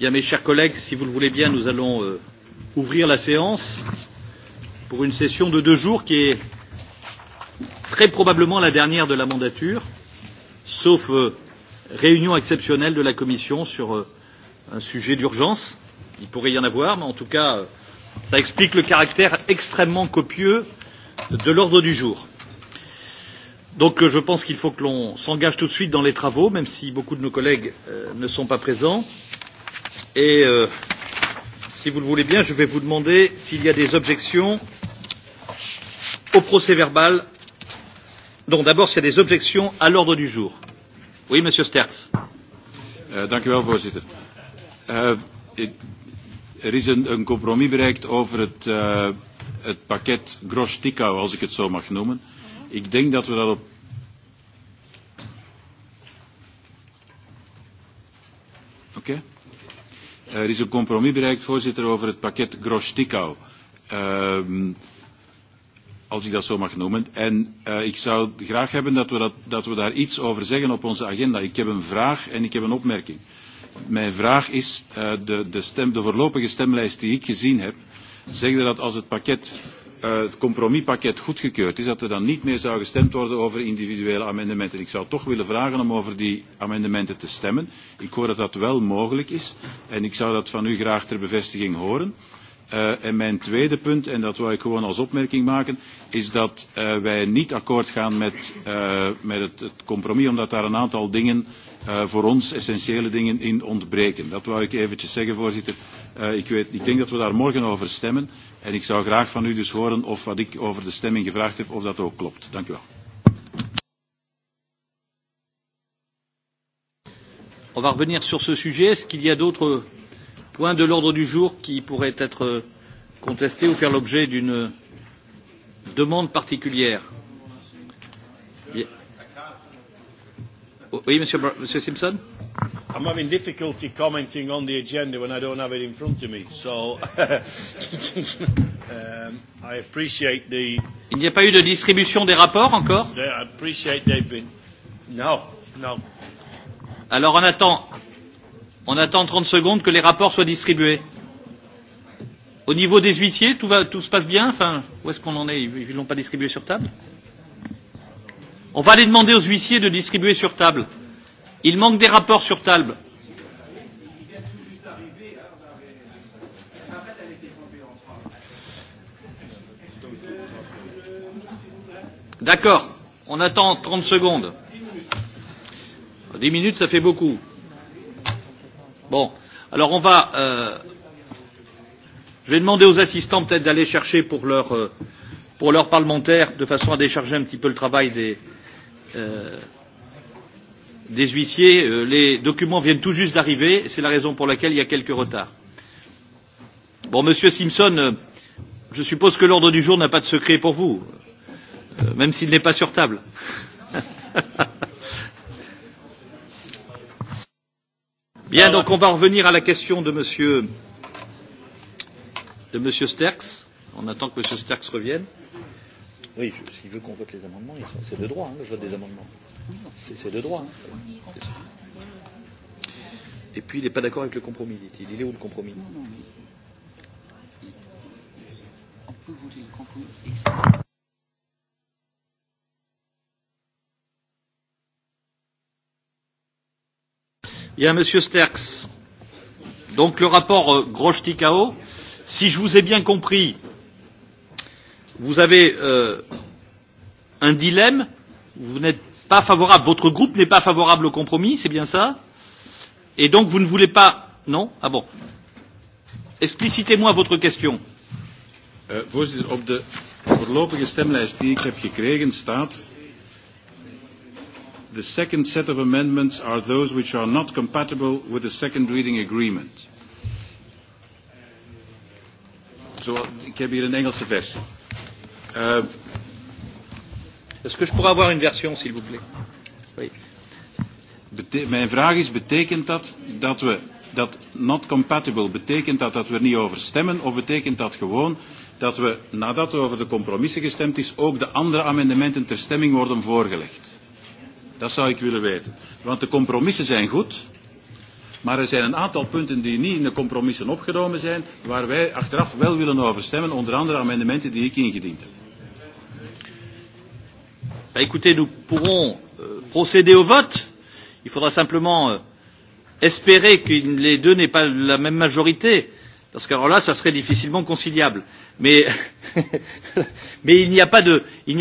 Bien, mes chers collègues, si vous le voulez bien, nous allons euh, ouvrir la séance pour une session de deux jours qui est très probablement la dernière de la mandature, sauf euh, réunion exceptionnelle de la Commission sur euh, un sujet d'urgence. Il pourrait y en avoir, mais en tout cas, euh, ça explique le caractère extrêmement copieux de l'ordre du jour. Donc euh, je pense qu'il faut que l'on s'engage tout de suite dans les travaux, même si beaucoup de nos collègues euh, ne sont pas présents. Euh, Et euh, si vous le voulez bien, je vais vous demander s'il y a des objections au procès verbal. Non, d'abord, s'il y a des objections à l'ordre du jour. Oui, Monsieur Sterks. Uh, dank u wel, voorzitter. Uh, it, er is een, een compromis bereikt over het, uh, het pakket Grosch-Tikau, als ik het zo mag noemen. Ik denk dat we dat op Eh, er is een compromis bereikt, voorzitter, over het pakket Grosch-Tikau. Um, ehm, als ik dat zo mag noemen. En uh, ik zou graag hebben dat we, dat, dat we daar iets over zeggen op onze agenda. Ik heb een vraag en ik heb een opmerking. Mijn vraag is, uh, de, de, stem, de voorlopige stemlijst die ik gezien heb, zegt dat als het pakket uh, het compromispakket goedgekeurd is, dat er dan niet meer zou gestemd worden over individuele amendementen. Ik zou toch willen vragen om over die amendementen te stemmen. Ik hoor dat dat wel mogelijk is en ik zou dat van u graag ter bevestiging horen. Uh, en mijn tweede punt, en dat wil ik gewoon als opmerking maken, is dat uh, wij niet akkoord gaan met, uh, met het, het compromis, omdat daar een aantal dingen uh, uh, voor ons essentiële dingen in ontbreken. Dat wou ik eventjes zeggen, voorzitter. Uh, ik, weet, ik denk dat we daar morgen over stemmen. En ik zou graag van u dus horen of wat ik over de stemming gevraagd heb, of dat ook klopt. Dank u wel. On va revenir sur ce sujet. Est-ce qu'il y a d'autres points de l'ordre du jour qui pourraient être contestés ou faire l'objet d'une demande particulière? Bien. Oui, Monsieur, Monsieur Simpson. I'm having difficulty commenting on the agenda when I don't have it in front of me. So um, I appreciate the. Il n'y a pas eu de distribution des rapports encore. I appreciate they've been. No, no. Alors on attend, on attend 30 secondes que les rapports soient distribués. Au niveau des huissiers, tout, va, tout se passe bien enfin, Où est-ce qu'on en est Ils ne l'ont pas distribué sur table On va aller demander aux huissiers de distribuer sur table. Il manque des rapports sur table. D'accord, on attend 30 secondes. 10 minutes, ça fait beaucoup. Bon, alors on va. Euh, je vais demander aux assistants peut-être d'aller chercher pour leurs euh, leur parlementaires de façon à décharger un petit peu le travail des, euh, euh, des huissiers, euh, les documents viennent tout juste d'arriver, c'est la raison pour laquelle il y a quelques retards. Bon, Monsieur Simpson, euh, je suppose que l'ordre du jour n'a pas de secret pour vous, euh, même s'il n'est pas sur table. Bien, donc on va revenir à la question de Monsieur de Monsieur Sterks. On attend que Monsieur Sterks revienne. Euh, Oui, s'il veut qu'on vote les amendements, c'est de droit, hein, le vote des amendements. C'est de droit. Hein. Et puis, il n'est pas d'accord avec le compromis, dit-il. Il est où le compromis non, non, mais... On peut voter le compromis. Et Bien, Monsieur Sterks. Donc le rapport euh, Grosch-Ticao, si je vous ai bien compris, vous avez euh, un dilemme. Vous n'êtes pas favorable. Votre groupe n'est pas favorable au compromis, c'est bien ça Et donc vous ne voulez pas Non Ah bon. Explicitez-moi votre question. Uh, voorzitter, op de voorlopige stemlijst die ik heb gekregen staat. The second set of amendments are those which are not compatible with the second reading agreement. Zo, so, ik heb hier een Engelse versie. Euh, Est-ce que je pourrais avoir une version, s'il vous plaît oui. Bete Mijn vraag is, betekent dat dat we dat not compatible, betekent dat dat we er niet over stemmen of betekent dat gewoon dat we nadat er over de compromissen gestemd is ook de andere amendementen ter stemming worden voorgelegd? Dat zou ik willen weten. Want de compromissen zijn goed, Maar er zijn een aantal punten die niet in de compromissen opgenomen zijn, waar wij achteraf wel willen over stemmen, onder andere amendementen die ik ingediend heb. Bah, écoutez, nous pourrons euh, procéder au vote. Il faudra simplement euh, espérer que les deux n'aient pas la même majorité, parce qu'alors là, ça serait difficilement conciliable. Mais, mais il n'y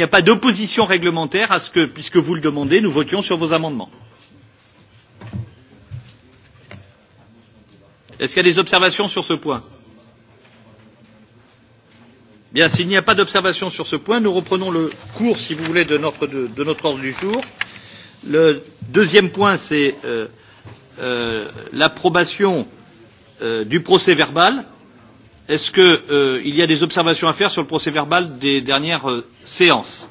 a pas d'opposition réglementaire à ce que, puisque vous le demandez, nous votions sur vos amendements. Est-ce qu'il y a des observations sur ce point Bien, s'il n'y a pas d'observation sur ce point, nous reprenons le cours, si vous voulez, de notre, de, de notre ordre du jour. Le deuxième point, c'est euh, euh, l'approbation euh, du procès verbal. Est-ce qu'il euh, y a des observations à faire sur le procès verbal des dernières euh, séances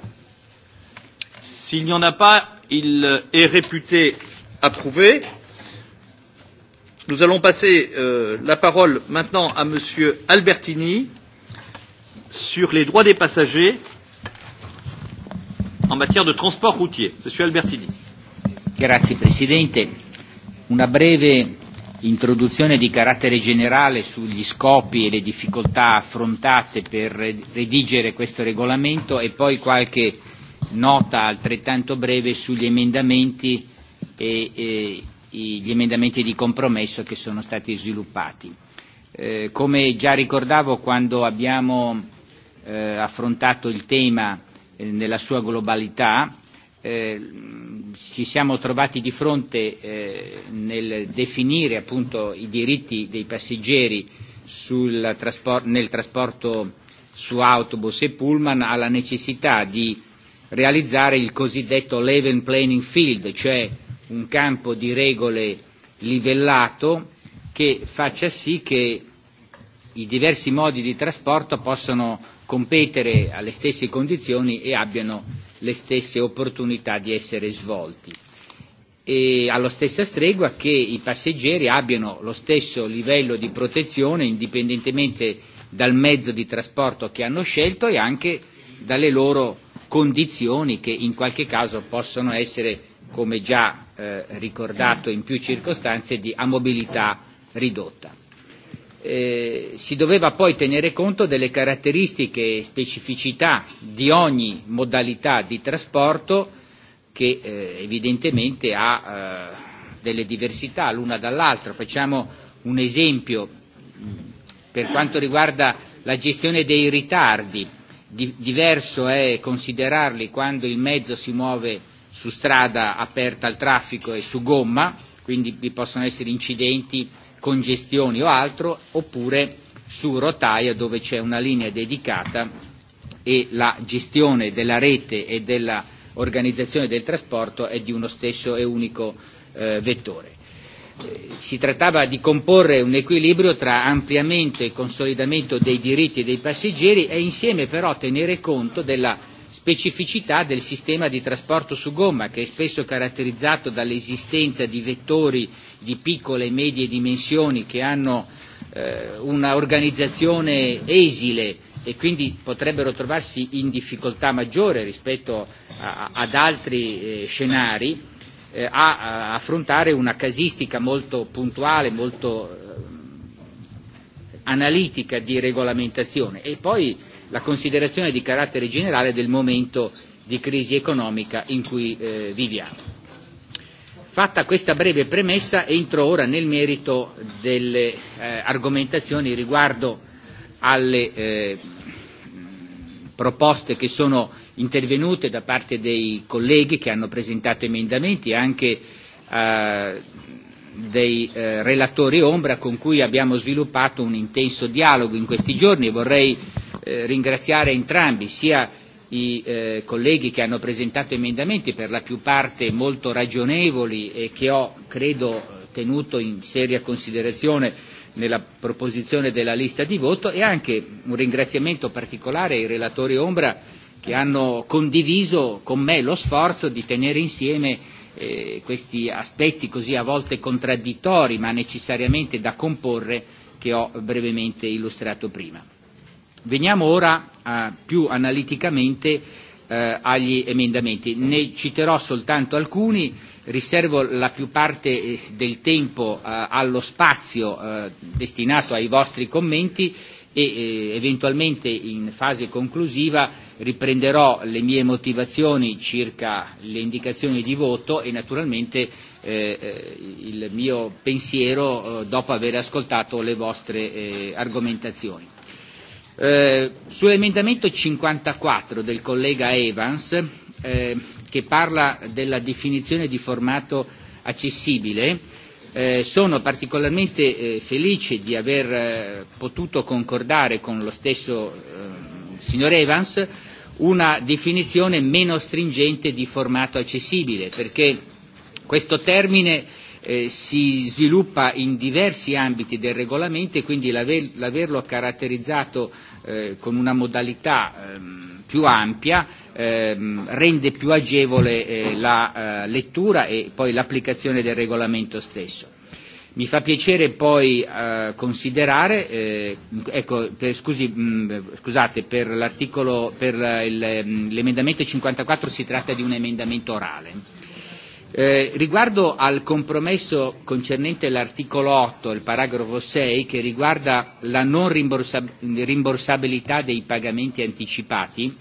S'il n'y en a pas, il est réputé approuvé. Euh, Nous allons passer euh, la parole maintenant à Monsieur Albertini sur les droits des passagers en matière de transport routier. Monsieur Albertini. Grazie Presidente. Una breve introduzione di carattere generale sugli scopi e le difficoltà affrontate per redigere questo regolamento e poi qualche nota altrettanto breve sugli emendamenti e, e gli emendamenti di compromesso che sono stati sviluppati. Eh, come già ricordavo quando abbiamo eh, affrontato il tema eh, nella sua globalità, eh, ci siamo trovati di fronte eh, nel definire appunto i diritti dei passeggeri sul traspor- nel trasporto su autobus e pullman alla necessità di realizzare il cosiddetto level playing field, cioè un campo di regole livellato che faccia sì che i diversi modi di trasporto possano competere alle stesse condizioni e abbiano le stesse opportunità di essere svolti e alla stessa stregua che i passeggeri abbiano lo stesso livello di protezione indipendentemente dal mezzo di trasporto che hanno scelto e anche dalle loro condizioni che in qualche caso possono essere come già eh, ricordato in più circostanze, di, a mobilità ridotta. Eh, si doveva poi tenere conto delle caratteristiche e specificità di ogni modalità di trasporto che eh, evidentemente ha eh, delle diversità l'una dall'altra. Facciamo un esempio mm, per quanto riguarda la gestione dei ritardi. Di, diverso è considerarli quando il mezzo si muove su strada aperta al traffico e su gomma, quindi vi possono essere incidenti, congestioni o altro, oppure su rotaia dove c'è una linea dedicata e la gestione della rete e dell'organizzazione del trasporto è di uno stesso e unico eh, vettore. Eh, si trattava di comporre un equilibrio tra ampliamento e consolidamento dei diritti dei passeggeri e insieme però tenere conto della specificità del sistema di trasporto su gomma, che è spesso caratterizzato dall'esistenza di vettori di piccole e medie dimensioni che hanno eh, una organizzazione esile e quindi potrebbero trovarsi in difficoltà maggiore rispetto a, ad altri eh, scenari, eh, a, a affrontare una casistica molto puntuale, molto eh, analitica di regolamentazione. E poi la considerazione di carattere generale del momento di crisi economica in cui eh, viviamo. Fatta questa breve premessa, entro ora nel merito delle eh, argomentazioni riguardo alle eh, proposte che sono intervenute da parte dei colleghi che hanno presentato emendamenti e anche eh, dei eh, relatori ombra con cui abbiamo sviluppato un intenso dialogo in questi giorni e vorrei eh, ringraziare entrambi, sia i eh, colleghi che hanno presentato emendamenti, per la più parte molto ragionevoli e che ho, credo, tenuto in seria considerazione nella proposizione della lista di voto e anche un ringraziamento particolare ai relatori Ombra che hanno condiviso con me lo sforzo di tenere insieme eh, questi aspetti così a volte contraddittori ma necessariamente da comporre che ho brevemente illustrato prima. Veniamo ora a, eh, più analiticamente eh, agli emendamenti. Ne citerò soltanto alcuni, riservo la più parte eh, del tempo eh, allo spazio eh, destinato ai vostri commenti e eh, eventualmente in fase conclusiva riprenderò le mie motivazioni circa le indicazioni di voto e naturalmente eh, eh il mio pensiero eh, dopo aver ascoltato le vostre eh, argomentazioni. Eh, Sull'emendamento 54 del collega Evans, eh, che parla della definizione di formato accessibile, eh, sono particolarmente eh, felice di aver eh, potuto concordare con lo stesso eh, signor Evans una definizione meno stringente di formato accessibile, perché questo termine eh, si sviluppa in diversi ambiti del regolamento e quindi l'aver, l'averlo caratterizzato eh, con una modalità ehm, più ampia ehm, rende più agevole eh, la eh, lettura e poi l'applicazione del regolamento stesso. Mi fa piacere poi eh, considerare, eh, ecco, per, scusi, mh, mm, scusate, per, l'articolo, per il, mm, l'emendamento 54 si tratta di un emendamento orale. Eh, riguardo al compromesso concernente l'articolo 8, il paragrafo 6, che riguarda la non rimborsabilità dei pagamenti anticipati,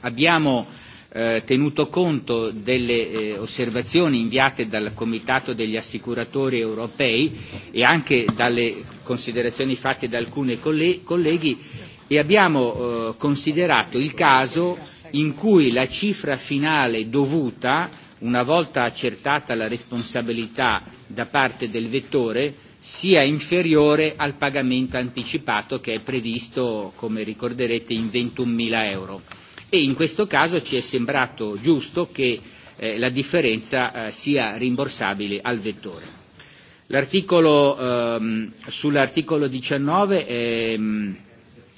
abbiamo eh, tenuto conto delle eh, osservazioni inviate dal Comitato degli assicuratori europei e anche dalle considerazioni fatte da alcuni colle- colleghi e abbiamo eh, considerato il caso in cui la cifra finale dovuta una volta accertata la responsabilità da parte del vettore, sia inferiore al pagamento anticipato che è previsto, come ricorderete, in 21.000 euro. E in questo caso ci è sembrato giusto che eh, la differenza eh, sia rimborsabile al vettore. L'articolo, ehm, sull'articolo 19 è ehm,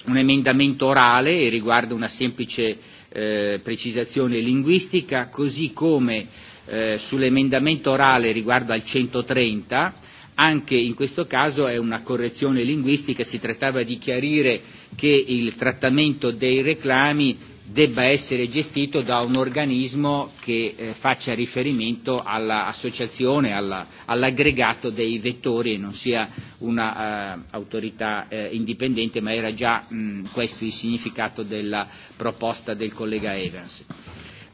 un emendamento orale e riguarda una semplice eh, eh, precisazione linguistica, così come eh, sull'emendamento orale riguardo al 130, anche in questo caso è una correzione linguistica, si trattava di chiarire che il trattamento dei reclami debba essere gestito da un organismo che eh, faccia riferimento all'associazione, alla, all'aggregato dei vettori e non sia un'autorità eh, eh, indipendente, ma era già mh, questo il significato della proposta del collega Evans.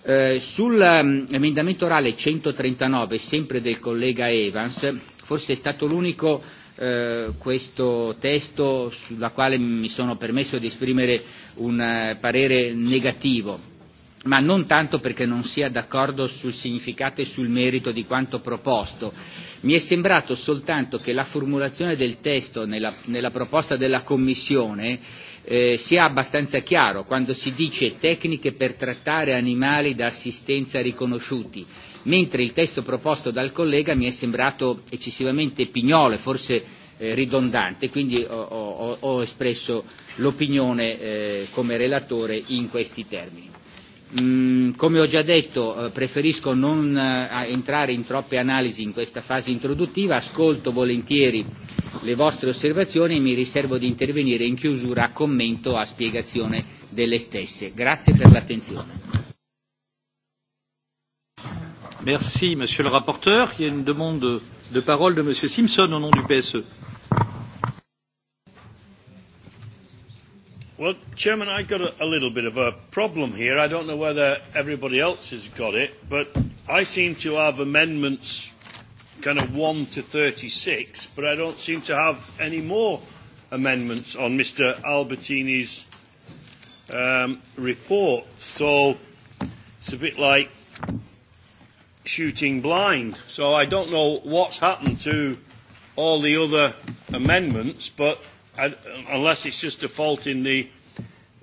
Eh, Sull'emendamento ehm, orale 139, sempre del collega Evans, forse è stato l'unico eh, questo testo sulla quale mi sono permesso di esprimere un eh, parere negativo ma non tanto perché non sia d'accordo sul significato e sul merito di quanto proposto. Mi è sembrato soltanto che la formulazione del testo nella, nella proposta della Commissione eh, sia abbastanza chiaro quando si dice tecniche per trattare animali da assistenza riconosciuti, mentre il testo proposto dal collega mi è sembrato eccessivamente pignolo e forse eh, ridondante, quindi ho, ho, ho espresso l'opinione eh, come relatore in questi termini. Mm, come ho già detto, eh, preferisco non eh, entrare in troppe analisi in questa fase introduttiva, ascolto volentieri le vostre osservazioni e mi riservo di intervenire in chiusura a commento a spiegazione delle stesse. Grazie per l'attenzione. Merci, Monsieur le rapporteur. Il y a une demande de parole de Monsieur Simpson au nom du PSE. Well, Chairman, I've got a, a little bit of a problem here. I don't know whether everybody else has got it, but I seem to have amendments kind of 1 to 36, but I don't seem to have any more amendments on Mr. Albertini's um, report. So it's a bit like shooting blind. So I don't know what's happened to all the other amendments, but I, unless it's just a fault in the,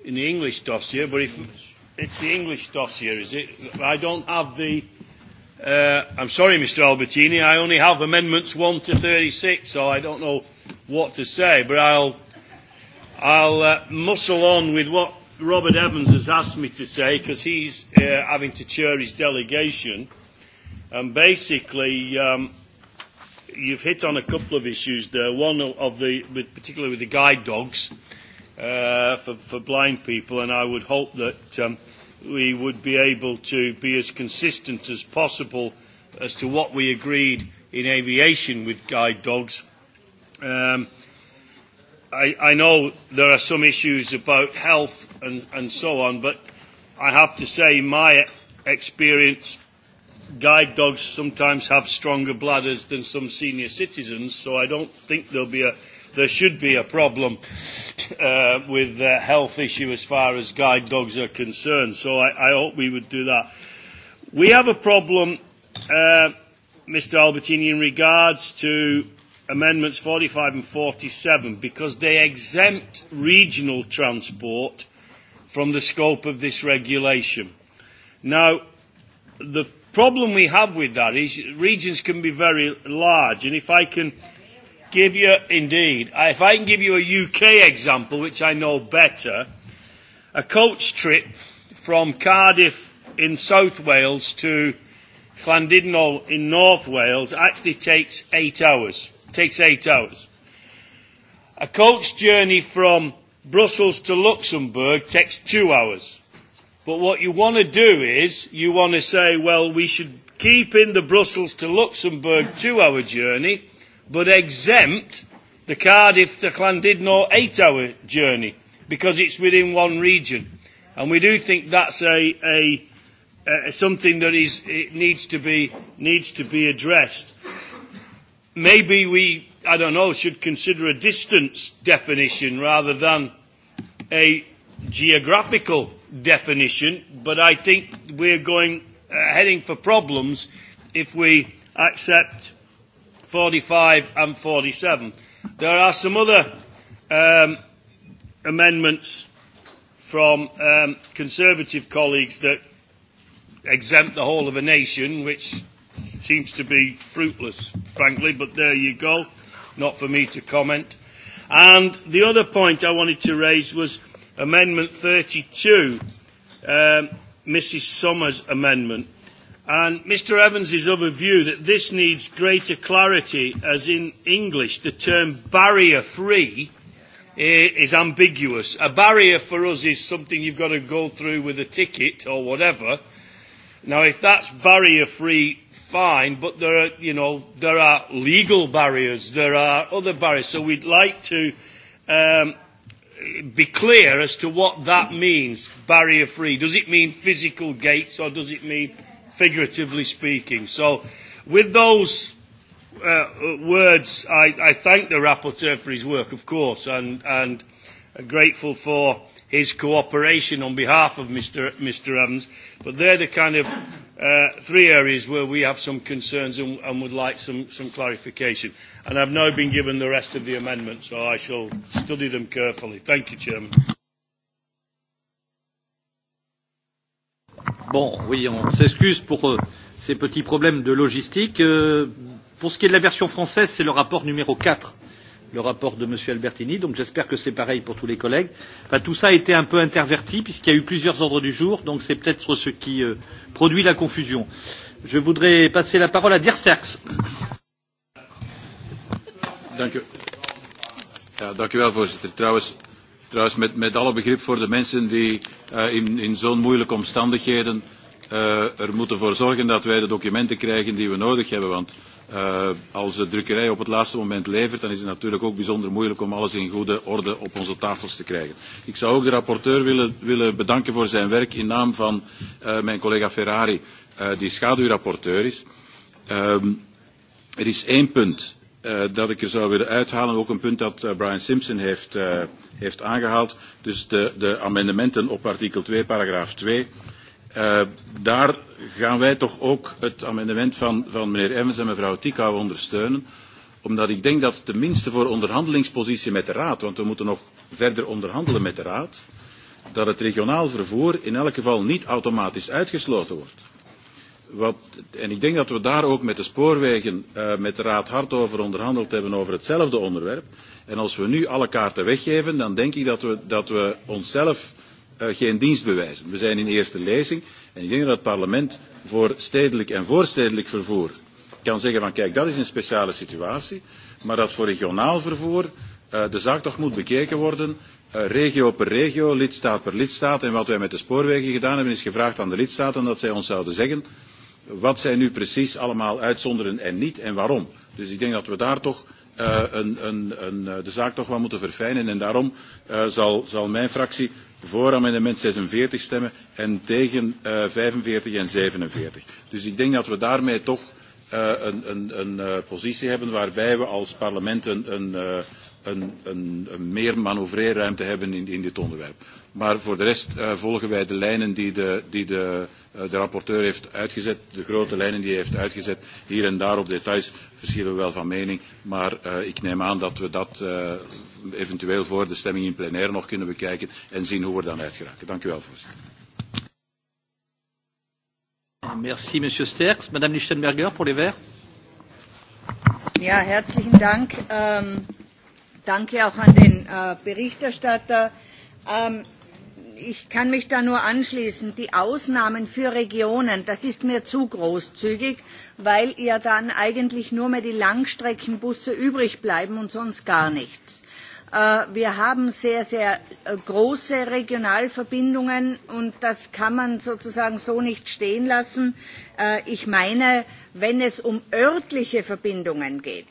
in the English dossier, but if it's the English dossier, is it? I don't have the. Uh, I'm sorry, Mr. Albertini, I only have amendments 1 to 36, so I don't know what to say, but I'll, I'll uh, muscle on with what Robert Evans has asked me to say because he's uh, having to chair his delegation. And basically, um, you've hit on a couple of issues there. One of the, with, particularly with the guide dogs uh, for, for blind people, and I would hope that um, we would be able to be as consistent as possible as to what we agreed in aviation with guide dogs. Um, I, I know there are some issues about health and, and so on, but I have to say my experience guide dogs sometimes have stronger bladders than some senior citizens, so I don't think there'll be a, there should be a problem uh, with the health issue as far as guide dogs are concerned. So I, I hope we would do that. We have a problem, uh, Mr. Albertini, in regards to amendments 45 and 47 because they exempt regional transport from the scope of this regulation. Now, the problem we have with that is regions can be very large, and if I can give you, indeed, if I can give you a UK example, which I know better, a coach trip from Cardiff in South Wales to Llandudno in North Wales actually takes eight hours. It takes eight hours. A coach journey from Brussels to Luxembourg takes two hours. But what you want to do is you want to say, well, we should keep in the Brussels to Luxembourg two hour journey, but exempt the Cardiff to Llandudno eight hour journey because it's within one region. And we do think that's a, a, a something that is, it needs, to be, needs to be addressed. Maybe we, I don't know, should consider a distance definition rather than a geographical definition, but I think we're going uh, heading for problems if we accept 45 and 47. There are some other um, amendments from um, Conservative colleagues that exempt the whole of a nation, which seems to be fruitless, frankly, but there you go. Not for me to comment. And the other point I wanted to raise was Amendment 32, um, Mrs Summers' amendment. And Mr Evans is of a view that this needs greater clarity, as in English the term barrier free eh, is ambiguous. A barrier for us is something you've got to go through with a ticket or whatever. Now, if that's barrier free, fine, but there are, you know, there are legal barriers, there are other barriers. So we'd like to um, be clear as to what that means, barrier free. Does it mean physical gates or does it mean figuratively speaking? So, with those uh, words, I, I thank the rapporteur for his work, of course, and, and grateful for his cooperation on behalf of Mr. Mr. Evans. But they're the kind of uh, three areas where we have some concerns and, and would like some, some clarification and I've now been given the rest of the amendments, so I shall study them carefully. Thank you, Chairman. Bon, oui, on s'excuse pour euh, ces petits problèmes de logistique. Euh, pour ce qui est de la version française, c'est le rapport numéro 4, le rapport de M. Albertini, donc j'espère que c'est pareil pour tous les collègues. Enfin, tout ça a été un peu interverti, puisqu'il y a eu plusieurs ordres du jour, donc c'est peut-être ce qui euh, produit la confusion. Je voudrais passer la parole à Dirsterks. Dank u. Ja, dank u wel, voorzitter. Trouwens, trouwens met, met alle begrip voor de mensen die uh, in, in zo'n moeilijke omstandigheden uh, er moeten voor zorgen dat wij de documenten krijgen die we nodig hebben. Want uh, als de drukkerij op het laatste moment levert, dan is het natuurlijk ook bijzonder moeilijk om alles in goede orde op onze tafels te krijgen. Ik zou ook de rapporteur willen, willen bedanken voor zijn werk in naam van uh, mijn collega Ferrari, uh, die schaduwrapporteur is. Um, er is één punt uh, dat ik er zou willen uithalen. Ook een punt dat uh, Brian Simpson heeft, uh, heeft aangehaald. Dus de, de amendementen op artikel 2, paragraaf 2. Uh, daar gaan wij toch ook het amendement van, van meneer Evans en mevrouw Tikau ondersteunen. Omdat ik denk dat tenminste voor onderhandelingspositie met de Raad, want we moeten nog verder onderhandelen met de Raad, dat het regionaal vervoer in elk geval niet automatisch uitgesloten wordt. Wat, en ik denk dat we daar ook met de spoorwegen uh, met de Raad hard over onderhandeld hebben over hetzelfde onderwerp. En als we nu alle kaarten weggeven, dan denk ik dat we, dat we onszelf uh, geen dienst bewijzen. We zijn in eerste lezing en ik denk dat het parlement voor stedelijk en voorstedelijk vervoer kan zeggen van kijk, dat is een speciale situatie, maar dat voor regionaal vervoer uh, de zaak toch moet bekeken worden Uh, regio per regio, lidstaat per lidstaat. En wat wij met de spoorwegen gedaan hebben, is gevraagd aan de lidstaten dat zij ons zouden zeggen wat zij nu precies allemaal uitzonderen en niet en waarom. Dus ik denk dat we daar toch uh, een, een, een, eh, de zaak toch wel moeten verfijnen. En daarom uh, zal, zal mijn fractie voor amendement 46 stemmen en tegen uh, 45 en 47. Dus ik denk dat we daarmee toch uh, een, een, een uh, positie hebben waarbij we als parlement een, een, uh, een, een, een meer manoeuvreerruimte hebben in, in dit onderwerp. Maar voor de rest uh, volgen wij de lijnen die, de, die de, uh, de rapporteur heeft uitgezet, de grote lijnen die hij heeft uitgezet. Hier en daar op details verschillen we wel van mening, maar uh, ik neem aan dat we dat uh, eventueel voor de stemming in plenaire nog kunnen bekijken en zien hoe we er dan uitgeraken. Dank u wel, voorzitter. Ah, merci, monsieur Sterks. Madame Lichtenberger pour les Verts. Ja, herzlichen Dank. Ähm, um Danke auch an den äh, Berichterstatter. Ähm, ich kann mich da nur anschließen. Die Ausnahmen für Regionen, das ist mir zu großzügig, weil ja dann eigentlich nur mehr die Langstreckenbusse übrig bleiben und sonst gar nichts. Äh, wir haben sehr, sehr äh, große Regionalverbindungen und das kann man sozusagen so nicht stehen lassen. Äh, ich meine, wenn es um örtliche Verbindungen geht,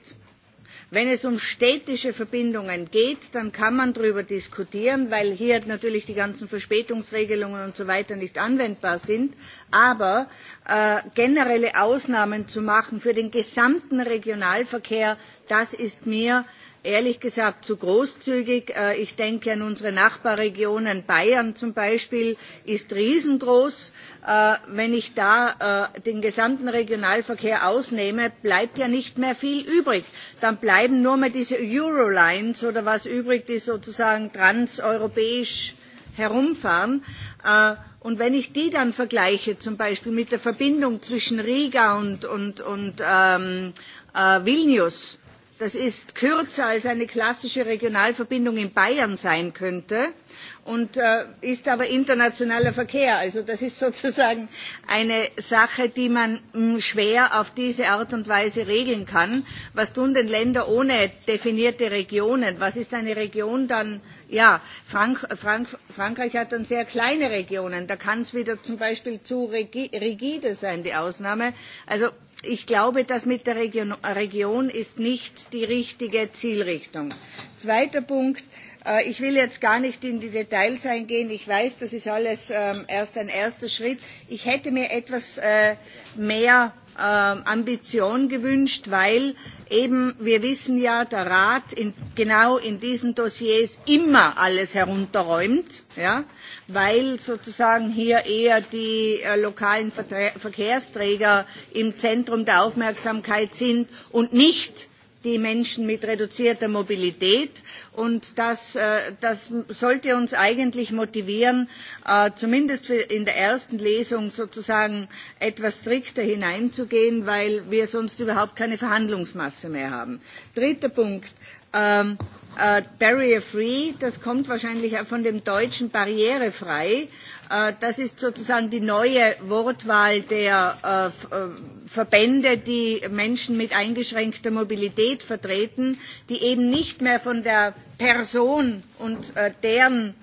Wenn es um städtische Verbindungen geht, dann kann man darüber diskutieren, weil hier natürlich die ganzen Verspätungsregelungen und so weiter nicht anwendbar sind. Aber äh, generelle Ausnahmen zu machen für den gesamten Regionalverkehr, das ist mir äh, ehrlich gesagt zu großzügig. Äh, ich denke an unsere Nachbarregionen Bayern zum Beispiel ist riesengroß. Äh, wenn ich da äh, den gesamten Regionalverkehr ausnehme, bleibt ja nicht mehr viel übrig. Dann bleiben nur mehr diese Eurolines oder was übrig, die sozusagen transeuropäisch herumfahren. Und wenn ich die dann vergleiche, zum Beispiel mit der Verbindung zwischen Riga und, und, und ähm, äh, Vilnius, das ist kürzer als eine klassische Regionalverbindung in Bayern sein könnte und äh, ist aber internationaler Verkehr. Also das ist sozusagen eine Sache, die man mh, hm, schwer auf diese Art und Weise regeln kann. Was tun denn Länder ohne definierte Regionen? Was ist eine Region dann? Ja, Frank Frank Frankreich hat dann sehr kleine Regionen. Da kann es wieder zum Beispiel zu rigide sein, die Ausnahme. Also ich glaube das mit der region, region ist nicht die richtige zielrichtung. zweiter punkt äh, ich will jetzt gar nicht in die details eingehen ich weiß das ist alles ähm, erst ein erster schritt. ich hätte mir etwas äh, mehr äh, Ambition gewünscht, weil eben wir wissen ja, der Rat in, genau in diesen Dossiers immer alles herunterräumt, ja, weil sozusagen hier eher die äh, lokalen Verkehrsträger im Zentrum der Aufmerksamkeit sind und nicht die Menschen mit reduzierter Mobilität. Und das, äh, das sollte uns eigentlich motivieren, äh, zumindest in der ersten Lesung sozusagen etwas strikter hineinzugehen, weil wir sonst überhaupt keine Verhandlungsmasse mehr haben. Dritter Punkt. Ähm, Äh, barrier free, das kommt wahrscheinlich von dem deutschen barrierefrei. Äh, das ist sozusagen die neue Wortwahl der äh, äh, Verbände, die Menschen mit eingeschränkter Mobilität vertreten, die eben nicht mehr von der Person und äh, deren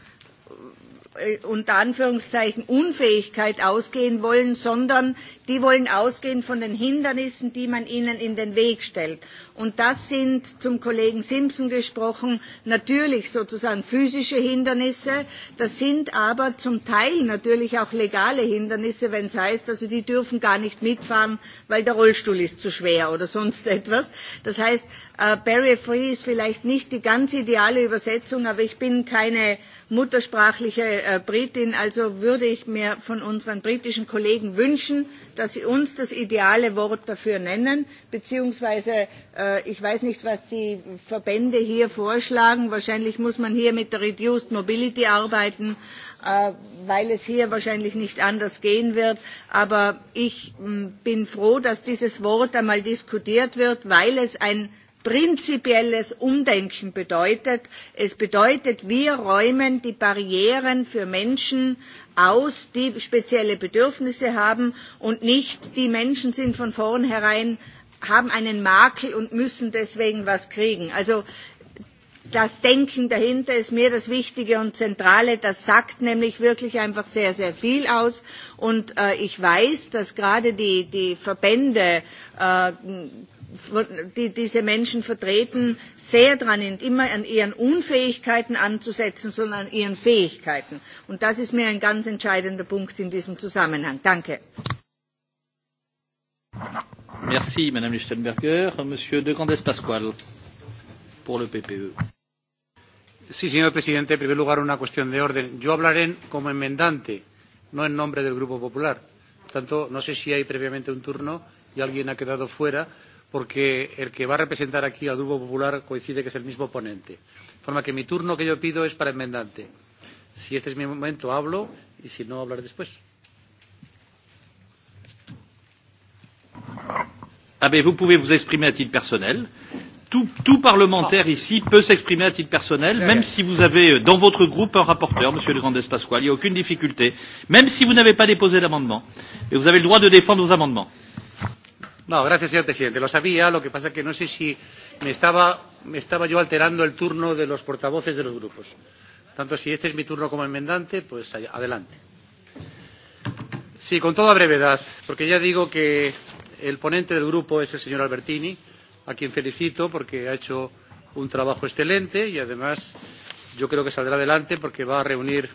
Äh, unter Anführungszeichen Unfähigkeit ausgehen wollen, sondern die wollen ausgehen von den Hindernissen, die man ihnen in den Weg stellt. Und das sind, zum Kollegen Simpson gesprochen, natürlich sozusagen physische Hindernisse. Das sind aber zum Teil natürlich auch legale Hindernisse, wenn es heißt, also die dürfen gar nicht mitfahren, weil der Rollstuhl ist zu schwer oder sonst etwas. Das heißt, Äh, Barrier Free ist vielleicht nicht die ganz ideale Übersetzung, aber ich bin keine muttersprachliche äh, Britin, also würde ich mir von unseren britischen Kollegen wünschen, dass sie uns das ideale Wort dafür nennen, beziehungsweise äh, ich weiß nicht, was die Verbände hier vorschlagen. Wahrscheinlich muss man hier mit der Reduced Mobility arbeiten, äh, weil es hier wahrscheinlich nicht anders gehen wird. Aber ich mh, mm, bin froh, dass dieses Wort einmal diskutiert wird, weil es ein prinzipielles Umdenken bedeutet. Es bedeutet, wir räumen die Barrieren für Menschen aus, die spezielle Bedürfnisse haben und nicht die Menschen sind von vornherein haben einen Makel und müssen deswegen was kriegen. Also das Denken dahinter ist mir das Wichtige und Zentrale. Das sagt nämlich wirklich einfach sehr, sehr viel aus. Und äh, ich weiß, dass gerade die, die Verbände äh, die diese Menschen vertreten, sehr daran sind, immer an ihren Unfähigkeiten anzusetzen, sondern an ihren Fähigkeiten. Und das ist mir ein ganz entscheidender Punkt in diesem Zusammenhang. Danke. Merci, Madame Lichtenberger. Monsieur de Grandes Pascual, pour le PPE. Sí, señor presidente. En primer lugar, una cuestión de orden. Yo hablaré como enmendante, no en nombre del Grupo Popular. Por tanto, no sé si hay previamente un turno y alguien ha quedado fuera porque el que va a representar aquí al Grupo Popular coincide que es el mismo ponente. De forma que mi turno que yo pido es para enmendante. Si este es mi momento, hablo y si no, hablaré después. Ah ben, vous pouvez vous exprimer à titre personnel. Tout, tout parlementaire ah. ici peut s'exprimer à titre personnel, même eh. si vous avez euh, dans votre groupe un rapporteur, Monsieur de Grandes Pasquale, il n'y a aucune difficulté, même si vous n'avez pas déposé d'amendement. Et vous avez le droit de défendre vos amendements. No, gracias, señor presidente. Lo sabía, lo que pasa es que no sé si me estaba, me estaba yo alterando el turno de los portavoces de los grupos. Tanto si este es mi turno como enmendante, pues adelante. Sí, con toda brevedad, porque ya digo que el ponente del grupo es el señor Albertini, a quien felicito porque ha hecho un trabajo excelente y además yo creo que saldrá adelante porque va a reunir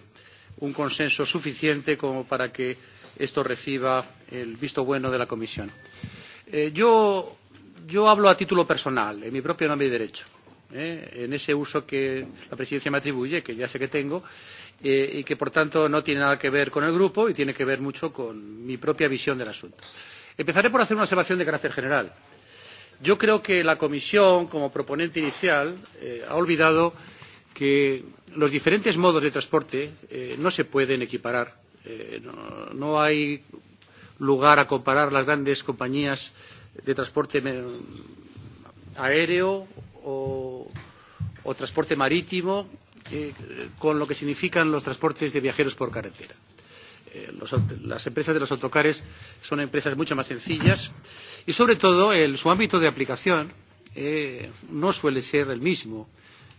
un consenso suficiente como para que esto reciba el visto bueno de la Comisión. Eh, Eh, yo, yo hablo a título personal, en mi propio nombre y derecho, eh, en ese uso que la presidencia me atribuye, que ya sé que tengo, eh, y que por tanto no tiene nada que ver con el grupo y tiene que ver mucho con mi propia visión del asunto. Empezaré por hacer una observación de carácter general. Yo creo que la Comisión, como proponente inicial, eh, ha olvidado que los diferentes modos de transporte eh, no se pueden equiparar. Eh, no, no hay lugar a comparar las grandes compañías de transporte aéreo o, o transporte marítimo eh, con lo que significan los transportes de viajeros por carretera. Eh, los, las empresas de los autocares son empresas mucho más sencillas y, sobre todo, el, su ámbito de aplicación eh, no suele ser el mismo.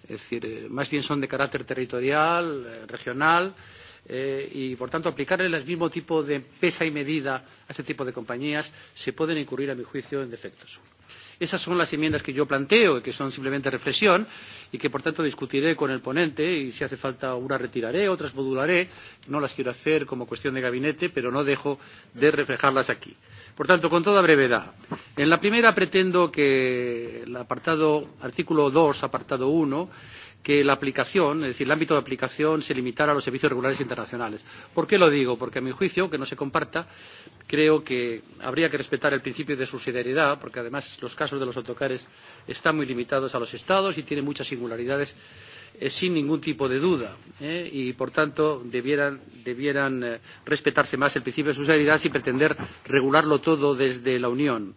Es decir, eh, más bien son de carácter territorial, eh, regional, eh, eh, y, por tanto, aplicarles el mismo tipo de pesa y medida a este tipo de compañías se pueden incurrir, a mi juicio, en defectos. Esas son las enmiendas que yo planteo, que son simplemente reflexión y que, por tanto, discutiré con el ponente y, si hace falta, unas retiraré, otras modularé. No las quiero hacer como cuestión de gabinete, pero no dejo de reflejarlas aquí. Por tanto, con toda brevedad, en la primera pretendo que el apartado, artículo 2, apartado 1, que la aplicación, es decir, el ámbito de aplicación se limitara a los servicios regulares internacionales. ¿Por qué lo digo? Porque a mi juicio, que no se comparta, creo que habría que respetar el principio de subsidiariedad, porque además los casos de los autocares están muy limitados a los Estados y tienen muchas singularidades eh, sin ningún tipo de duda eh, y, por tanto, debieran, debieran eh, respetarse más el principio de subsidiariedad sin pretender regularlo todo desde la Unión.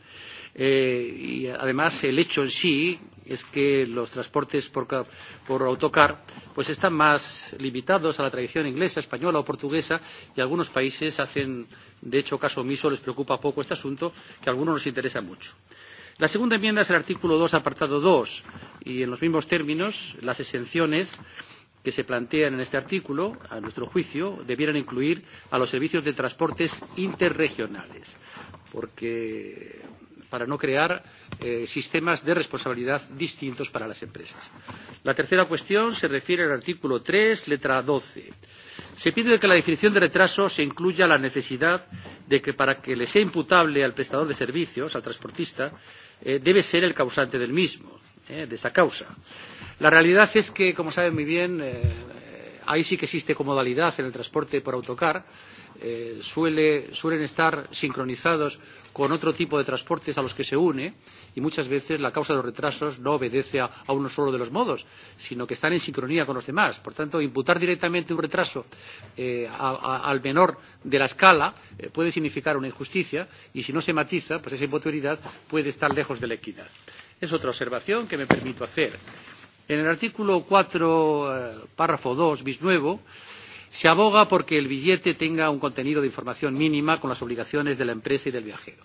Eh, y además el hecho en sí es que los transportes por, por autocar pues están más limitados a la tradición inglesa, española o portuguesa y algunos países hacen, de hecho, caso omiso, les preocupa poco este asunto, que a algunos nos interesa mucho. La segunda enmienda es el artículo 2, apartado 2, y en los mismos términos, las exenciones que se plantean en este artículo, a nuestro juicio, debieran incluir a los servicios de transportes interregionales, porque para no crear eh, sistemas de responsabilidad distintos para las empresas. La tercera cuestión se refiere al artículo 3, letra 12. Se pide que la definición de retraso se incluya la necesidad de que para que le sea imputable al prestador de servicios, al transportista, eh, debe ser el causante del mismo, eh, de esa causa. La realidad es que, como saben muy bien, eh, ahí sí que existe comodalidad en el transporte por autocar, eh, suele, suelen estar sincronizados con otro tipo de transportes a los que se une y muchas veces la causa de los retrasos no obedece a, a uno solo de los modos, sino que están en sincronía con los demás. Por tanto, imputar directamente un retraso eh, a, a, al menor de la escala eh, puede significar una injusticia y si no se matiza, pues esa impoteridad puede estar lejos de la equidad. Es otra observación que me permito hacer. En el artículo 4, eh, párrafo 2, bis nuevo, se aboga porque el billete tenga un contenido de información mínima con las obligaciones de la empresa y del viajero.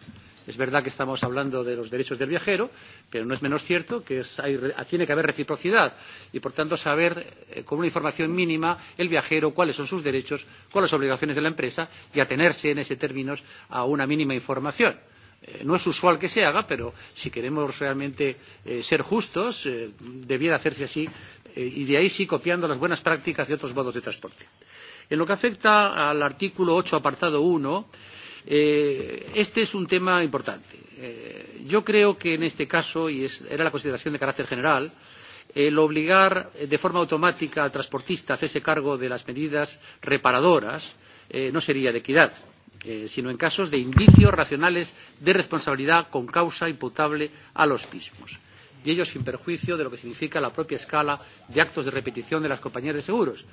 Es verdad que estamos hablando de los derechos del viajero, pero no es menos cierto que es, hay, tiene que haber reciprocidad y, por tanto, saber eh, con una información mínima el viajero cuáles son sus derechos, cuáles son las obligaciones de la empresa y atenerse en ese término a una mínima información. Eh, no es usual que se haga, pero si queremos realmente eh, ser justos, eh, debiera hacerse así eh, y de ahí sí copiando las buenas prácticas de otros modos de transporte. En lo que afecta al artículo 8, apartado 1, eh, este es un tema importante. Eh, yo creo que en este caso, y es, era la consideración de carácter general, el obligar eh, de forma automática al transportista a hacerse cargo de las medidas reparadoras eh, no sería de equidad. Eh, eh, sino en casos de indicios racionales de responsabilidad con causa imputable a los mismos y ello sin perjuicio de lo que significa la propia escala de actos de repetición de las compañías de seguros.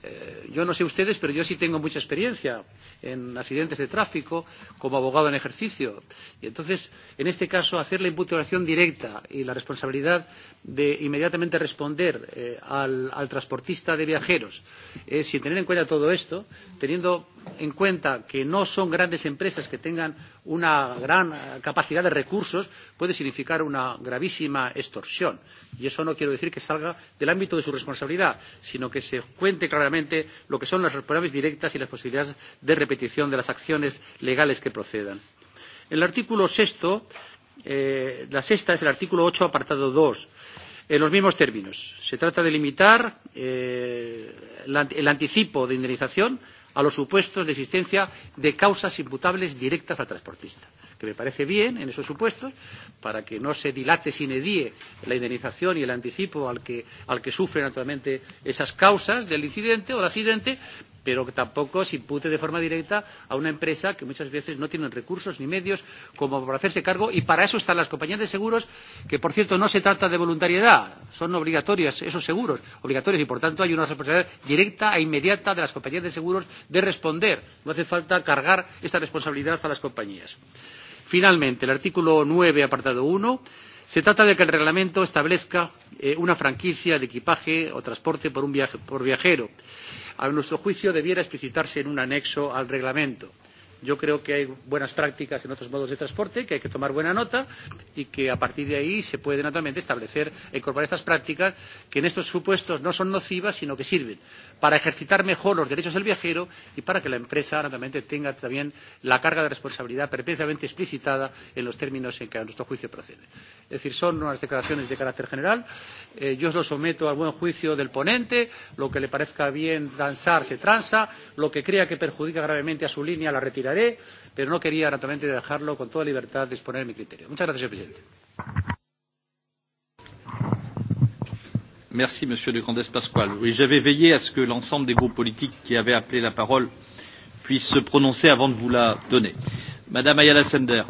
Eh, yo no sé ustedes, pero yo sí tengo mucha experiencia en accidentes de tráfico como abogado en ejercicio. Y entonces, en este caso, hacer la imputación directa y la responsabilidad de inmediatamente responder eh, al, al transportista de viajeros, eh, sin tener en cuenta todo esto, teniendo en cuenta que no son grandes empresas que tengan una gran eh, capacidad de recursos puede significar una gravísima extorsión. Y eso no quiero decir que salga del ámbito de su responsabilidad, sino que se cuente claramente lo que son las responsabilidades directas y las posibilidades de repetición de las acciones legales que procedan. El artículo sexto, eh, la sexta es el artículo 8, apartado 2 en los mismos términos. Se trata de limitar eh, el anticipo de indemnización a los supuestos de existencia de causas imputables directas al transportista, que me parece bien en esos supuestos, para que no se dilate sin edie la indemnización y el anticipo al que, al que sufren naturalmente esas causas del incidente o del accidente, pero tampoco se impute de forma directa a una empresa que muchas veces no tiene recursos ni medios como para hacerse cargo y para eso están las compañías de seguros que por cierto no se trata de voluntariedad son obligatorios esos seguros obligatorios y por tanto hay una responsabilidad directa e inmediata de las compañías de seguros de responder no hace falta cargar esta responsabilidad a las compañías. finalmente el artículo nueve apartado uno Se trata de que el reglamento establezca eh, una franquicia de equipaje o transporte por, un viaje, por viajero. A nuestro juicio debiera explicitarse en un anexo al reglamento. Yo creo que hay buenas prácticas en otros modos de transporte, que hay que tomar buena nota y que a partir de ahí se puede naturalmente establecer, incorporar estas prácticas que en estos supuestos no son nocivas, sino que sirven para ejercitar mejor los derechos del viajero y para que la empresa realmente tenga también la carga de responsabilidad perfectamente explicitada en los términos en que a nuestro juicio procede. Es decir, son unas declaraciones de carácter general. Eh, yo lo someto al buen juicio del ponente. Lo que le parezca bien transar se transa. Lo que crea que perjudica gravemente a su línea la retiraré, pero no quería realmente dejarlo con toda libertad de exponer mi criterio. Muchas gracias, señor presidente. Merci, Monsieur de Grandes Pasquale. Oui, j'avais veillé à ce que l'ensemble des groupes politiques qui avaient appelé la parole puissent se prononcer avant de vous la donner. Madame Ayala Sender.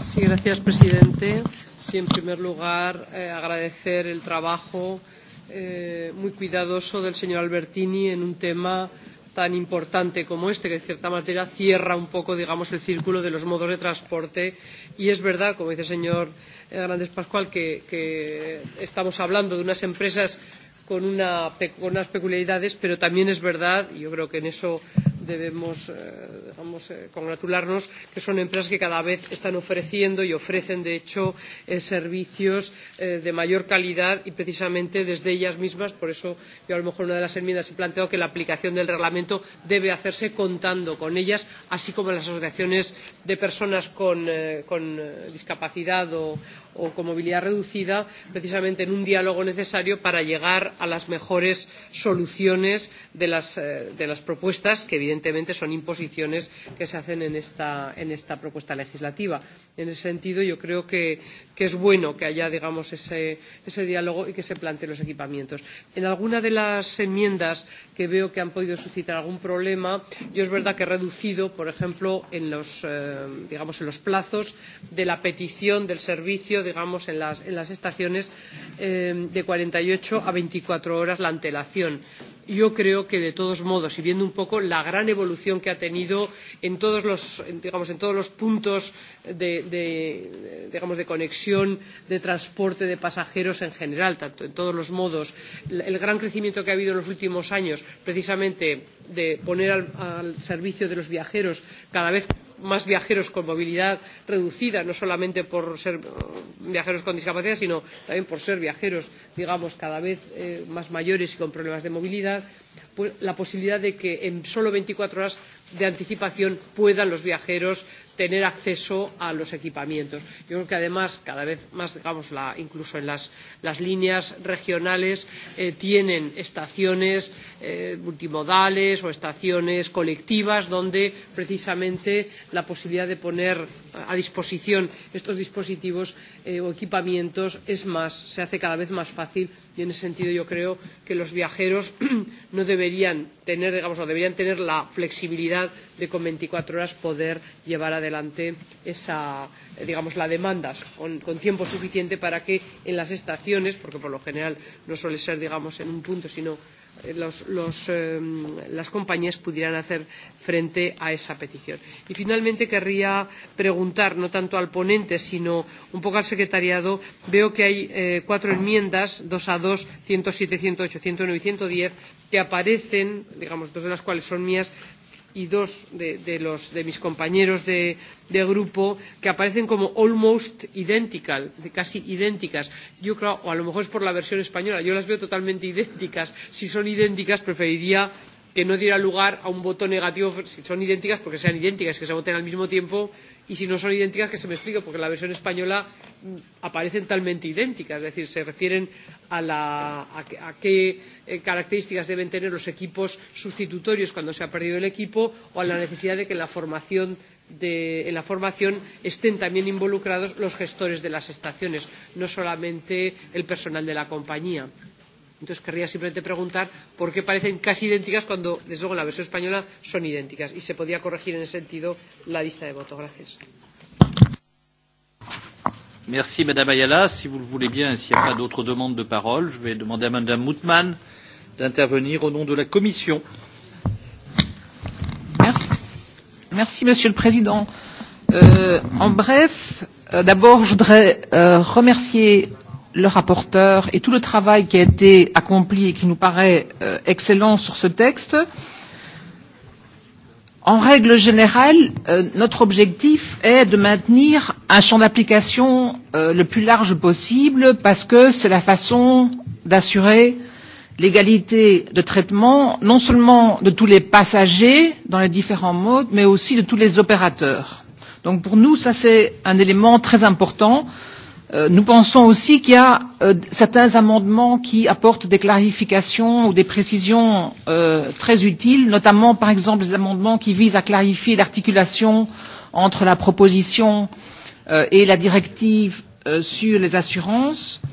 Sí, gracias, presidente. Sí, en primer lugar, eh, agradecer el trabajo eh, muy cuidadoso del señor Albertini en un tema eh, tan importante como este, que en cierta manera cierra un poco, digamos, el círculo de los modos de transporte. Y es verdad, como dice el señor Grandes eh, Pascual, que, que estamos hablando de unas empresas con, una, con unas peculiaridades, pero también es verdad, y yo creo que en eso debemos eh, digamos, eh, congratularnos que son empresas que cada vez están ofreciendo y ofrecen de hecho eh, servicios eh, de mayor calidad y precisamente desde ellas mismas por eso yo a lo mejor en una de las enmiendas he planteado que la aplicación del reglamento debe hacerse contando con ellas así como las asociaciones de personas con, eh, con eh, discapacidad o, o con movilidad reducida, precisamente en un diálogo necesario para llegar a las mejores soluciones de las, eh, de las propuestas, que evidentemente son imposiciones que se hacen en esta, en esta propuesta legislativa. En ese sentido, yo creo que, que es bueno que haya digamos, ese, ese diálogo y que se planteen los equipamientos. En alguna de las enmiendas que veo que han podido suscitar algún problema, yo es verdad que he reducido, por ejemplo, en los, eh, digamos, en los plazos de la petición del servicio servicio digamos en las, en las estaciones eh, de cuarenta y ocho a veinticuatro horas la antelación. yo creo que de todos modos y viendo un poco la gran evolución que ha tenido en todos los, digamos, en todos los puntos de, de, digamos, de conexión de transporte de pasajeros en general tanto en todos los modos el gran crecimiento que ha habido en los últimos años precisamente de poner al, al servicio de los viajeros cada vez más viajeros con movilidad reducida no solamente por ser eh, viajeros con discapacidad sino también por ser viajeros digamos cada vez eh, más mayores y con problemas de movilidad pues la posibilidad de que en solo veinticuatro horas de anticipación puedan los viajeros tener acceso a los equipamientos. Yo creo que además cada vez más, digamos, la, incluso en las, las líneas regionales eh, tienen estaciones eh, multimodales o estaciones colectivas donde precisamente la posibilidad de poner a disposición estos dispositivos eh, o equipamientos es más, se hace cada vez más fácil y en ese sentido yo creo que los viajeros no deberían tener, digamos, o deberían tener la flexibilidad de con 24 horas poder llevar adelante adelante esa, eh, digamos, la demanda con, con tiempo suficiente para que en las estaciones, porque por lo general no suele ser, digamos, en un punto, sino eh, los, los, eh, las compañías pudieran hacer frente a esa petición. Y finalmente querría preguntar, no tanto al ponente, sino un poco al secretariado, veo que hay eh, cuatro enmiendas, 2 a 2, 107, 108, 109 y 110, que aparecen, digamos, dos de las cuales son mías, y dos de, de, los, de mis compañeros de, de grupo que aparecen como almost identical, de casi idénticas. Yo creo, o a lo mejor es por la versión española, yo las veo totalmente idénticas. Si son idénticas, preferiría que no diera lugar a un voto negativo si son idénticas, porque sean idénticas, que se voten al mismo tiempo, y si no son idénticas, que se me explique, porque en la versión española mm, aparecen talmente idénticas, es decir, se refieren a, la, a, a qué eh, características deben tener los equipos sustitutorios cuando se ha perdido el equipo o a la necesidad de que en la formación de, en la formación estén también involucrados los gestores de las estaciones, no solamente el personal de la compañía. Entonces querría simplemente preguntar por qué parecen casi idénticas cuando, desde luego, en la versión española son idénticas. Y se podía corregir en ese sentido la lista de voto. Gracias. Merci, Madame Ayala. Si vous le voulez bien, s'il n'y a pas d'autres demandes de parole, je vais demander à Madame Moutman d'intervenir au nom de la Commission. Merci, Merci Monsieur le Président. Euh, en bref, euh, d'abord, je voudrais euh, remercier le rapporteur et tout le travail qui a été accompli et qui nous paraît euh, excellent sur ce texte. En règle générale, euh, notre objectif est de maintenir un champ d'application euh, le plus large possible parce que c'est la façon d'assurer l'égalité de traitement non seulement de tous les passagers dans les différents modes mais aussi de tous les opérateurs. Donc pour nous, ça c'est un élément très important euh, Euh, nous pensons aussi qu'il y a euh, certains amendements qui apportent des clarifications ou des précisions euh, très utiles, notamment par exemple des amendements qui visent à clarifier l'articulation entre la proposition euh, et la directive euh, sur les assurances. Euh,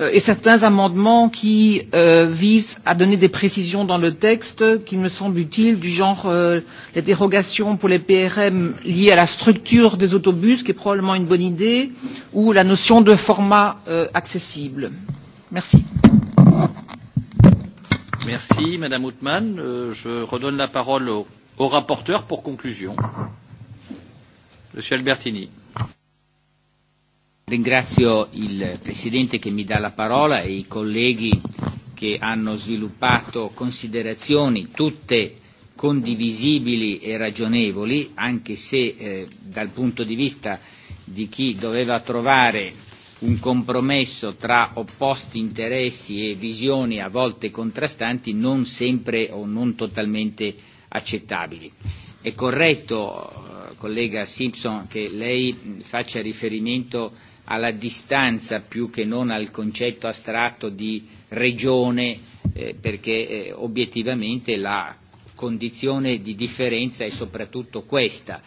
euh, et certains amendements qui euh, visent à donner des précisions dans le texte qui me semblent utiles, du genre euh, les dérogations pour les PRM liées à la structure des autobus, qui est probablement une bonne idée, ou la notion de format euh, accessible. Merci. Merci, Madame Houtman. Euh, je redonne la parole au, au rapporteur pour conclusion. Monsieur Albertini. Ringrazio il Presidente che mi dà la parola e i colleghi che hanno sviluppato considerazioni tutte condivisibili e ragionevoli, anche se eh, dal punto di vista di chi doveva trovare un compromesso tra opposti interessi e visioni a volte contrastanti non sempre o non totalmente accettabili. È corretto, eh, collega Simpson, che lei faccia riferimento alla distanza più che non al concetto astratto di regione, eh, perché eh, obiettivamente la condizione di differenza è soprattutto questa.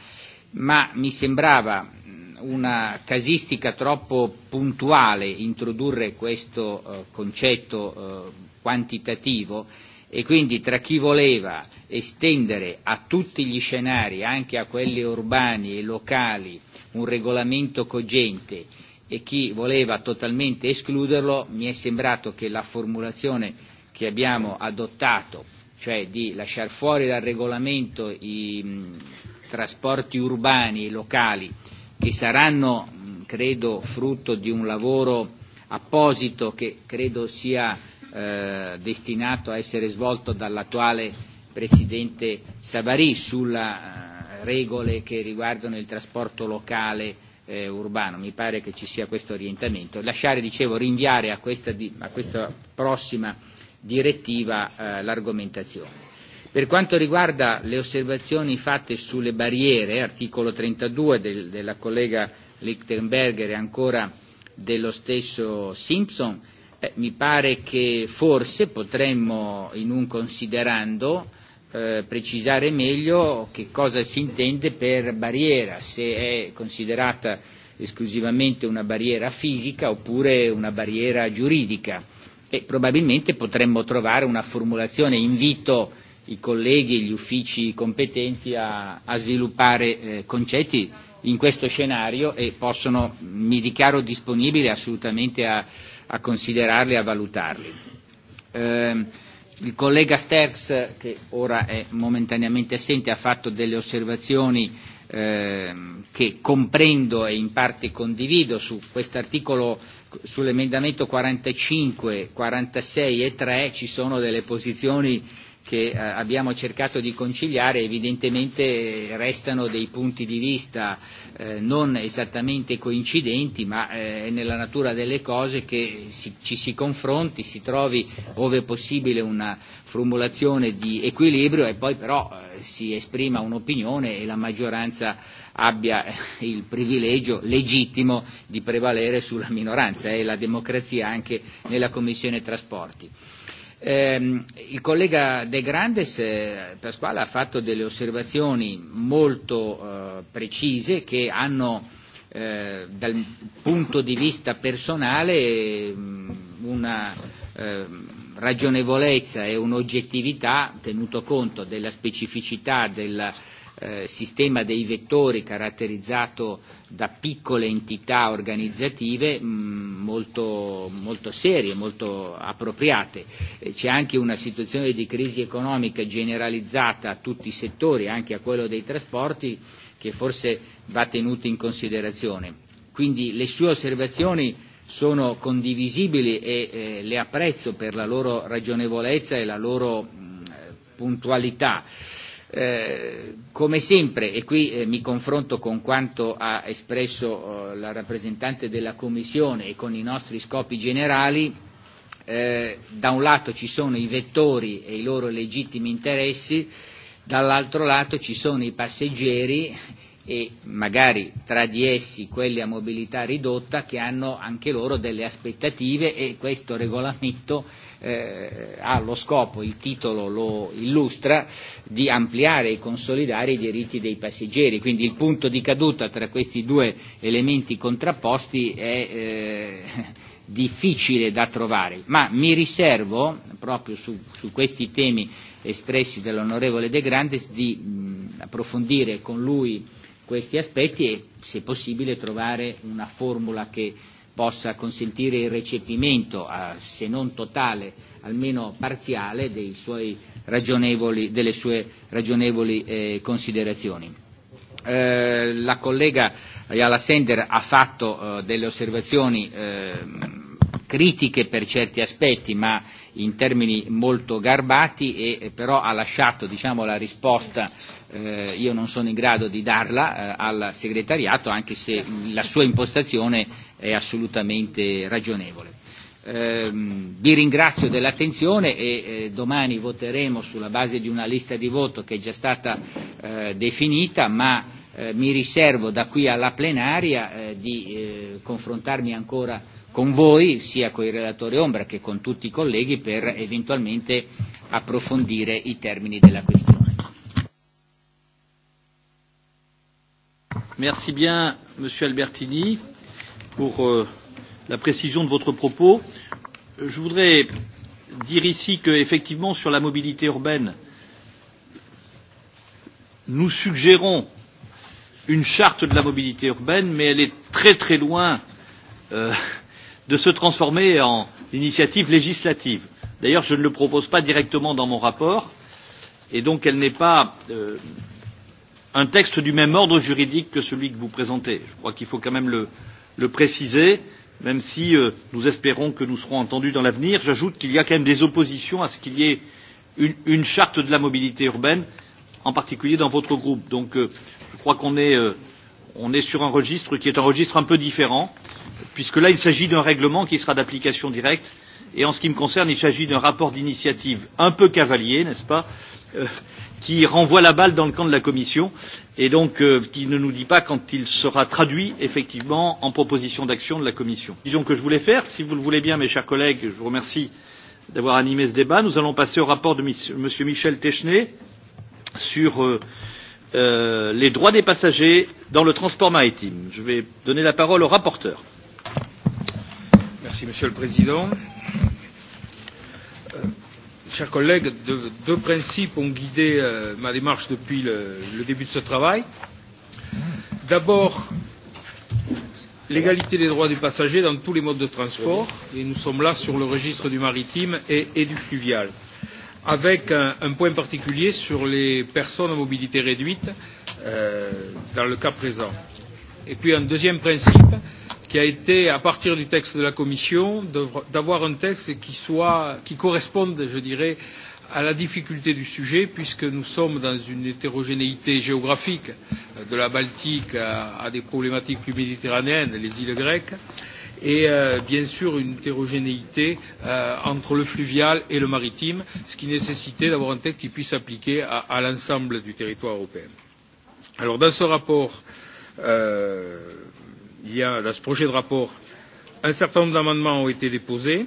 Ma mi sembrava mm, una casistica troppo puntuale introdurre questo eh, concetto eh, quantitativo e quindi tra chi voleva estendere a tutti gli scenari, anche a quelli urbani e locali, un regolamento cogente e chi voleva totalmente escluderlo, mi è sembrato che la formulazione che abbiamo adottato, cioè di lasciar fuori dal regolamento i mh, mm, trasporti urbani e locali, che saranno, mh, mm, credo, frutto di un lavoro apposito che credo sia eh, destinato a essere svolto dall'attuale Presidente Savary sulla eh, regole che riguardano il trasporto locale eh, urbano. Mi pare che ci sia questo orientamento. Lasciare, dicevo, rinviare a questa, di, a questa prossima direttiva eh, l'argomentazione. Per quanto riguarda le osservazioni fatte sulle barriere, articolo 32 del, della collega Lichtenberger e ancora dello stesso Simpson, eh, mi pare che forse potremmo, in un considerando, eh, eh, precisare meglio che cosa si intende per barriera, se è considerata esclusivamente una barriera fisica oppure una barriera giuridica e probabilmente potremmo trovare una formulazione, invito i colleghi e gli uffici competenti a, a sviluppare eh, concetti in questo scenario e possono, mi dichiaro disponibile assolutamente a, a considerarli e a valutarli. Eh, il collega Sterks, eh, che ora è momentaneamente assente, ha fatto delle osservazioni eh, che comprendo e in parte condivido su quest'articolo, sull'emendamento 45, 46 e 3 ci sono delle posizioni eh, che eh, abbiamo cercato di conciliare evidentemente eh, restano dei punti di vista eh, non esattamente coincidenti, ma eh, è eh, nella natura delle cose che si, ci si confronti, si trovi ove possibile una formulazione di equilibrio e poi però eh, si esprima un'opinione e la maggioranza abbia eh, il privilegio legittimo di prevalere sulla minoranza, è eh, la democrazia anche nella Commissione Trasporti. Eh, il collega De Grandes eh, Pasquale ha fatto delle osservazioni molto eh, precise che hanno eh, dal punto di vista personale mm, una eh, ragionevolezza e un'oggettività tenuto conto della specificità della eh, sistema dei vettori caratterizzato da piccole entità organizzative mh, mm, molto, molto serie, molto appropriate. Eh, c'è anche una situazione di crisi economica generalizzata a tutti i settori, anche a quello dei trasporti, che forse va tenuto in considerazione. Quindi le sue osservazioni sono condivisibili e eh, le apprezzo per la loro ragionevolezza e la loro mh, mm, puntualità. Eh, Eh, come sempre, e qui eh, mi confronto con quanto ha espresso eh, la rappresentante della Commissione e con i nostri scopi generali, eh, da un lato ci sono i vettori e i loro legittimi interessi, dall'altro lato ci sono i passeggeri e magari tra di essi quelli a mobilità ridotta che hanno anche loro delle aspettative e questo regolamento eh, ha lo scopo, il titolo lo illustra, di ampliare e consolidare i diritti dei passeggeri. Quindi il punto di caduta tra questi due elementi contrapposti è eh, difficile da trovare, ma mi riservo, proprio su, su questi temi espressi dall'onorevole De Grandes, di mh, approfondire con lui questi aspetti e, se possibile, trovare una formula che eh, possa consentire il recepimento, eh, se non totale, almeno parziale, dei suoi ragionevoli, delle sue ragionevoli eh, considerazioni. Eh, la collega Ayala Sender ha fatto eh, delle osservazioni eh, critiche per certi aspetti, ma in termini molto garbati e, e però ha lasciato diciamo, la risposta eh, io non sono in grado di darla eh, al segretariato anche se la sua impostazione è assolutamente ragionevole. Eh, vi ringrazio dell'attenzione e eh, domani voteremo sulla base di una lista di voto che è già stata eh, definita, ma eh, mi riservo da qui alla plenaria eh, di eh, confrontarmi ancora con voi, sia con il relatore Ombra che con tutti i colleghi, per eventualmente approfondire i termini della questione. Merci bien, Monsieur Albertini, pour euh, la précision de votre propos. Je voudrais dire ici qu'effectivement, sur la mobilité urbaine, nous suggérons une charte de la mobilité urbaine, mais elle est très très loin euh, de se transformer en initiative législative. D'ailleurs, je ne le propose pas directement dans mon rapport, et donc elle n'est pas euh, un texte du même ordre juridique que celui que vous présentez. Je crois qu'il faut quand même le, le préciser, même si euh, nous espérons que nous serons entendus dans l'avenir. J'ajoute qu'il y a quand même des oppositions à ce qu'il y ait une, une charte de la mobilité urbaine, en particulier dans votre groupe. Donc euh, je crois qu'on est, euh, on est sur un registre qui est un registre un peu différent. Euh, puisque là, il s'agit d'un règlement qui sera d'application directe, et en ce qui me concerne, il s'agit d'un rapport d'initiative un peu cavalier, n'est-ce pas, euh, qui renvoie la balle dans le camp de la Commission, et donc euh, qui ne nous dit pas quand il sera traduit, effectivement, en proposition d'action de la Commission. Disons que je voulais faire, si vous le voulez bien, mes chers collègues, je vous remercie d'avoir animé ce débat. Nous allons passer au rapport de M. Michel Téchenet sur euh, euh, les droits des passagers dans le transport maritime. Je vais donner la parole au rapporteur. Merci, Monsieur le Président. Euh, chers collègues, deux, deux principes ont guidé euh, ma démarche depuis le, le début de ce travail. D'abord, l'égalité des droits des passagers dans tous les modes de transport, et nous sommes là sur le registre du maritime et, et du fluvial, avec un, un point particulier sur les personnes à mobilité réduite euh, dans le cas présent. Et puis un deuxième principe, euh, qui a été, à partir du texte de la Commission, d'avoir un texte qui, soit, qui corresponde, je dirais, à la difficulté du sujet, puisque nous sommes dans une hétérogénéité géographique, euh, de la Baltique à, à des problématiques plus méditerranéennes, les îles grecques, et euh, bien sûr une hétérogénéité euh, entre le fluvial et le maritime, ce qui nécessitait d'avoir un texte qui puisse s'appliquer à, à l'ensemble du territoire européen. Alors dans ce rapport, euh, il y a dans ce projet de rapport un certain nombre d'amendements ont été déposés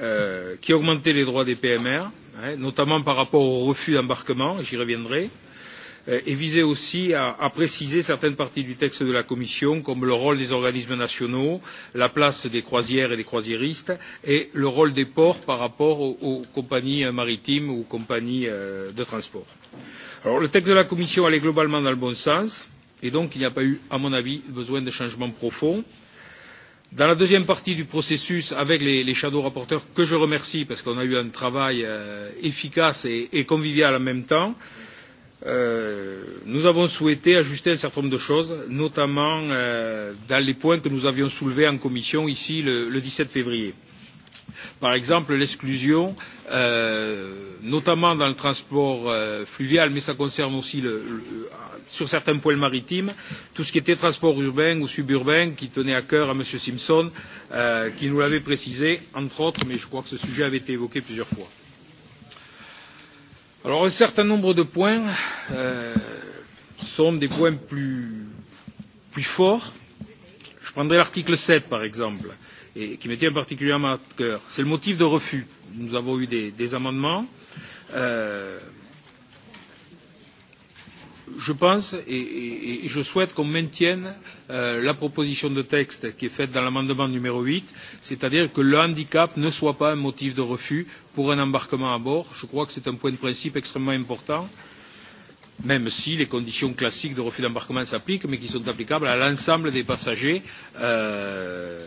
euh, qui augmentaient les droits des PMR, hein, notamment par rapport au refus d'embarquement, j'y reviendrai, euh, et visaient aussi à, à préciser certaines parties du texte de la Commission, comme le rôle des organismes nationaux, la place des croisières et des croisiéristes, et le rôle des ports par rapport aux, aux compagnies maritimes ou compagnies euh, de transport. Alors, le texte de la Commission allait globalement dans le bon sens. Euh, et donc il n'y a pas eu à mon avis besoin de changements profonds. Dans la deuxième partie du processus, avec les, les shadow rapporteurs, que je remercie parce qu'on a eu un travail euh, efficace et, et convivial en même temps, euh, nous avons souhaité ajuster un certain nombre de choses, notamment euh, dans les points que nous avions soulevés en commission ici le, le 17 février. Euh, Par exemple, l'exclusion, euh, notamment dans le transport euh, fluvial, mais ça concerne aussi, le, le, euh, sur certains points maritimes, tout ce qui était transport urbain ou suburbain, qui tenait à cœur à M. Simpson, euh, qui nous l'avait précisé, entre autres, mais je crois que ce sujet avait été évoqué plusieurs fois. Alors, un certain nombre de points euh, sont des points plus, plus forts. Je prendrai l'article 7, par exemple. Euh, et qui me tient particulièrement à cœur. C'est le motif de refus. Nous avons eu des, des amendements. Euh, je pense et, et, et je souhaite qu'on maintienne euh, la proposition de texte qui est faite dans l'amendement numéro huit c'est à dire que le handicap ne soit pas un motif de refus pour un embarquement à bord. je crois que c'est un point de principe extrêmement important même si les conditions classiques de refus d'embarquement s'appliquent mais qui sont applicables à l'ensemble des passagers euh,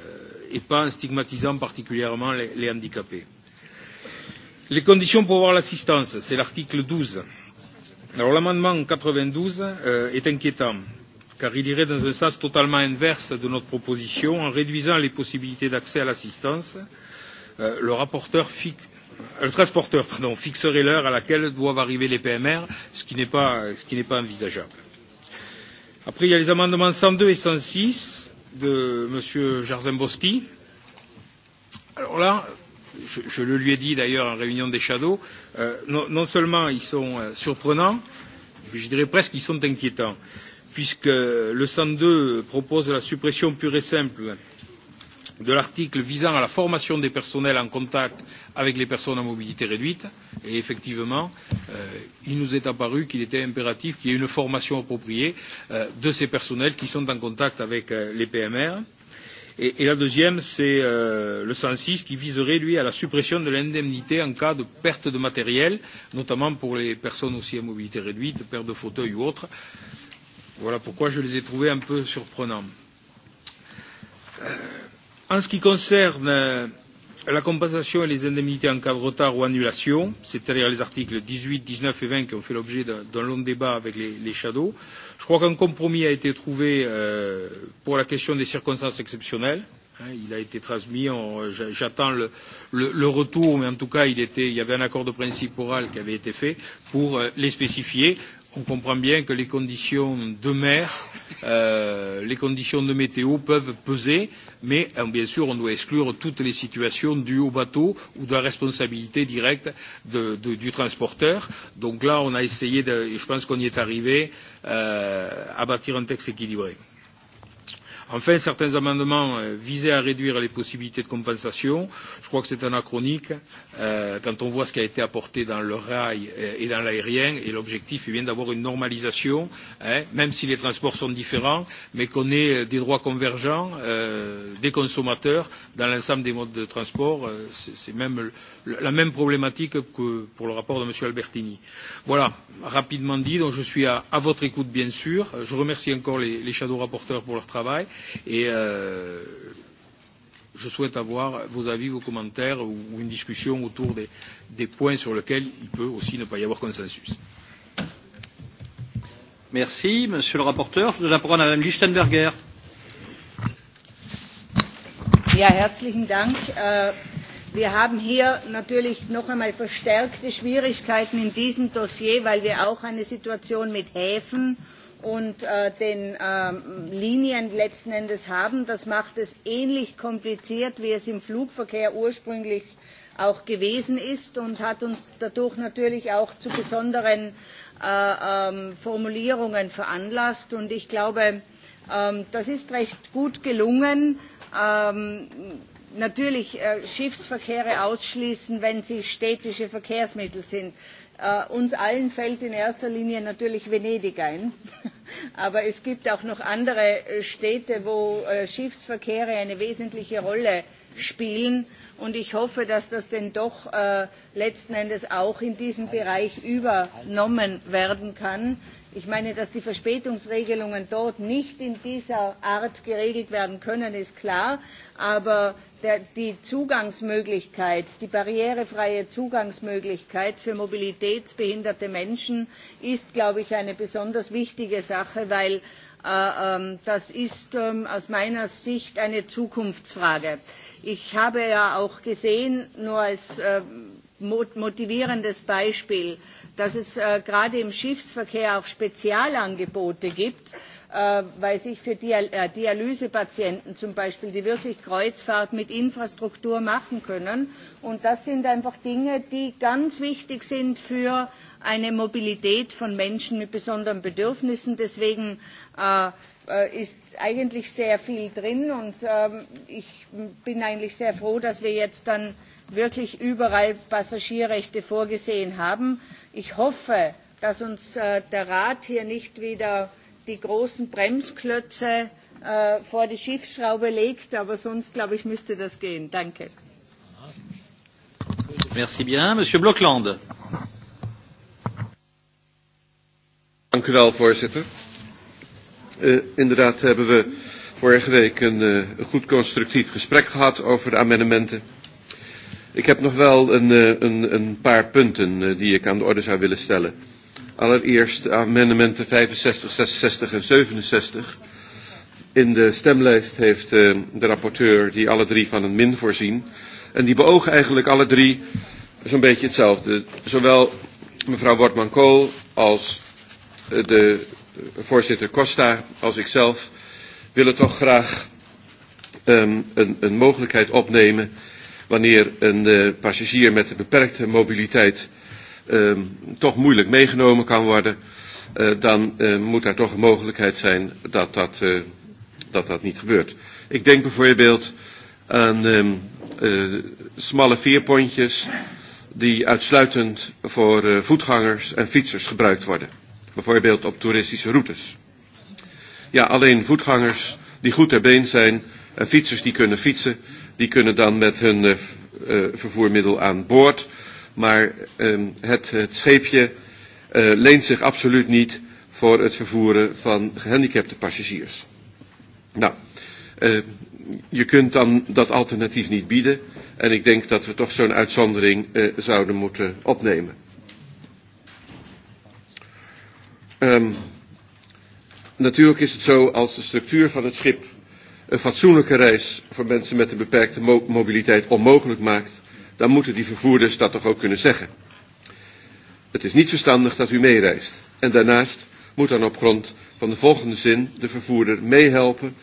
et pas en stigmatisant particulièrement les, les handicapés. Les conditions pour avoir l'assistance, c'est l'article 12. Alors l'amendement 92 euh, est inquiétant car il irait dans un sens totalement inverse de notre proposition en réduisant les possibilités d'accès à l'assistance. Euh, le rapporteur fixe euh, le transporteur pardon, fixerait l'heure à laquelle doivent arriver les PMR, ce qui n'est pas, ce qui pas envisageable. Après, il y a les amendements 102 et 106 de M. Jarzembowski. Alors là, je, je le lui ai dit d'ailleurs en réunion des Shadows, euh, non, non seulement ils sont euh, surprenants, je dirais presque qu'ils sont inquiétants, puisque le 102 propose la suppression pure et simple euh, de l'article visant à la formation des personnels en contact avec les personnes à mobilité réduite et effectivement euh, il nous est apparu qu'il était impératif qu'il y ait une formation appropriée euh, de ces personnels qui sont en contact avec euh, les PMR. Et, et la deuxième, c'est euh, le 106 qui viserait, lui, à la suppression de l'indemnité en cas de perte de matériel, notamment pour les personnes aussi à mobilité réduite, perte de fauteuil ou autre. Voilà pourquoi je les ai trouvés un peu surprenants. Euh, En ce qui concerne euh, la compensation et les indemnités en cas de retard ou annulation, c'est-à-dire les articles 18, 19 et 20 qui ont fait l'objet d'un long débat avec les, les shadows, je crois qu'un compromis a été trouvé euh, pour la question des circonstances exceptionnelles. Hein, il a été transmis, j'attends le, le, le retour, mais en tout cas, il, était, il y avait un accord de principe oral qui avait été fait pour euh, les spécifier on comprend bien que les conditions de mer, euh, les conditions de météo peuvent peser, mais euh, bien sûr, on doit exclure toutes les situations dues au bateau ou de la responsabilité directe de, de, du transporteur. Donc là, on a essayé, de, et je pense qu'on y est arrivé, euh, à bâtir un texte équilibré. Euh, Enfin, certains amendements euh, visaient à réduire les possibilités de compensation. Je crois que c'est anachronique euh, quand on voit ce qui a été apporté dans le rail euh, et dans l'aérien. Et l'objectif est bien d'avoir une normalisation, hein, même si les transports sont différents, mais qu'on ait euh, des droits convergents euh, des consommateurs dans l'ensemble des modes de transport. Euh, c'est même la même problématique que pour le rapport de M. Albertini. Voilà, rapidement dit, donc je suis à, à votre écoute bien sûr. Euh, je remercie encore les, les shadow rapporteurs pour leur travail Et euh, je souhaite avoir vos avis, vos commentaires ou, ou une discussion autour des, des points sur lesquels il peut aussi ne pas y avoir consensus. Merci, Monsieur le rapporteur. Je donne la parole à Madame Lichtenberger. Ja, herzlichen Dank. Äh, wir haben hier natürlich noch einmal verstärkte Schwierigkeiten in diesem Dossier, weil wir auch eine Situation mit Häfen äh, und äh, den ähm, Linien letzten Endes haben. Das macht es ähnlich kompliziert, wie es im Flugverkehr ursprünglich auch gewesen ist und hat uns dadurch natürlich auch zu besonderen äh, ähm, Formulierungen veranlasst. Und ich glaube, ähm, das ist recht gut gelungen. Ähm, natürlich äh, Schiffsverkehre ausschließen, wenn sie städtische Verkehrsmittel sind Äh, uns allen fällt in erster Linie natürlich Venedig ein. Aber es gibt auch noch andere äh, Städte, wo äh, Schiffsverkehre eine wesentliche Rolle spielen. Und ich hoffe, dass das denn doch äh, letzten Endes auch in diesem Bereich übernommen werden kann Ich meine, dass die Verspätungsregelungen dort nicht in dieser Art geregelt werden können, ist klar. Aber der, die Zugangsmöglichkeit, die barrierefreie Zugangsmöglichkeit für mobilitätsbehinderte Menschen ist, glaube ich, eine besonders wichtige Sache, weil äh, äh, das ist äh, aus meiner Sicht eine Zukunftsfrage. Ich habe ja auch gesehen, nur als äh, motivierendes Beispiel, dass es äh, gerade im Schiffsverkehr auch Spezialangebote gibt, äh, weil sich für Dial äh, Dialysepatienten zum Beispiel, die wirklich Kreuzfahrt mit Infrastruktur machen können. Und das sind einfach Dinge, die ganz wichtig sind für eine Mobilität von Menschen mit besonderen Bedürfnissen. Deswegen äh, äh ist eigentlich sehr viel drin und ähm, ich bin eigentlich sehr froh, dass wir jetzt dann wirklich überall passagierrechte vorgesehen haben. ich hoffe dass uns äh, der rat hier nicht wieder die großen bremsklötze äh, vor die schiffsschraube legt aber sonst glaube ich müsste das gehen. danke. Merci bien. Monsieur Blokland. Dank u wel, voorzitter. Uh, inderdaad hebben we vorige week een uh, goed constructief gesprek gehad over de amendementen. Uh, Ik heb nog wel een, eh, een, een paar punten eh, die ik aan de orde zou willen stellen. Allereerst amendementen 65, 66 en 67. In de stemlijst heeft eh, de rapporteur die alle drie van een min voorzien. En die beogen eigenlijk alle drie zo'n beetje hetzelfde. Zowel mevrouw Wortman-Kool als de voorzitter Costa als ikzelf willen toch graag um, een, een mogelijkheid opnemen wanneer een uh, passagier met een beperkte mobiliteit uh, toch moeilijk meegenomen kan worden, uh, dan uh, moet daar toch een mogelijkheid zijn dat dat, uh, dat, dat niet gebeurt. Ik denk bijvoorbeeld aan um, uh, smalle veerpontjes die uitsluitend voor uh, voetgangers en fietsers gebruikt worden. Bijvoorbeeld op toeristische routes. Ja, alleen voetgangers die goed ter been zijn en fietsers die kunnen fietsen, Die kunnen dan met hun uh, uh, vervoermiddel aan boord. Maar um, het, het scheepje uh, leent zich absoluut niet voor het vervoeren van gehandicapte passagiers. Nou, uh, je kunt dan dat alternatief niet bieden. En ik denk dat we toch zo'n uitzondering uh, zouden moeten opnemen. Um, natuurlijk is het zo, als de structuur van het schip een fatsoenlijke reis voor mensen met een beperkte mo mobiliteit onmogelijk maakt, dan moeten die vervoerders dat toch ook kunnen zeggen. Het is niet verstandig dat u meereist. En daarnaast moet dan op grond van de volgende zin de vervoerder meehelpen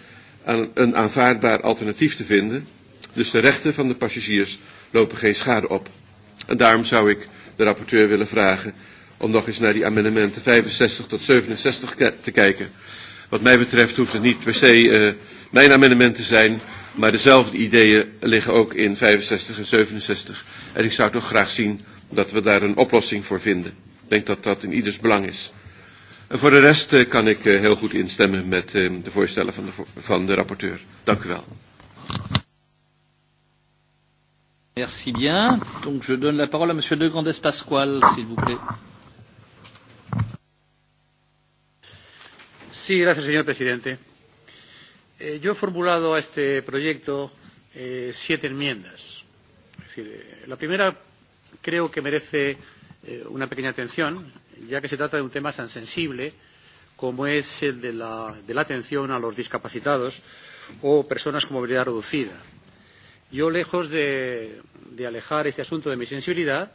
aan een aanvaardbaar alternatief te vinden. Dus de rechten van de passagiers lopen geen schade op. En daarom zou ik de rapporteur willen vragen om nog eens naar die amendementen 65 tot 67 te kijken. Wat mij betreft hoeft het niet per se uh, mijn amendementen zijn, maar dezelfde ideeën liggen ook in 65 en 67. En ik zou toch graag zien dat we daar een oplossing voor vinden. Ik denk dat dat in ieders belang is. En voor de rest uh, kan ik uh, heel goed instemmen met uh, de voorstellen van de, van de rapporteur. Dank u wel. Merci bien. Donc je donne la parole à Monsieur De Grandes Pasquale, s'il vous plaît. Sí, gracias, señor presidente. Eh, yo he formulado a este proyecto eh, siete enmiendas. Es decir, eh, la primera creo que merece eh, una pequeña atención, ya que se trata de un tema tan sensible como es el de la, de la atención a los discapacitados o personas con movilidad reducida. Yo, lejos de, de alejar este asunto de mi sensibilidad,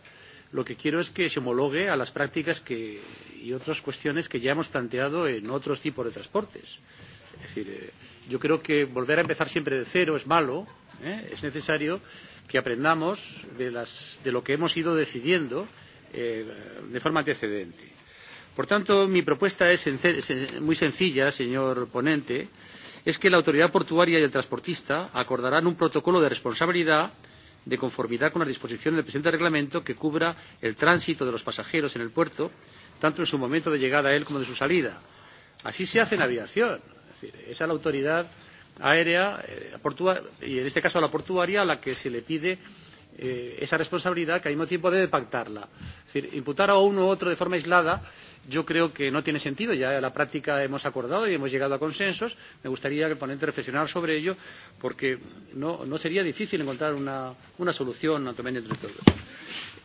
lo que quiero es que se homologue a las prácticas que, y otras cuestiones que ya hemos planteado en otros tipos de transportes. Eh, Es decir, eh, yo creo que volver a empezar siempre de cero es malo, ¿eh? es necesario que aprendamos de, las, de lo que hemos ido decidiendo eh, de forma antecedente. Por tanto, mi propuesta es eh, muy sencilla, señor ponente, es que la autoridad portuaria y el transportista acordarán un protocolo de responsabilidad de conformidad con las disposiciones del presente reglamento que cubra el tránsito de los pasajeros en el puerto, tanto en su momento de llegada a él como de su salida. Así se hace en aviación decir, es a la autoridad aérea eh, portua, y en este caso a la portuaria a la que se le pide eh, esa responsabilidad que al mismo tiempo debe pactarla. Es decir, imputar a uno u otro de forma aislada yo creo que no tiene sentido. Ya en la práctica hemos acordado y hemos llegado a consensos. Me gustaría que el ponente reflexionara sobre ello porque no, no sería difícil encontrar una, una solución también entre todos.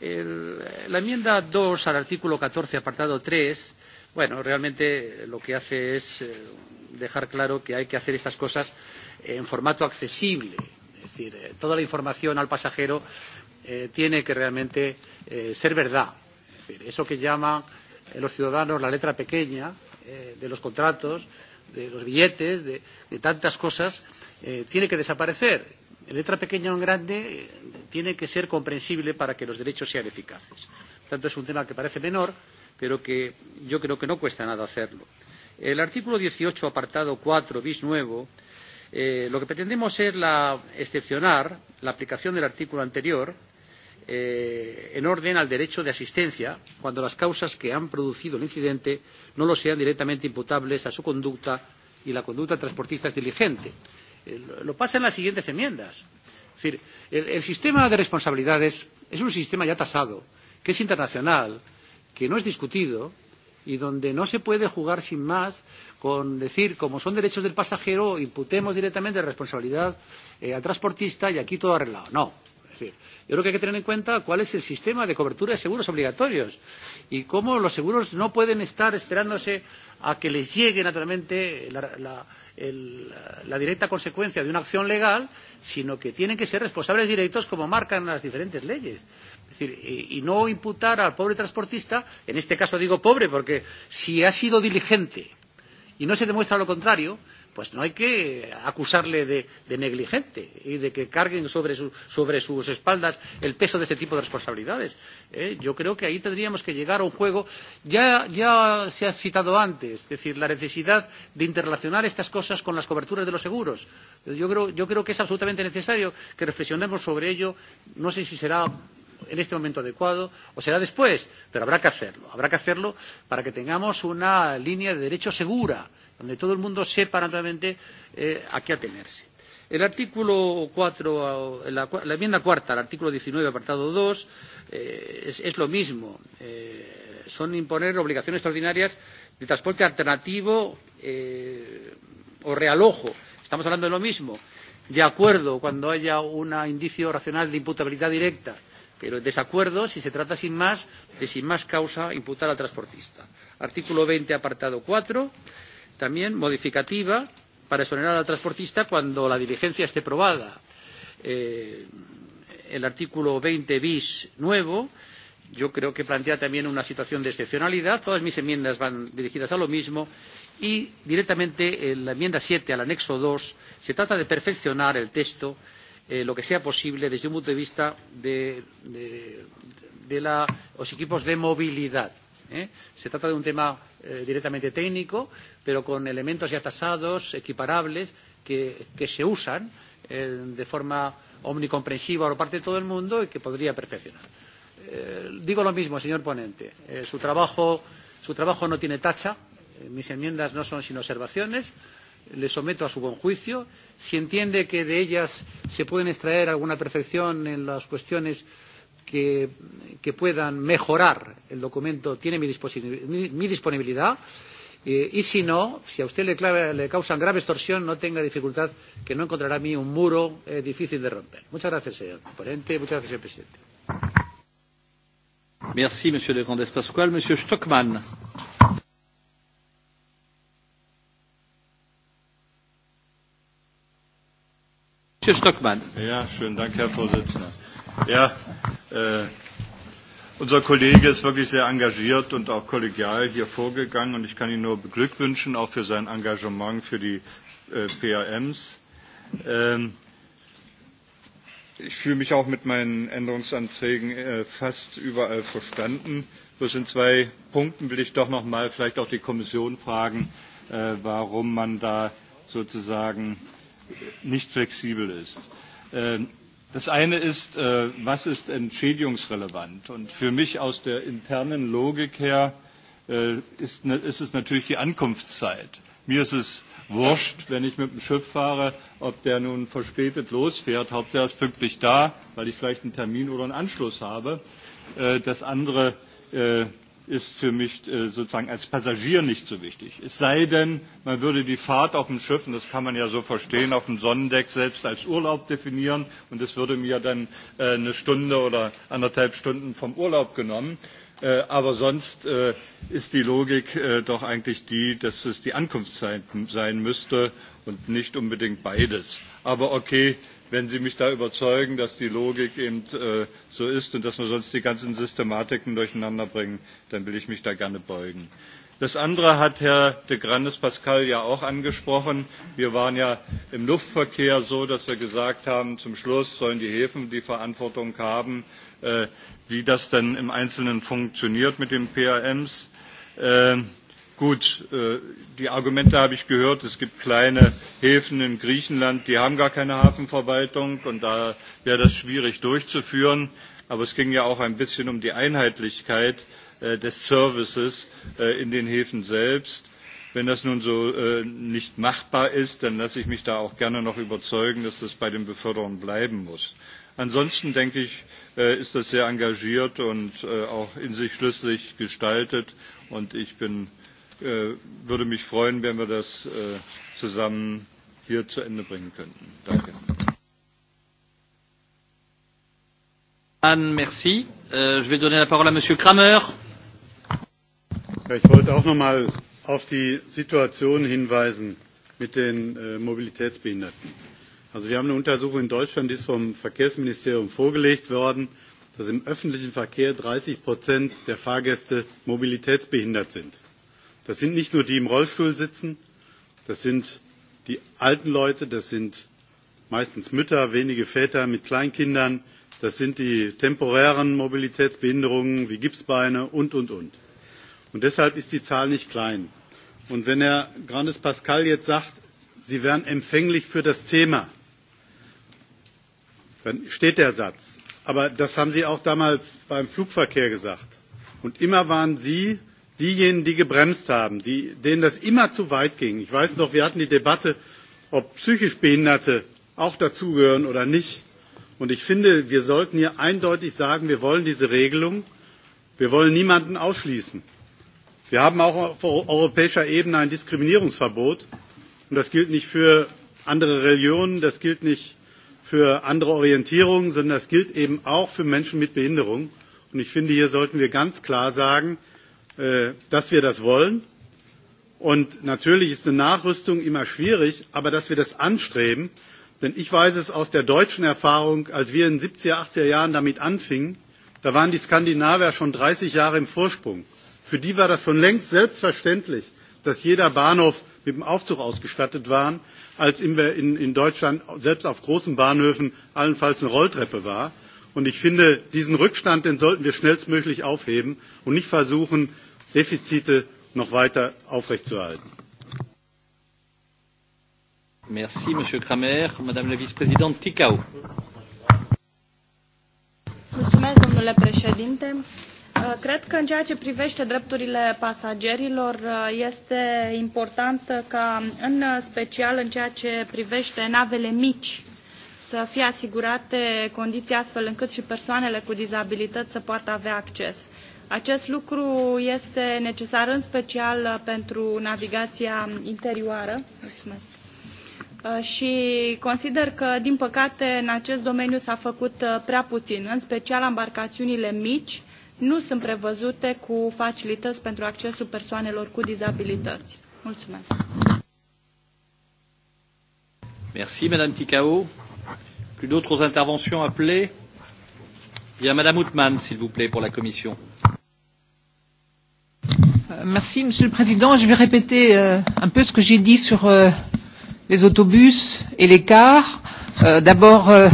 El, la enmienda 2 al artículo 14, apartado 3, Bueno, realmente lo que hace es eh, dejar claro que hay que hacer estas cosas en formato accesible. Es decir, eh, toda la información al pasajero eh, tiene que realmente eh, ser verdad. Es decir, eso que llaman eh, los ciudadanos la letra pequeña eh, de los contratos, de los billetes, de, de tantas cosas, eh, tiene que desaparecer. En letra pequeña o en grande eh, tiene que ser comprensible para que los derechos sean eficaces. Por tanto, es un tema que parece menor, eh, pero que yo creo que no cuesta nada hacerlo. El artículo 18, apartado 4, bis nuevo, eh, lo que pretendemos es la, excepcionar la aplicación del artículo anterior eh, en orden al derecho de asistencia cuando las causas que han producido el incidente no lo sean directamente imputables a su conducta y la conducta transportista es diligente. Eh, lo pasa en las siguientes enmiendas. Es decir, el, el sistema de responsabilidades es un sistema ya tasado, que es internacional, que no es discutido y donde no se puede jugar sin más con decir, como son derechos del pasajero, imputemos directamente responsabilidad eh, al transportista y aquí todo arreglado. No. Es decir, yo creo que hay que tener en cuenta cuál es el sistema de cobertura de seguros obligatorios y cómo los seguros no pueden estar esperándose a que les llegue naturalmente la, la, el, la directa consecuencia de una acción legal, sino que tienen que ser responsables directos como marcan las diferentes leyes. Es decir, y no imputar al pobre transportista, en este caso digo pobre porque si ha sido diligente y no se demuestra lo contrario, pues no hay que acusarle de, de negligente y de que carguen sobre, su, sobre sus espaldas el peso de ese tipo de responsabilidades. ¿eh? Yo creo que ahí tendríamos que llegar a un juego. Ya, ya se ha citado antes, es decir, la necesidad de interrelacionar estas cosas con las coberturas de los seguros. Yo creo, yo creo que es absolutamente necesario que reflexionemos sobre ello. No sé si será en este momento adecuado o será después, pero habrá que hacerlo. Habrá que hacerlo para que tengamos una línea de derecho segura, donde todo el mundo sepa naturalmente eh, a qué atenerse. El artículo 4, eh, la, la enmienda cuarta al artículo 19, apartado 2, eh, es, es lo mismo. Eh, son imponer obligaciones extraordinarias de transporte alternativo eh, o realojo. Estamos hablando de lo mismo. De acuerdo, cuando haya un indicio racional de imputabilidad directa pero desacuerdo si se trata sin más de sin más causa imputar al transportista. Artículo 20, apartado 4, también modificativa para exonerar al transportista cuando la diligencia esté probada. Eh, el artículo 20 bis nuevo, yo creo que plantea también una situación de excepcionalidad. Todas mis enmiendas van dirigidas a lo mismo. Y directamente en la enmienda 7 al anexo 2 se trata de perfeccionar el texto eh, lo que sea posible desde un punto de vista de, de, de la, los equipos de movilidad. ¿eh? Se trata de un tema eh, directamente técnico, pero con elementos ya tasados, equiparables, que, que se usan eh, de forma omnicomprensiva por parte de todo el mundo y que podría perfeccionar. Eh, digo lo mismo, señor ponente. Eh, su, trabajo, su trabajo no tiene tacha. Eh, mis enmiendas no son sin observaciones. Eh, le someto a su buen juicio. Si entiende que de ellas se pueden extraer alguna perfección en las cuestiones que, que puedan mejorar el documento, tiene mi, disponibilidad, mi, mi disponibilidad. Eh, y si no, si a usted le, clave, le causan grave extorsión, no tenga dificultad, que no encontrará a mí un muro eh, difícil de romper. Muchas gracias, señor ponente. Muchas gracias, señor presidente. Merci, monsieur de Grandes Pascual. Monsieur Stockmann. Herr Stockmann. Ja, schönen Dank, Herr Vorsitzender. Ja, äh, unser Kollege ist wirklich sehr engagiert und auch kollegial hier vorgegangen und ich kann ihn nur beglückwünschen, auch für sein Engagement für die äh, PAMs. Ähm, ich fühle mich auch mit meinen Änderungsanträgen äh, fast überall verstanden. Bloß in zwei Punkten will ich doch noch mal vielleicht auch die Kommission fragen, äh, warum man da sozusagen äh, nicht flexibel ist. Ähm, das eine ist, äh, was ist entschädigungsrelevant? Und für mich aus der internen Logik her äh, ist, ist es natürlich die Ankunftszeit. Mir ist es wurscht, wenn ich mit dem Schiff fahre, ob der nun verspätet losfährt. Hauptsache er ist pünktlich da, weil ich vielleicht einen Termin oder einen Anschluss habe. Äh, das andere ist für mich äh, sozusagen als Passagier nicht so wichtig. Es sei denn, man würde die Fahrt auf dem Schiff, und das kann man ja so verstehen, auf dem Sonnendeck selbst als Urlaub definieren, und es würde mir dann äh, eine Stunde oder anderthalb Stunden vom Urlaub genommen. Äh, aber sonst ist die Logik doch eigentlich die, dass es die Ankunftszeit sein müsste und nicht unbedingt beides. Aber okay, wenn Sie mich da überzeugen, dass die Logik eben äh, so ist und dass wir sonst die ganzen Systematiken durcheinander bringen, dann will ich mich da gerne beugen. Das andere hat Herr de Grandes Pascal ja auch angesprochen. Wir waren ja im Luftverkehr so, dass wir gesagt haben, zum Schluss sollen die Häfen die Verantwortung haben, äh, wie das dann im Einzelnen funktioniert mit den PAMs. Äh, Gut, äh, die Argumente habe ich gehört. Es gibt kleine Häfen in Griechenland, die haben gar keine Hafenverwaltung und da wäre das schwierig durchzuführen. Aber es ging ja auch ein bisschen um die Einheitlichkeit äh, des Services äh, in den Häfen selbst. Wenn das nun so nicht machbar ist, dann lasse ich mich da auch gerne noch überzeugen, dass das bei den Beförderern bleiben muss. Ansonsten denke ich, ist das sehr engagiert und auch in sich schlüssig gestaltet und ich bin äh, würde mich freuen, wenn wir das äh, zusammen hier zu Ende bringen könnten. Danke. Anne, merci. Euh, je vais donner la parole à Monsieur Kramer. Ja, ich wollte auch noch mal auf die Situation hinweisen mit den äh, Mobilitätsbehinderten. Also wir haben eine Untersuchung in Deutschland, die ist vom Verkehrsministerium vorgelegt worden, dass im öffentlichen Verkehr 30 Prozent der Fahrgäste mobilitätsbehindert sind das sind nicht nur die im rollstuhl sitzen das sind die alten leute das sind meistens mütter wenige väter mit kleinkindern das sind die temporären mobilitätsbehinderungen wie gipsbeine und und und. und deshalb ist die zahl nicht klein. und wenn herr grandes pascal jetzt sagt sie wären empfänglich für das thema dann steht der satz. aber das haben sie auch damals beim flugverkehr gesagt. und immer waren sie diejenigen, die gebremst haben, die, denen das immer zu weit ging. Ich weiß noch, wir hatten die Debatte, ob psychisch Behinderte auch dazugehören oder nicht. Und ich finde, wir sollten hier eindeutig sagen, wir wollen diese Regelung. Wir wollen niemanden ausschließen. Wir haben auch auf europäischer Ebene ein Diskriminierungsverbot. Und das gilt nicht für andere Religionen, das gilt nicht für andere Orientierungen, sondern das gilt eben auch für Menschen mit Behinderung. Und ich finde, hier sollten wir ganz klar sagen, Äh, dass wir das wollen. Und natürlich ist eine Nachrüstung immer schwierig, aber dass wir das anstreben, denn ich weiß es aus der deutschen Erfahrung, als wir in den 70er, 80er Jahren damit anfingen, da waren die Skandinavier schon 30 Jahre im Vorsprung. Für die war das schon längst selbstverständlich, dass jeder Bahnhof mit dem Aufzug ausgestattet war, als in, in, in Deutschland selbst auf großen Bahnhöfen allenfalls eine Rolltreppe war. Und ich finde, diesen Rückstand, den sollten wir schnellstmöglich aufheben und nicht versuchen, defizite noch weiter aufrechtzuerhalten. Merci, Monsieur Kramer. Madame la vice-présidente Ticau. Mulțumesc, domnule președinte. Uh, cred că în ceea ce privește drepturile pasagerilor uh, este important ca, în special în ceea ce privește navele mici, să fie asigurate condiții astfel încât și persoanele cu dizabilități să poată avea acces. Acest lucru este necesar în special uh, pentru navigația interioară. Mulțumesc. Uh, și consider că, din păcate, în acest domeniu s-a făcut uh, prea puțin. În special, embarcațiunile mici nu sunt prevăzute cu facilități pentru accesul persoanelor cu dizabilități. Mulțumesc. Merci, Madame Ticao. Plus d'autres interventions appelées Bien, Madame Outman, s'il vous plaît, pour la Commission. Euh, merci, Monsieur le Président. Je vais répéter euh, un peu ce que j'ai dit sur euh, les autobus et les cars. Euh, D'abord, euh,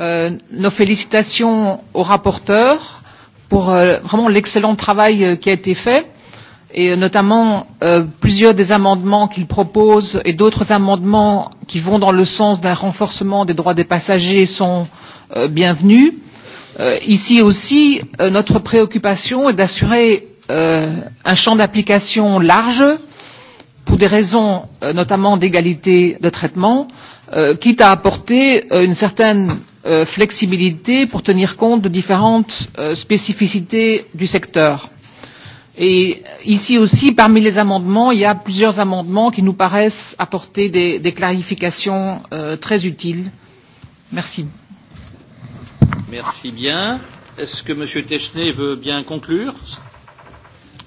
euh, nos félicitations aux rapporteurs pour euh, vraiment l'excellent travail euh, qui a été fait et euh, notamment euh, plusieurs des amendements qu'il propose et d'autres amendements qui vont dans le sens d'un renforcement des droits des passagers sont euh, bienvenus. Euh, ici aussi, euh, notre préoccupation est d'assurer euh, un champ d'application large pour des raisons euh, notamment d'égalité de traitement, euh, quitte à apporter euh, une certaine euh, flexibilité pour tenir compte de différentes euh, spécificités du secteur. Et ici aussi, parmi les amendements, il y a plusieurs amendements qui nous paraissent apporter des, des clarifications euh, très utiles. Merci. Merci bien. Est-ce que M. Technet veut bien conclure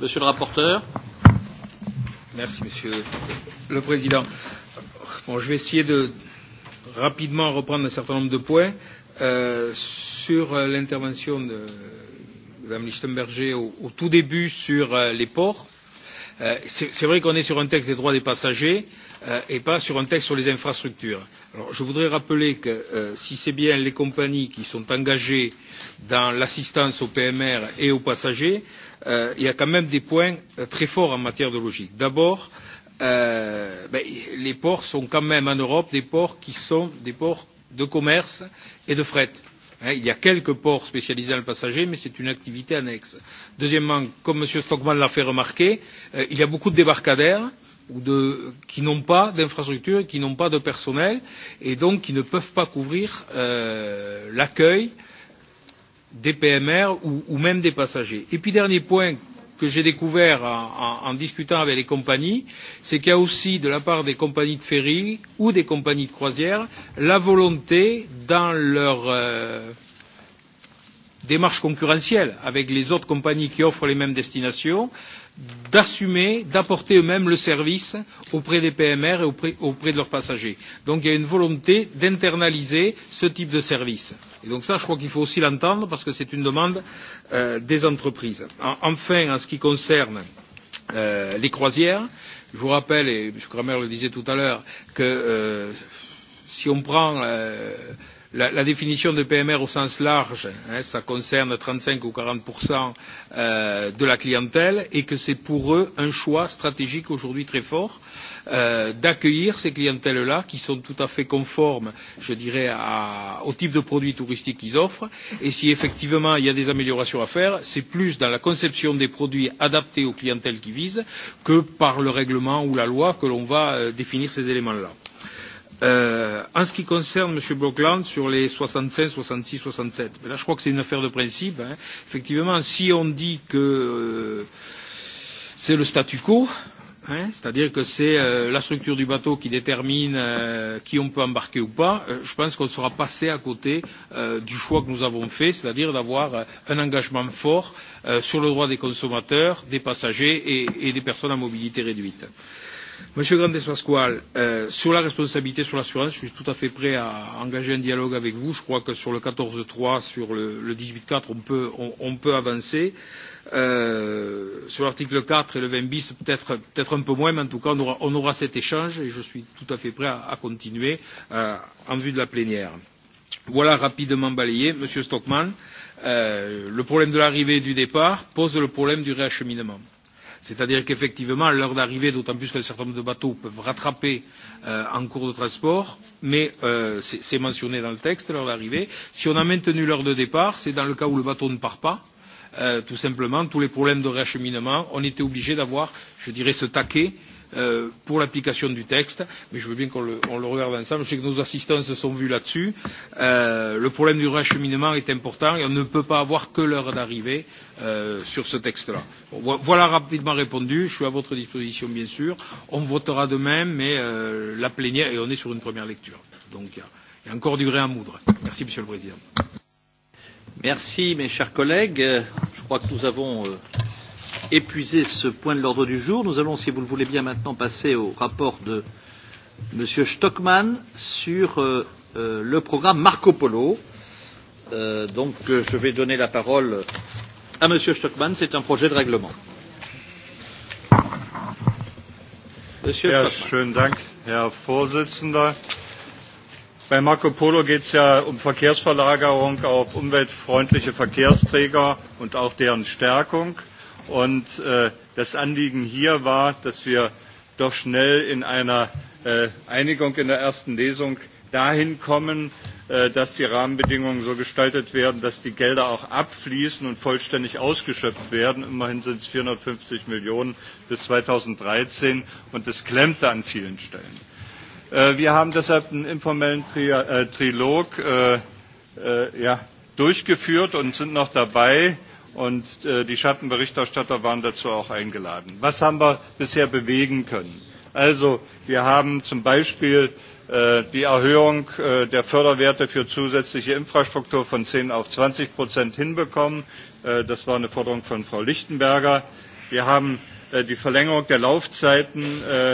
Monsieur le rapporteur. Merci, Monsieur le Président. Bon, je vais essayer de rapidement reprendre un certain nombre de points euh, sur l'intervention de Mme Lichtenberger au, au tout début sur euh, les ports. Euh, C'est vrai qu'on est sur un texte des droits des passagers euh, et pas sur un texte sur les infrastructures. Alors, je voudrais rappeler que euh, si c'est bien les compagnies qui sont engagées dans l'assistance aux PMR et aux passagers, euh, euh, il y a quand même des points euh, très forts en matière de logique. D'abord, euh, ben, les ports sont quand même en Europe des ports qui sont des ports de commerce et de fret. Hein, il y a quelques ports spécialisés dans le passager, mais c'est une activité annexe. Deuxièmement, comme M. Stockman l'a fait remarquer, euh, il y a beaucoup de débarcadères ou de, qui n'ont pas d'infrastructure, qui n'ont pas de personnel, et donc qui ne peuvent pas couvrir euh, l'accueil euh, des PMR ou, ou même des passagers. Et puis dernier point que j'ai découvert en, en, en discutant avec les compagnies, c'est qu'il y a aussi de la part des compagnies de ferry ou des compagnies de croisière la volonté dans leur euh, démarche concurrentielle avec les autres compagnies qui offrent les mêmes destinations d'assumer, d'apporter eux-mêmes le service auprès des PMR et auprès, auprès de leurs passagers. Donc il y a une volonté d'internaliser ce type de service. Et donc ça, je crois qu'il faut aussi l'entendre parce que c'est une demande euh, des entreprises. En, enfin, en ce qui concerne euh, les croisières, je vous rappelle, et M. Kramer le disait tout à l'heure, que euh, si on prend euh, la, la définition de PMR au sens large, hein, ça concerne 35 ou 40 euh, de la clientèle et que c'est pour eux un choix stratégique aujourd'hui très fort euh, d'accueillir ces clientèles-là qui sont tout à fait conformes, je dirais, à, au type de produits touristiques qu'ils offrent. Et si effectivement il y a des améliorations à faire, c'est plus dans la conception des produits adaptés aux clientèles qui visent que par le règlement ou la loi que l'on va euh, définir ces éléments-là. Euh, Euh, en ce qui concerne M. Blockland sur les 65, 66, 67, là je crois que c'est une affaire de principe. Hein. Effectivement, si on dit que euh, c'est le statu quo, hein, c'est-à-dire que c'est euh, la structure du bateau qui détermine euh, qui on peut embarquer ou pas, euh, je pense qu'on sera passé à côté euh, du choix que nous avons fait, c'est-à-dire d'avoir euh, un engagement fort euh, sur le droit des consommateurs, des passagers et, et des personnes à mobilité réduite. Euh, Monsieur Grandes Pasquale, euh, sur la responsabilité sur l'assurance, je suis tout à fait prêt à engager un dialogue avec vous. Je crois que sur le 14.3, sur le, le 18.4, on peut, on, on peut avancer. Euh, sur l'article 4 et le 20 bis, peut-être peut, -être, peut -être un peu moins, mais en tout cas, on aura, on aura cet échange et je suis tout à fait prêt à, à continuer euh, en vue de la plénière. Voilà rapidement balayé. Monsieur Stockman, euh, le problème de l'arrivée et du départ pose le problème du réacheminement. Euh, C'est-à-dire qu'effectivement, à l'heure d'arrivée, d'autant plus qu'un certain nombre de bateaux peuvent rattraper euh, en cours de transport, mais euh, c'est mentionné dans le texte, l'heure d'arrivée. Si on a maintenu l'heure de départ, c'est dans le cas où le bateau ne part pas, euh, tout simplement, tous les problèmes de réacheminement, on était obligé d'avoir, je dirais, ce taquet euh, euh, pour l'application du texte, mais je veux bien qu'on le, on le regarde ensemble. Je sais que nos assistants se sont vus là-dessus. Euh, le problème du racheminement est important et on ne peut pas avoir que l'heure d'arrivée euh, sur ce texte-là. Bon, voilà rapidement répondu. Je suis à votre disposition, bien sûr. On votera demain, mais euh, la plénière, et on est sur une première lecture. Donc il y, y a encore du grain à moudre. Merci, Monsieur le Président. Merci, mes chers collègues. Je crois que nous avons. Euh épuisé ce point de l'ordre du jour. Nous allons, si vous le voulez bien, maintenant passer au rapport de M. Stockman sur euh, euh, le programme Marco Polo. Euh, donc, euh, je vais donner la parole à M. Stockman. C'est un projet de règlement. Monsieur ja, Stockmann. Schönen Dank, Herr Vorsitzender. Bei Marco Polo geht es ja um Verkehrsverlagerung auf umweltfreundliche Verkehrsträger und auch deren Stärkung. Und äh, das Anliegen hier war, dass wir doch schnell in einer äh, Einigung in der ersten Lesung dahin kommen, äh, dass die Rahmenbedingungen so gestaltet werden, dass die Gelder auch abfließen und vollständig ausgeschöpft werden. Immerhin sind es 450 Millionen bis 2013 und das klemmte an vielen Stellen. Äh, wir haben deshalb einen informellen Tri äh, Trilog äh, äh, ja, durchgeführt und sind noch dabei, und äh, die Schattenberichterstatter waren dazu auch eingeladen. Was haben wir bisher bewegen können? Also wir haben zum Beispiel äh, die Erhöhung äh, der Förderwerte für zusätzliche Infrastruktur von 10 auf 20 Prozent hinbekommen. Äh, das war eine Forderung von Frau Lichtenberger. Wir haben äh, die Verlängerung der Laufzeiten äh,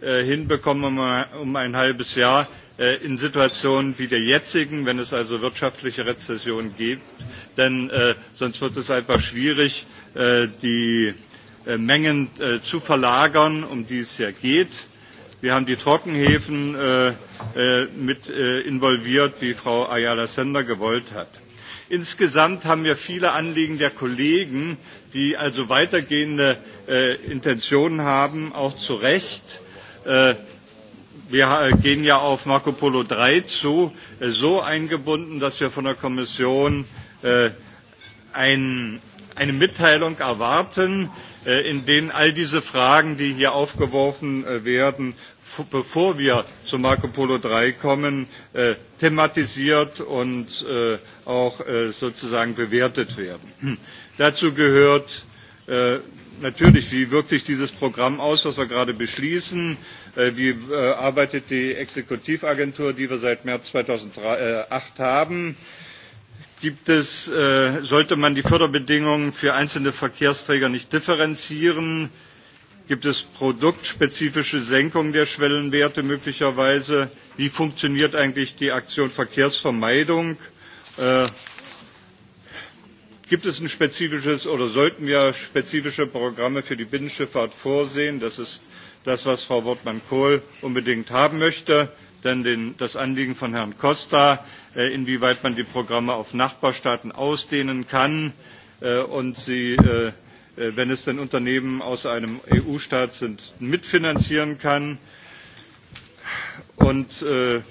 äh, hinbekommen um, um ein halbes Jahr äh, in Situationen wie der jetzigen, wenn es also wirtschaftliche Rezession gibt, denn äh, sonst wird es einfach schwierig, äh, die äh, Mengen äh, zu verlagern, um die es ja geht. Wir haben die Trockenhäfen äh, äh, mit äh, involviert, wie Frau Ayala Sender gewollt hat. Insgesamt haben wir viele Anliegen der Kollegen, die also weitergehende äh, Intentionen haben, auch zu Recht. Äh, wir äh, gehen ja auf Marco Polo 3 zu, äh, so eingebunden, dass wir von der Kommission äh, ein, eine Mitteilung erwarten, äh, in denen all diese Fragen, die hier aufgeworfen äh, werden, bevor wir zu Marco Polo 3 kommen, äh, thematisiert und äh, auch äh, sozusagen bewertet werden. Hm. Dazu gehört äh, natürlich, wie wirkt sich dieses Programm aus, was wir gerade beschließen? Äh, wie äh, arbeitet die Exekutivagentur, die wir seit März 2008 äh, haben? Gibt es, sollte man die Förderbedingungen für einzelne Verkehrsträger nicht differenzieren? Gibt es produktspezifische Senkung der Schwellenwerte möglicherweise? Wie funktioniert eigentlich die Aktion Verkehrsvermeidung? gibt es ein spezifisches oder sollten wir spezifische programme für die binnenschifffahrt vorsehen? das ist das was frau wortmann kool unbedingt haben möchte dann den, das anliegen von herrn costa äh, inwieweit man die programme auf nachbarstaaten ausdehnen kann äh, und sie äh, äh wenn es denn unternehmen aus einem eu staat sind mitfinanzieren kann und äh,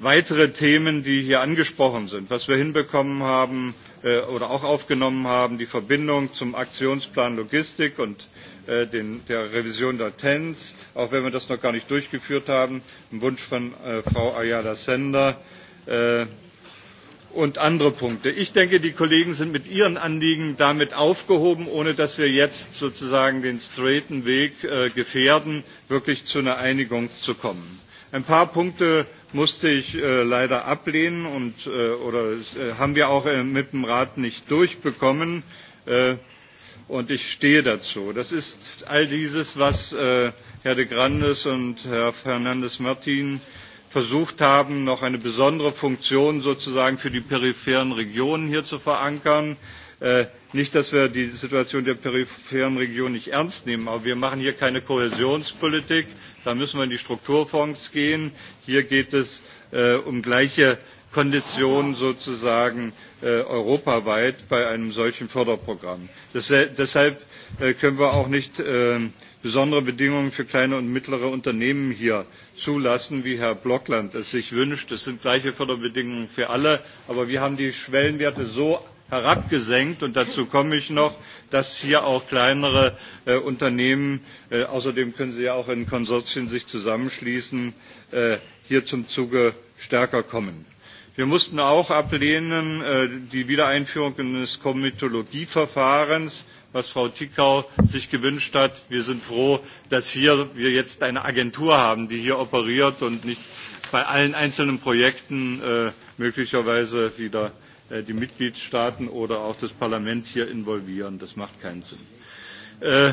weitere themen die hier angesprochen sind was wir hinbekommen haben äh, oder auch aufgenommen haben, die Verbindung zum Aktionsplan Logistik und äh, den, der Revision der TENS, auch wenn wir das noch gar nicht durchgeführt haben, ein Wunsch von äh, Frau Ayala Sender. Äh, und andere Punkte. Ich denke, die Kollegen sind mit ihren Anliegen damit aufgehoben, ohne dass wir jetzt sozusagen den straighten Weg äh, gefährden, wirklich zu einer Einigung zu kommen. Ein paar Punkte musste ich äh, leider ablehnen und äh, oder äh, haben wir auch äh, mit dem Rat nicht durchbekommen. Äh, und ich stehe dazu. Das ist all dieses, was äh, Herr de Grandes und Herr Fernandes Martin versucht haben, noch eine besondere Funktion sozusagen für die peripheren Regionen hier zu verankern. Äh, Äh, nicht, dass wir die Situation der peripheren Regionen nicht ernst nehmen, aber wir machen hier keine Kohäsionspolitik. Da müssen wir in die Strukturfonds gehen. Hier geht es äh, um gleiche Konditionen sozusagen äh, europaweit bei einem solchen Förderprogramm. Das, deshalb äh, können wir auch nicht äh, besondere Bedingungen für kleine und mittlere Unternehmen hier zulassen, wie Herr Blockland es sich wünscht. Es sind gleiche Förderbedingungen für alle, aber wir haben die Schwellenwerte so herabgesenkt und dazu komme ich noch, dass hier auch kleinere äh, Unternehmen, äh, außerdem können sie ja auch in Konsortien sich zusammenschließen, äh, hier zum Zuge stärker kommen. Wir mussten auch ablehnen äh, die Wiedereinführung eines Komitologieverfahrens, was Frau Tickau sich gewünscht hat. Wir sind froh, dass hier wir jetzt eine Agentur haben, die hier operiert und nicht bei allen einzelnen Projekten äh, möglicherweise wieder Äh, die Mitgliedstaaten oder auch das Parlament hier involvieren. Das macht keinen Sinn. Äh,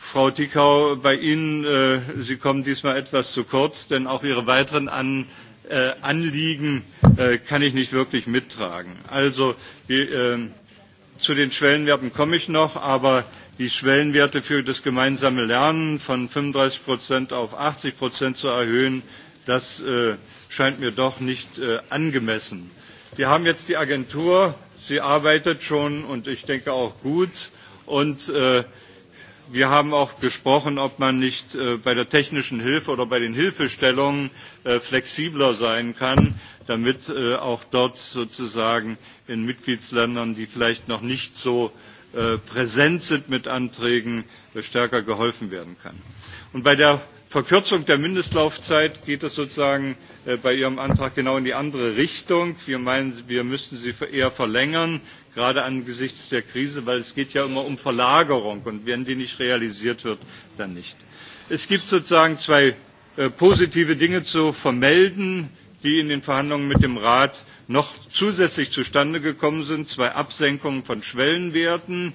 Frau Tickau, bei Ihnen, äh, Sie kommen diesmal etwas zu kurz, denn auch Ihre weiteren An äh, Anliegen äh, kann ich nicht wirklich mittragen. Also die, äh, zu den Schwellenwerten komme ich noch, aber die Schwellenwerte für das gemeinsame Lernen von 35 Prozent auf 80 Prozent zu erhöhen, das äh, scheint mir doch nicht äh, angemessen. Wir haben jetzt die Agentur, sie arbeitet schon und ich denke auch gut. Und äh, wir haben auch gesprochen, ob man nicht äh, bei der technischen Hilfe oder bei den Hilfestellungen äh, flexibler sein kann, damit äh, auch dort sozusagen in Mitgliedsländern, die vielleicht noch nicht so äh, präsent sind mit Anträgen, äh, stärker geholfen werden kann. Und bei der Verkürzung der Mindestlaufzeit geht es sozusagen äh, bei Ihrem Antrag genau in die andere Richtung. Wir meinen, wir müssten sie eher verlängern, gerade angesichts der Krise, weil es geht ja immer um Verlagerung und wenn die nicht realisiert wird, dann nicht. Es gibt sozusagen zwei äh, positive Dinge zu vermelden, die in den Verhandlungen mit dem Rat noch zusätzlich zustande gekommen sind. Zwei Absenkungen von Schwellenwerten. Äh,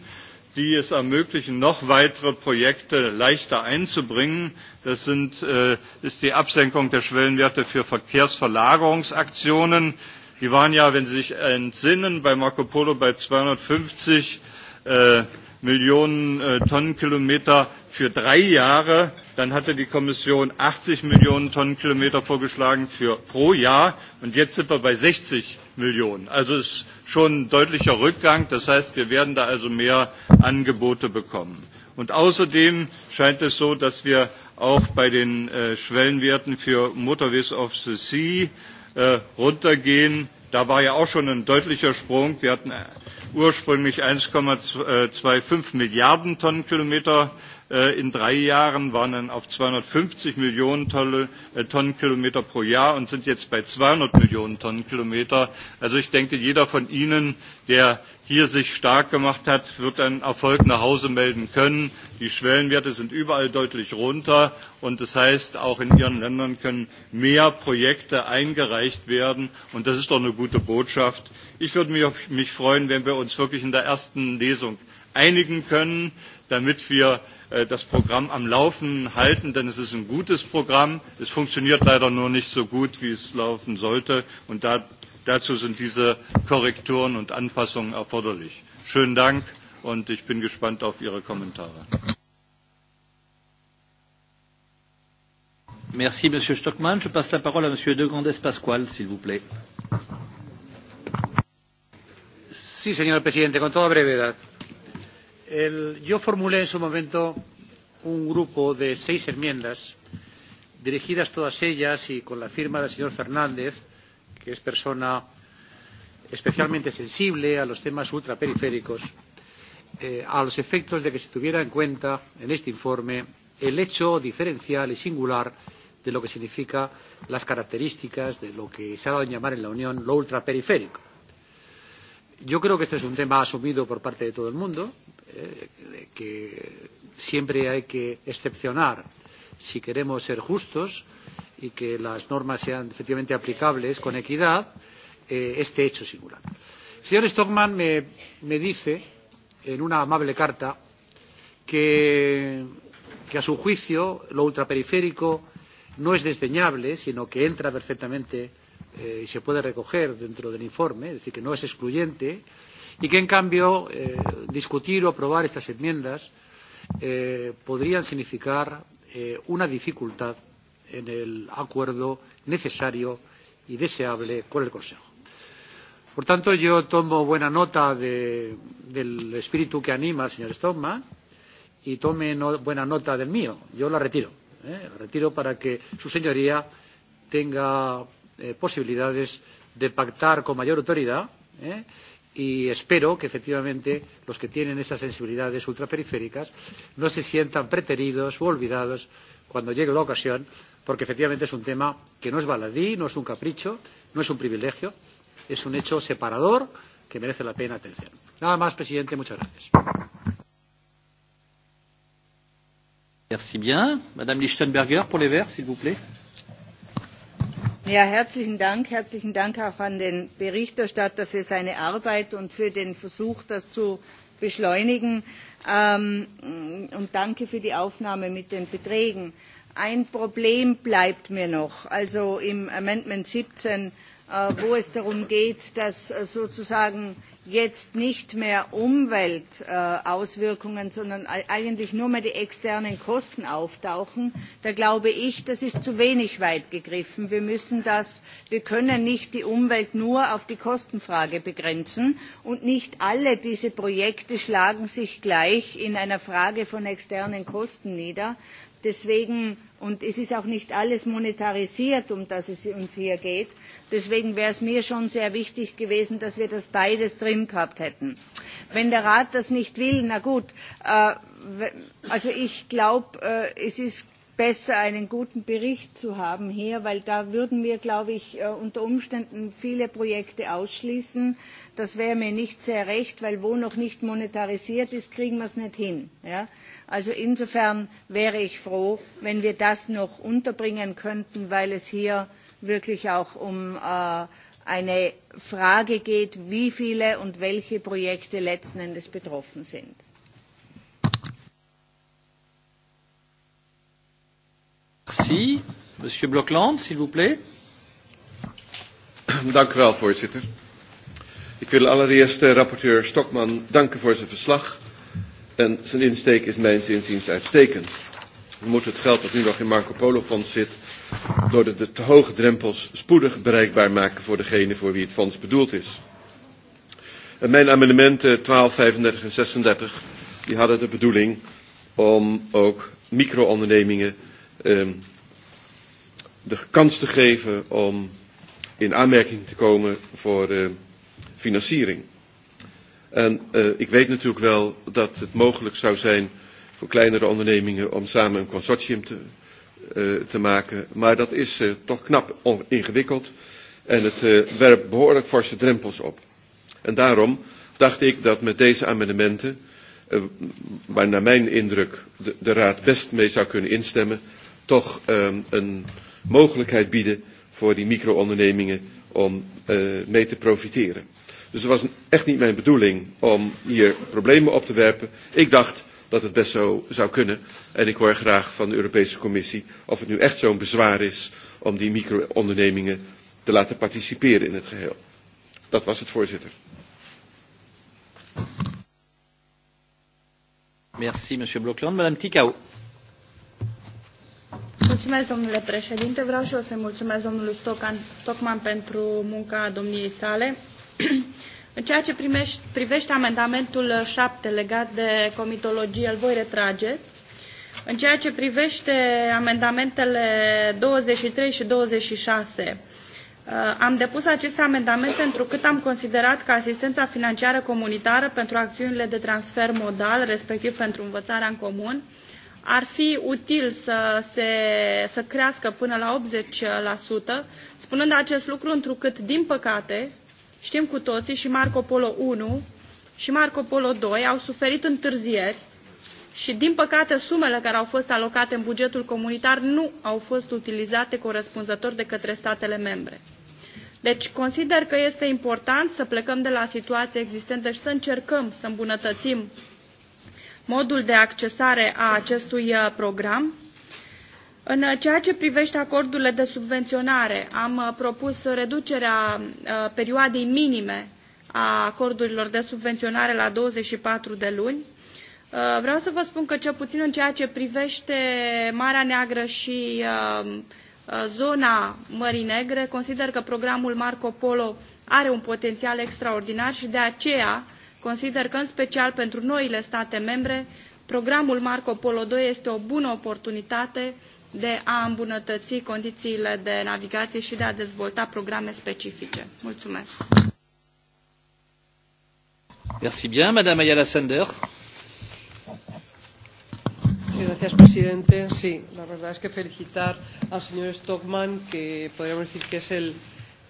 die es ermöglichen, noch weitere Projekte leichter einzubringen. Das sind, äh, ist die Absenkung der Schwellenwerte für Verkehrsverlagerungsaktionen. Die waren ja, wenn Sie sich entsinnen, bei Marco Polo bei 250 äh, Millionen äh, Tonnenkilometer für drei Jahre. Dann hatte die Kommission 80 Millionen Tonnenkilometer vorgeschlagen für pro Jahr. Und jetzt sind wir bei 60 Millionen. Also ist schon ein deutlicher Rückgang. Das heißt, wir werden da also mehr Angebote bekommen. Und außerdem scheint es so, dass wir auch bei den äh, Schwellenwerten für Motorways of the Sea äh, runtergehen. Da war ja auch schon ein deutlicher Sprung. Wir hatten äh, ursprünglich 1,25 Milliarden Tonnenkilometer Äh, in drei Jahren waren dann auf 250 Millionen äh, Tonnenkilometer pro Jahr und sind jetzt bei 200 Millionen Tonnenkilometer. Also ich denke, jeder von Ihnen, der hier sich stark gemacht hat, wird einen Erfolg nach Hause melden können. Die Schwellenwerte sind überall deutlich runter und das heißt, auch in Ihren Ländern können mehr Projekte eingereicht werden und das ist doch eine gute Botschaft. Ich würde mich, mich freuen, wenn wir uns wirklich in der ersten Lesung einigen können, damit wir Äh, das Programm am Laufen halten, denn es ist ein gutes Programm. Es funktioniert leider nur nicht so gut, wie es laufen sollte. Und da, dazu sind diese Korrekturen und Anpassungen erforderlich. Schönen Dank und ich bin gespannt auf Ihre Kommentare. Merci, Monsieur Stockmann. Je passe la parole à Monsieur De Grandes Pascual, s'il vous plaît. Sí, señor presidente, con toda brevedad. El, yo formulé en su momento un grupo de seis enmiendas dirigidas todas ellas y con la firma del señor Fernández, que es persona especialmente sensible a los temas ultraperiféricos, eh, a los efectos de que se tuviera en cuenta en este informe el hecho diferencial y singular de lo que significa las características de lo que se ha dado en llamar en la Unión lo ultraperiférico. Yo creo que este es un tema asumido por parte de todo el mundo eh, que siempre hay que excepcionar si queremos ser justos y que las normas sean efectivamente aplicables con equidad eh, este hecho singular. El señor Stockman me, me dice en una amable carta que, que a su juicio lo ultraperiférico no es desdeñable, sino que entra perfectamente eh, y se puede recoger dentro del informe, es decir, que no es excluyente, eh, y que en cambio eh, discutir o aprobar estas enmiendas eh, podrían significar eh, una dificultad en el acuerdo necesario y deseable con el Consejo. Por tanto, yo tomo buena nota de, del espíritu que anima al señor Stockman y tome no, buena nota del mío. Yo la retiro. ¿eh? La retiro para que su señoría tenga eh, posibilidades de pactar con mayor autoridad ¿eh? y espero que efectivamente los que tienen esas sensibilidades ultraperiféricas no se sientan preteridos u olvidados cuando llegue la ocasión, porque efectivamente es un tema que no es baladí, no es un capricho, no es un privilegio, es un hecho separador que merece la pena atención. Nada más, presidente, muchas gracias. Merci bien. Madame Lichtenberger, pour les Verts, s'il vous plaît. Ja, herzlichen Dank. Herzlichen Dank auch an den Berichterstatter für seine Arbeit und für den Versuch, das zu beschleunigen. Ähm, und danke für die Aufnahme mit den Beträgen. Ein Problem bleibt mir noch. Also im Amendment 17 Äh, wo es darum geht, dass äh, sozusagen jetzt nicht mehr Umweltauswirkungen, sondern eigentlich nur mehr die externen Kosten auftauchen, da glaube ich, das ist zu wenig weit gegriffen. Wir müssen das, wir können nicht die Umwelt nur auf die Kostenfrage begrenzen und nicht alle diese Projekte schlagen sich gleich in einer Frage von externen Kosten nieder, Deswegen, und es ist auch nicht alles monetarisiert, um das es uns hier geht, deswegen wäre es mir schon sehr wichtig gewesen, dass wir das beides drin gehabt hätten. Wenn der Rat das nicht will, na gut, äh, also ich glaube, äh, es ist besser einen guten Bericht zu haben hier, weil da würden wir, glaube ich, äh, unter Umständen viele Projekte ausschließen. Das wäre mir nicht sehr recht, weil wo noch nicht monetarisiert ist, kriegen wir es nicht hin. Ja? Also insofern wäre ich froh, wenn wir das noch unterbringen könnten, weil es hier wirklich auch um äh, eine Frage geht, wie viele und welche Projekte letzten Endes betroffen sind. Merci. Monsieur Blokland, s'il vous plaît. Dank u wel, voorzitter. Ik wil allereerst de eh, rapporteur Stokman danken voor zijn verslag. En zijn insteek is mijn inziens uitstekend. We moeten het geld dat nu nog in Marco Polo Fonds zit, door de, de te hoge drempels spoedig bereikbaar maken voor degene voor wie het fonds bedoeld is. En mijn amendementen 12, 35 en 36 die hadden de bedoeling om ook micro-ondernemingen um, de kans te geven om in aanmerking te komen voor uh, financiering. En uh, ik weet natuurlijk wel dat het mogelijk zou zijn voor kleinere ondernemingen om samen een consortium te, uh, te maken. Maar dat is uh, toch knap ingewikkeld en het uh, werpt behoorlijk forse drempels op. En daarom dacht ik dat met deze amendementen, uh, waar naar mijn indruk de, de Raad best mee zou kunnen instemmen, toch um, een mogelijkheid bieden voor die micro-ondernemingen om uh, mee te profiteren. Dus het was echt niet mijn bedoeling om hier problemen op te werpen. Ik dacht dat het best zo zou kunnen. En ik hoor graag van de Europese Commissie of het nu echt zo'n bezwaar is om die micro-ondernemingen te laten participeren in het geheel. Dat was het, voorzitter. Merci, monsieur Blokland. Madame Ticao. Mulțumesc, domnule președinte. Vreau și eu să mulțumesc domnului Stocan, Stockman pentru munca domniei sale. În ceea ce primești, privește amendamentul 7 legat de comitologie, îl voi retrage. În ceea ce privește amendamentele 23 și 26, uh, am depus aceste amendamente întrucât am considerat că asistența financiară comunitară pentru acțiunile de transfer modal, respectiv pentru învățarea în comun, uh, ar fi util să, se, să crească până la 80%, spunând acest lucru întrucât, din păcate, știm cu toții și Marco Polo 1 și Marco Polo 2 au suferit întârzieri și, din păcate, sumele care au fost alocate în bugetul comunitar nu au fost utilizate corespunzător de către statele membre. Deci consider că este important să plecăm de la situația existentă și să încercăm să îmbunătățim modul de accesare a acestui uh, program. În uh, ceea ce privește acordurile de subvenționare, am uh, propus reducerea perioadei minime a acordurilor de subvenționare la 24 de luni. Vreau să vă spun că cel puțin în ceea ce privește Marea Neagră și zona Mării Negre, consider că programul Marco Polo are un potențial extraordinar și de aceea Consider că, în special pentru noile state membre, programul Marco Polo II este o bună oportunitate de a îmbunătăți condițiile de navigație și de a dezvolta programe specifice. Mulțumesc! Merci bien, Madame Ayala Sender. Sí, gracias, presidente. Sí, la verdad es que felicitar al señor Stockman, que podríamos decir que es el,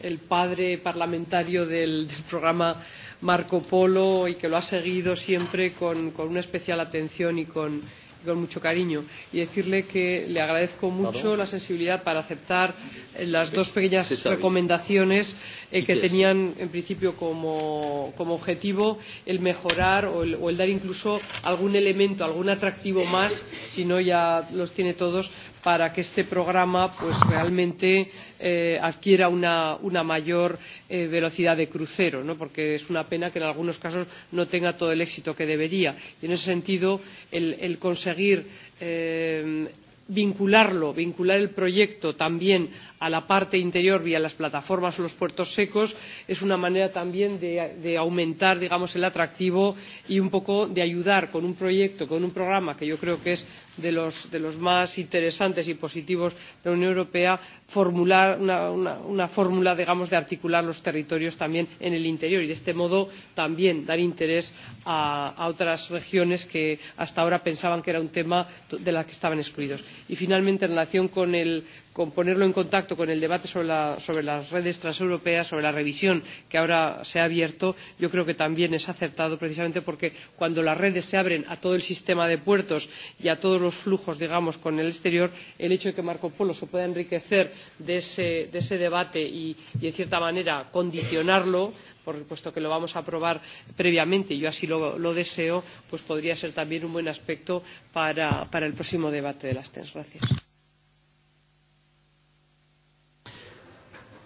el padre parlamentario del, del programa Marco Polo y que lo ha seguido siempre con, con una especial atención y con, con mucho cariño y decirle que le agradezco mucho ¿Pardon? la sensibilidad para aceptar eh, las dos pequeñas recomendaciones eh, que tenían en principio como, como objetivo el mejorar o el, o el dar incluso algún elemento, algún atractivo más, si no ya los tiene todos, para que este programa pues, realmente eh, adquiera una, una mayor eh, velocidad de crucero, ¿no? porque es una pena que en algunos casos no tenga todo el éxito que debería. Y en ese sentido, el, el conseguir conseguir eh, vincularlo, vincular el proyecto también a la parte interior vía las plataformas o los puertos secos es una manera también de, de aumentar digamos, el atractivo y un poco de ayudar con un proyecto, con un programa que yo creo que es de los, de los más interesantes y positivos de la Unión Europea formular una, una, una fórmula, digamos, de articular los territorios también en el interior y de este modo también dar interés a, a otras regiones que hasta ahora pensaban que era un tema de las que estaban excluidos. Y finalmente, en relación con el, con ponerlo en contacto con el debate sobre, la, sobre las redes transeuropeas, sobre la revisión que ahora se ha abierto, yo creo que también es acertado precisamente porque cuando las redes se abren a todo el sistema de puertos y a todos los flujos, digamos, con el exterior, el hecho de que Marco Polo se pueda enriquecer de ese, de ese debate y, y, en cierta manera, condicionarlo por puesto que lo vamos a aprobar previamente y yo así lo, lo deseo, pues podría ser también un buen aspecto para, para el próximo debate de las TENS. Gracias.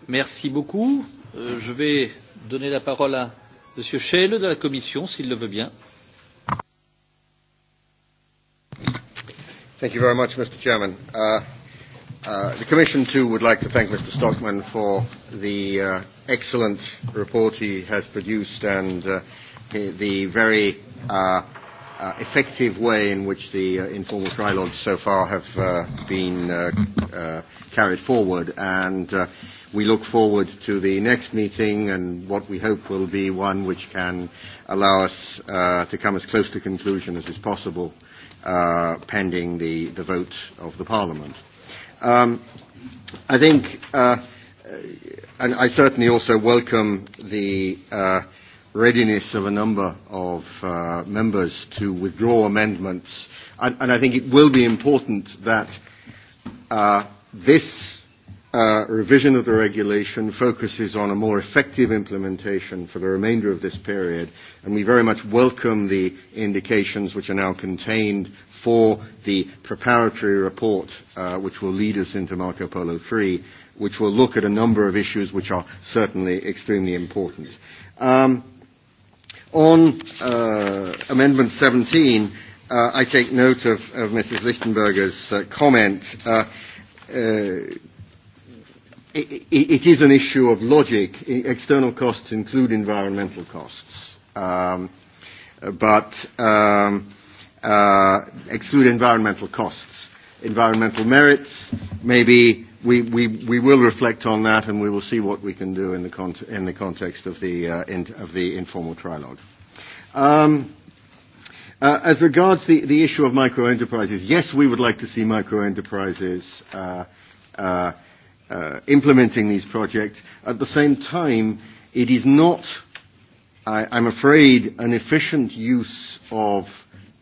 Merci beaucoup. Euh, je vais donner la parole à M. Schell de la Commission, s'il le veut bien. Thank you very much, Mr. Chairman. Uh, uh, the Commission, too, would like to thank Mr. Stockman for the uh, excellent report he has produced and uh, the very uh, uh, effective way in which the uh, informal trilogues so far have uh, been uh, uh, carried forward. And uh, we look forward to the next meeting and what we hope will be one which can allow us uh, to come as close to conclusion as is possible uh, pending the, the vote of the Parliament. Um, I think, uh, uh and I certainly also welcome the uh, readiness of a number of uh, members to withdraw amendments. And, and I think it will be important that uh, this uh, revision of the regulation focuses on a more effective implementation for the remainder of this period. And we very much welcome the indications which are now contained for the preparatory report, uh, which will lead us into Marco Polo 3, which will look at a number of issues which are certainly extremely important. Um, On uh, Amendment 17, uh, I take note of, of Mrs. Lichtenberger's uh, comment. Uh, uh, it, it is an issue of logic. E, external costs include environmental costs, um, but um, uh, exclude environmental costs. Environmental merits may be we, we, we will reflect on that and we will see what we can do in the, cont- in the context of the, uh, in- of the informal trilogue. Um, Uh, as regards the, the issue of microenterprises, yes, we would like to see microenterprises uh, uh, uh, implementing these projects. At the same time, it is not, I, I'm afraid, an efficient use of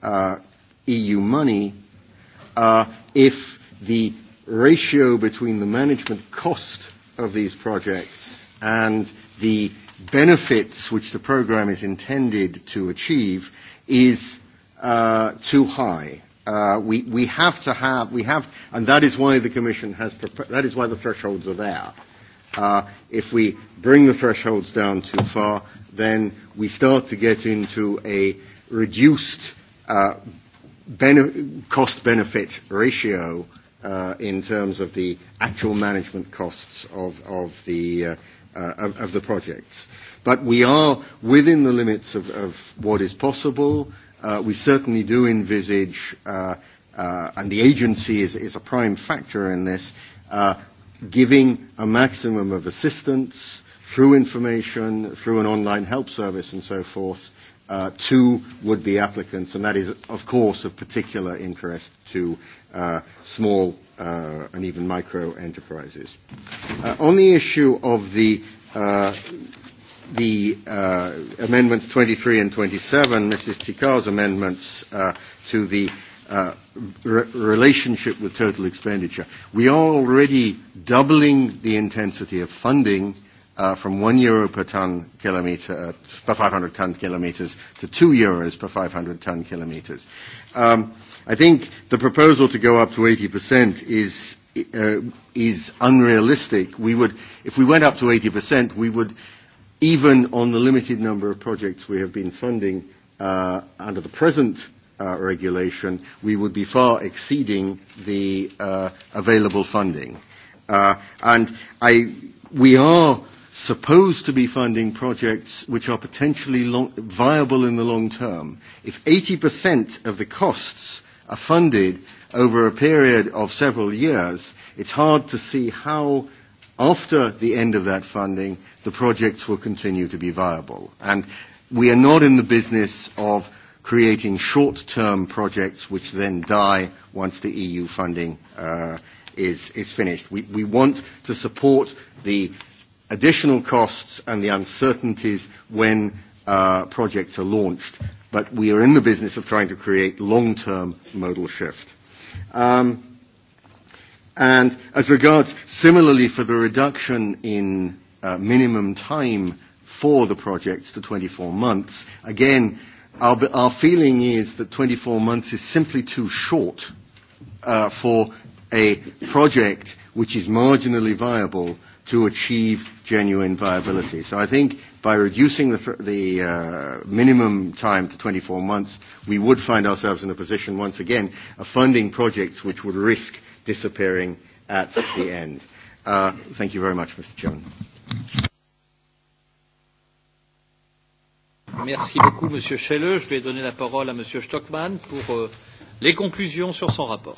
uh, EU money uh, if the ratio between the management cost of these projects and the benefits which the program is intended to achieve is uh, too high. Uh, we, we have to have, we have, and that is why the Commission has, that is why the thresholds are there. Uh, if we bring the thresholds down too far, then we start to get into a reduced uh, bene- cost-benefit ratio uh, uh, in terms of the actual management costs of, of, the, uh, uh, of, of the projects. But we are within the limits of, of what is possible. Uh, we certainly do envisage, uh, uh, and the agency is, is a prime factor in this, uh, giving a maximum of assistance through information, through an online help service and so forth, uh, to would-be applicants, and that is, of course, of particular interest to uh, small uh, and even micro enterprises. Uh, on the issue of the uh, the uh, amendments 23 and 27, Mrs. Tikar's amendments uh, to the uh, re- relationship with total expenditure. We are already doubling the intensity of funding uh, uh, from 1 euro per ton kilometer, uh, per 500 ton kilometers to 2 euros per 500 ton kilometers. Um, I think the proposal to go up to 80% is, uh, is unrealistic. We would, if we went up to 80%, we would, even on the limited number of projects we have been funding uh, under the present uh, regulation, we would be far exceeding the uh, available funding. Uh, and I, we are supposed to be funding projects which are potentially long, viable in the long term, if 80% of the costs are funded over a period of several years, it's hard to see how, after the end of that funding, the projects will continue to be viable. And we are not in the business of creating short-term projects which then die once the EU funding uh, is, is finished. We, we want to support the additional costs and the uncertainties when uh, projects are launched, but we are in the business of trying to create long-term modal shift. Um, and as regards, similarly for the reduction in uh, minimum time for the projects to 24 months, again, our, our feeling is that 24 months is simply too short uh, for a project which is marginally viable to achieve genuine viability. So I think by reducing the, the uh, minimum time to 24 months, we would find ourselves in a position, once again, of funding projects which would risk disappearing at the end. Uh, thank you very much, Mr. Chairman. Merci beaucoup, Monsieur Schelle. Je vais donner la parole à Monsieur Stockmann pour euh, les conclusions sur son rapport.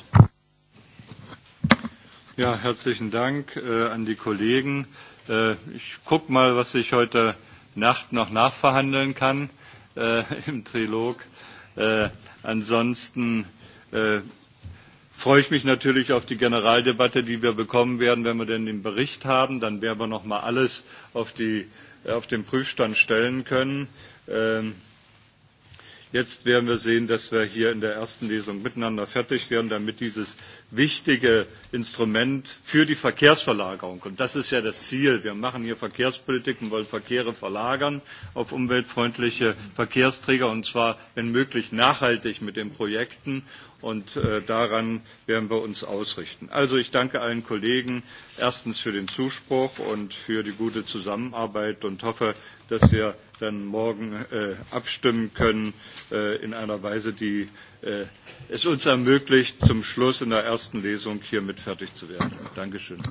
Ja, herzlichen Dank äh, an die Kollegen. Äh, ich gucke mal, was ich heute Nacht noch nachverhandeln kann äh, im Trilog. Äh, ansonsten äh, freue ich mich natürlich auf die Generaldebatte, die wir bekommen werden, wenn wir denn den Bericht haben. Dann werden wir noch mal alles auf, die, äh, auf den Prüfstand stellen können. Ähm, Jetzt werden wir sehen, dass wir hier in der ersten Lesung miteinander fertig werden, damit dieses wichtige Instrument für die Verkehrsverlagerung, und das ist ja das Ziel, wir machen hier Verkehrspolitik und wollen Verkehre verlagern auf umweltfreundliche Verkehrsträger, und zwar, wenn möglich, nachhaltig mit den Projekten. Und äh, daran werden wir uns ausrichten. Also ich danke allen Kollegen erstens für den Zuspruch und für die gute Zusammenarbeit und hoffe, dass wir dann morgen äh, abstimmen können äh, in einer Weise, die äh, es uns ermöglicht, zum Schluss in der ersten Lesung hiermit fertig zu werden. Dankeschön.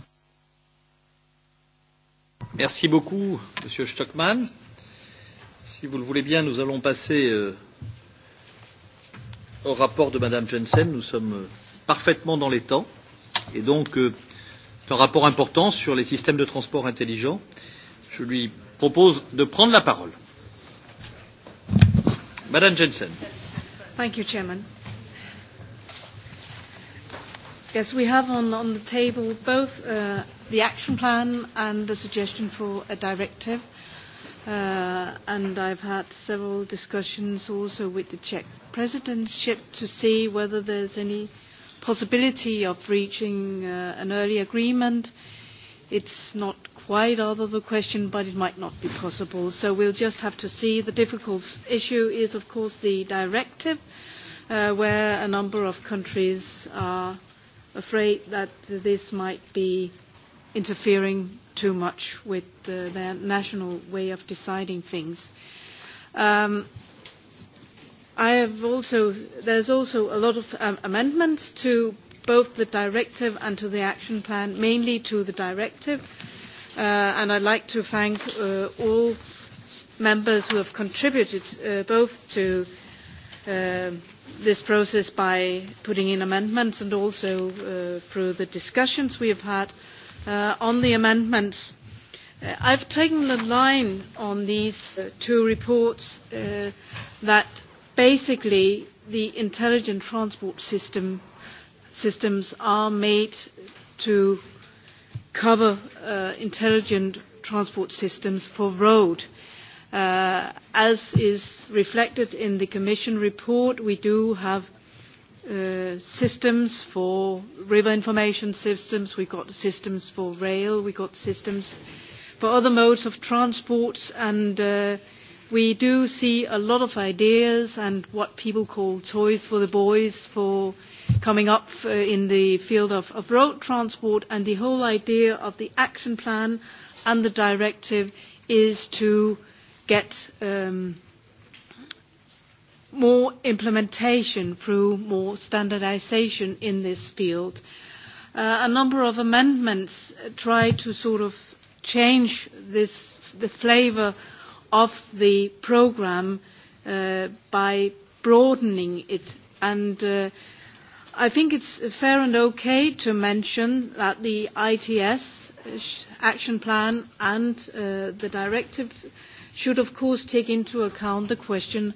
Merci beaucoup, Monsieur Stockmann. Si vous le voulez bien, nous allons passer euh, au rapport de Madame Jensen. Nous sommes euh, parfaitement dans les temps. Et donc, euh, c'est un rapport important sur les systèmes de transport intelligents. Je lui propose de prendre la parole. Madame Jensen. Thank you, Chairman. Yes, we have on, on the table both uh, the action plan and a suggestion for a directive uh, and I've had several discussions also with the Czech presidency to see whether there's any possibility of reaching uh, an early agreement. It's not quite out of the question, but it might not be possible. So we'll just have to see. The difficult issue is, of course, the directive, uh, where a number of countries are afraid that this might be uh, interfering too much with uh, their national way of deciding things. Um, I have also, there's also a lot of um, amendments to both the directive and to the action plan, mainly to the directive. Uh, and I'd like to thank uh, all members who have contributed uh, both to uh, this process by putting in amendments and also uh, through the discussions we have had uh, uh, on the amendments. Uh, I've taken the line on these uh, two reports uh, that basically the intelligent transport system systems are made to cover uh, intelligent transport systems for road. Uh, as is reflected in the Commission report, we do have uh, systems for river information systems, we've got systems for rail, we've got systems for other modes of transport, and uh, we do see a lot of ideas and what people call toys for the boys for coming up uh, in the field of, of road transport, and the whole idea of the action plan and the directive is to get um, more implementation through more standardization in this field. Uh, a number of amendments try to sort of change this, the flavor of the program uh, by broadening it. And uh, I think it's fair and okay to mention that the ITS uh, action plan and uh, the directive should, of course, take into account the question of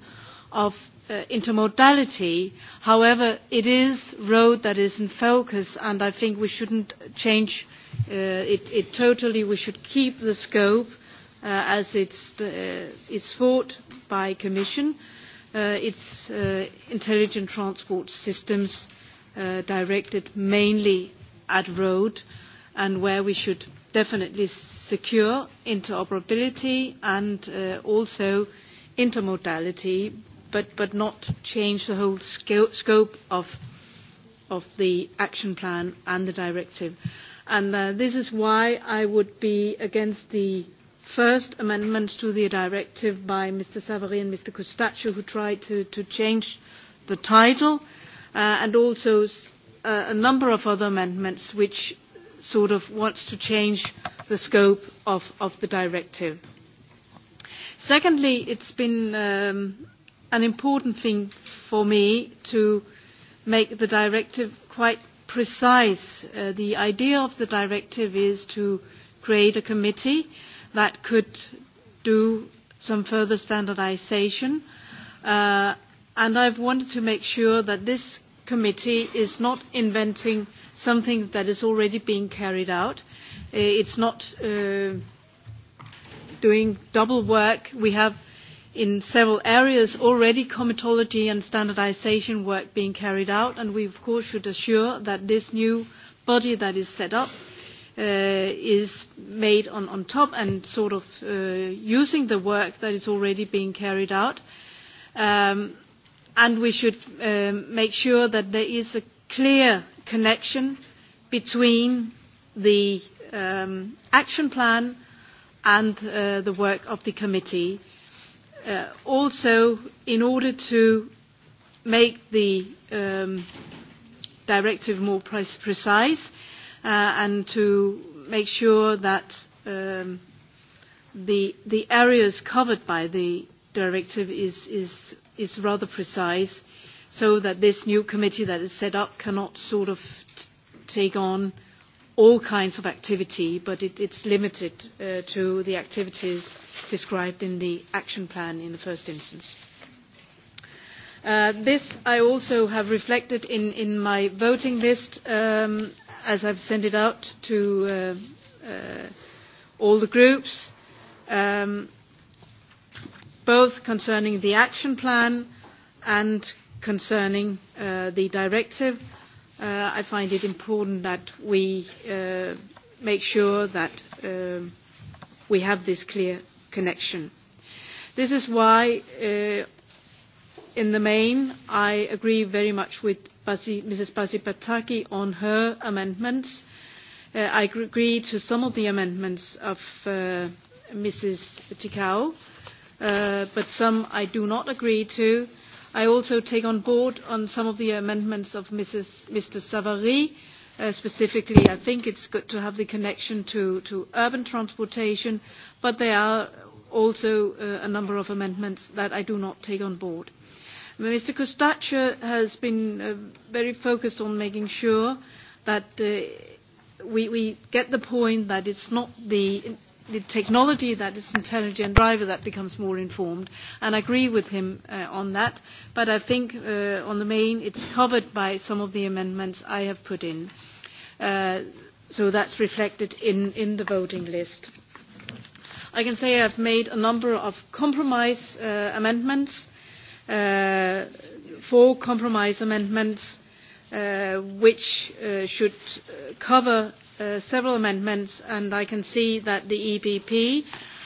of uh, intermodality. However, it is road that is in focus, and I think we shouldn't change uh, it, it totally. We should keep the scope uh, as it's, uh, it's thought by Commission. Uh, it's uh, intelligent transport systems uh, directed mainly at road and where we should definitely secure interoperability and uh, also intermodality but, but not change the whole sco- scope of, of the action plan and the directive. And uh, this is why I would be against the first amendments to the directive by Mr. Savary and Mr. Costacho, who tried to, to change the title, uh, and also s- uh, a number of other amendments which sort of wants to change the scope of, of the directive. Secondly, it's been um, an important thing for me to make the directive quite precise. Uh, the idea of the directive is to create a committee that could do some further standardization. Uh, and I've wanted to make sure that this committee is not inventing something that is already being carried out. Uh, it's not uh, doing double work. We have in several areas already comitology and standardization work being carried out, and we of course should assure that this new body that is set up uh, is made on, on top and sort of uh, using the work that is already being carried out. Um, and we should um, make sure that there is a clear connection between the um, action plan and uh, the work of the committee. Uh, also, in order to make the um, directive more precise uh, and to make sure that um, the, the areas covered by the directive is, is, is rather precise so that this new committee that is set up cannot sort of t- take on uh, all kinds of activity, but it, it's limited uh, to the activities described in the action plan in the first instance. Uh, this I also have reflected in, in my voting list um, as I've sent it out to uh, uh, all the groups, um, both concerning the action plan and concerning uh, the directive. Uh, uh, I find it important that we uh, make sure that um, we have this clear connection. This is why, uh, in the main, I agree very much with Basi, Mrs. Basi Pataki on her amendments. Uh, I agree to some of the amendments of uh, Mrs. Tikau, uh, but some I do not agree to. Uh, I also take on board on some of the amendments of Mrs, Mr. Savary. Uh, specifically, I think it's good to have the connection to, to urban transportation, but there are also uh, a number of amendments that I do not take on board. Mr. Costace has been uh, very focused on making sure that uh, we, we get the point that it's not the the technology that is intelligent driver that becomes more informed. And I agree with him uh, on that. But I think uh, on the main, it's covered by some of the amendments I have put in. Uh, so that's reflected in, in the voting list. I can say I've made a number of compromise uh, amendments, uh, four compromise amendments, uh, which uh, should uh, cover uh, uh, several amendments, and I can see that the EPP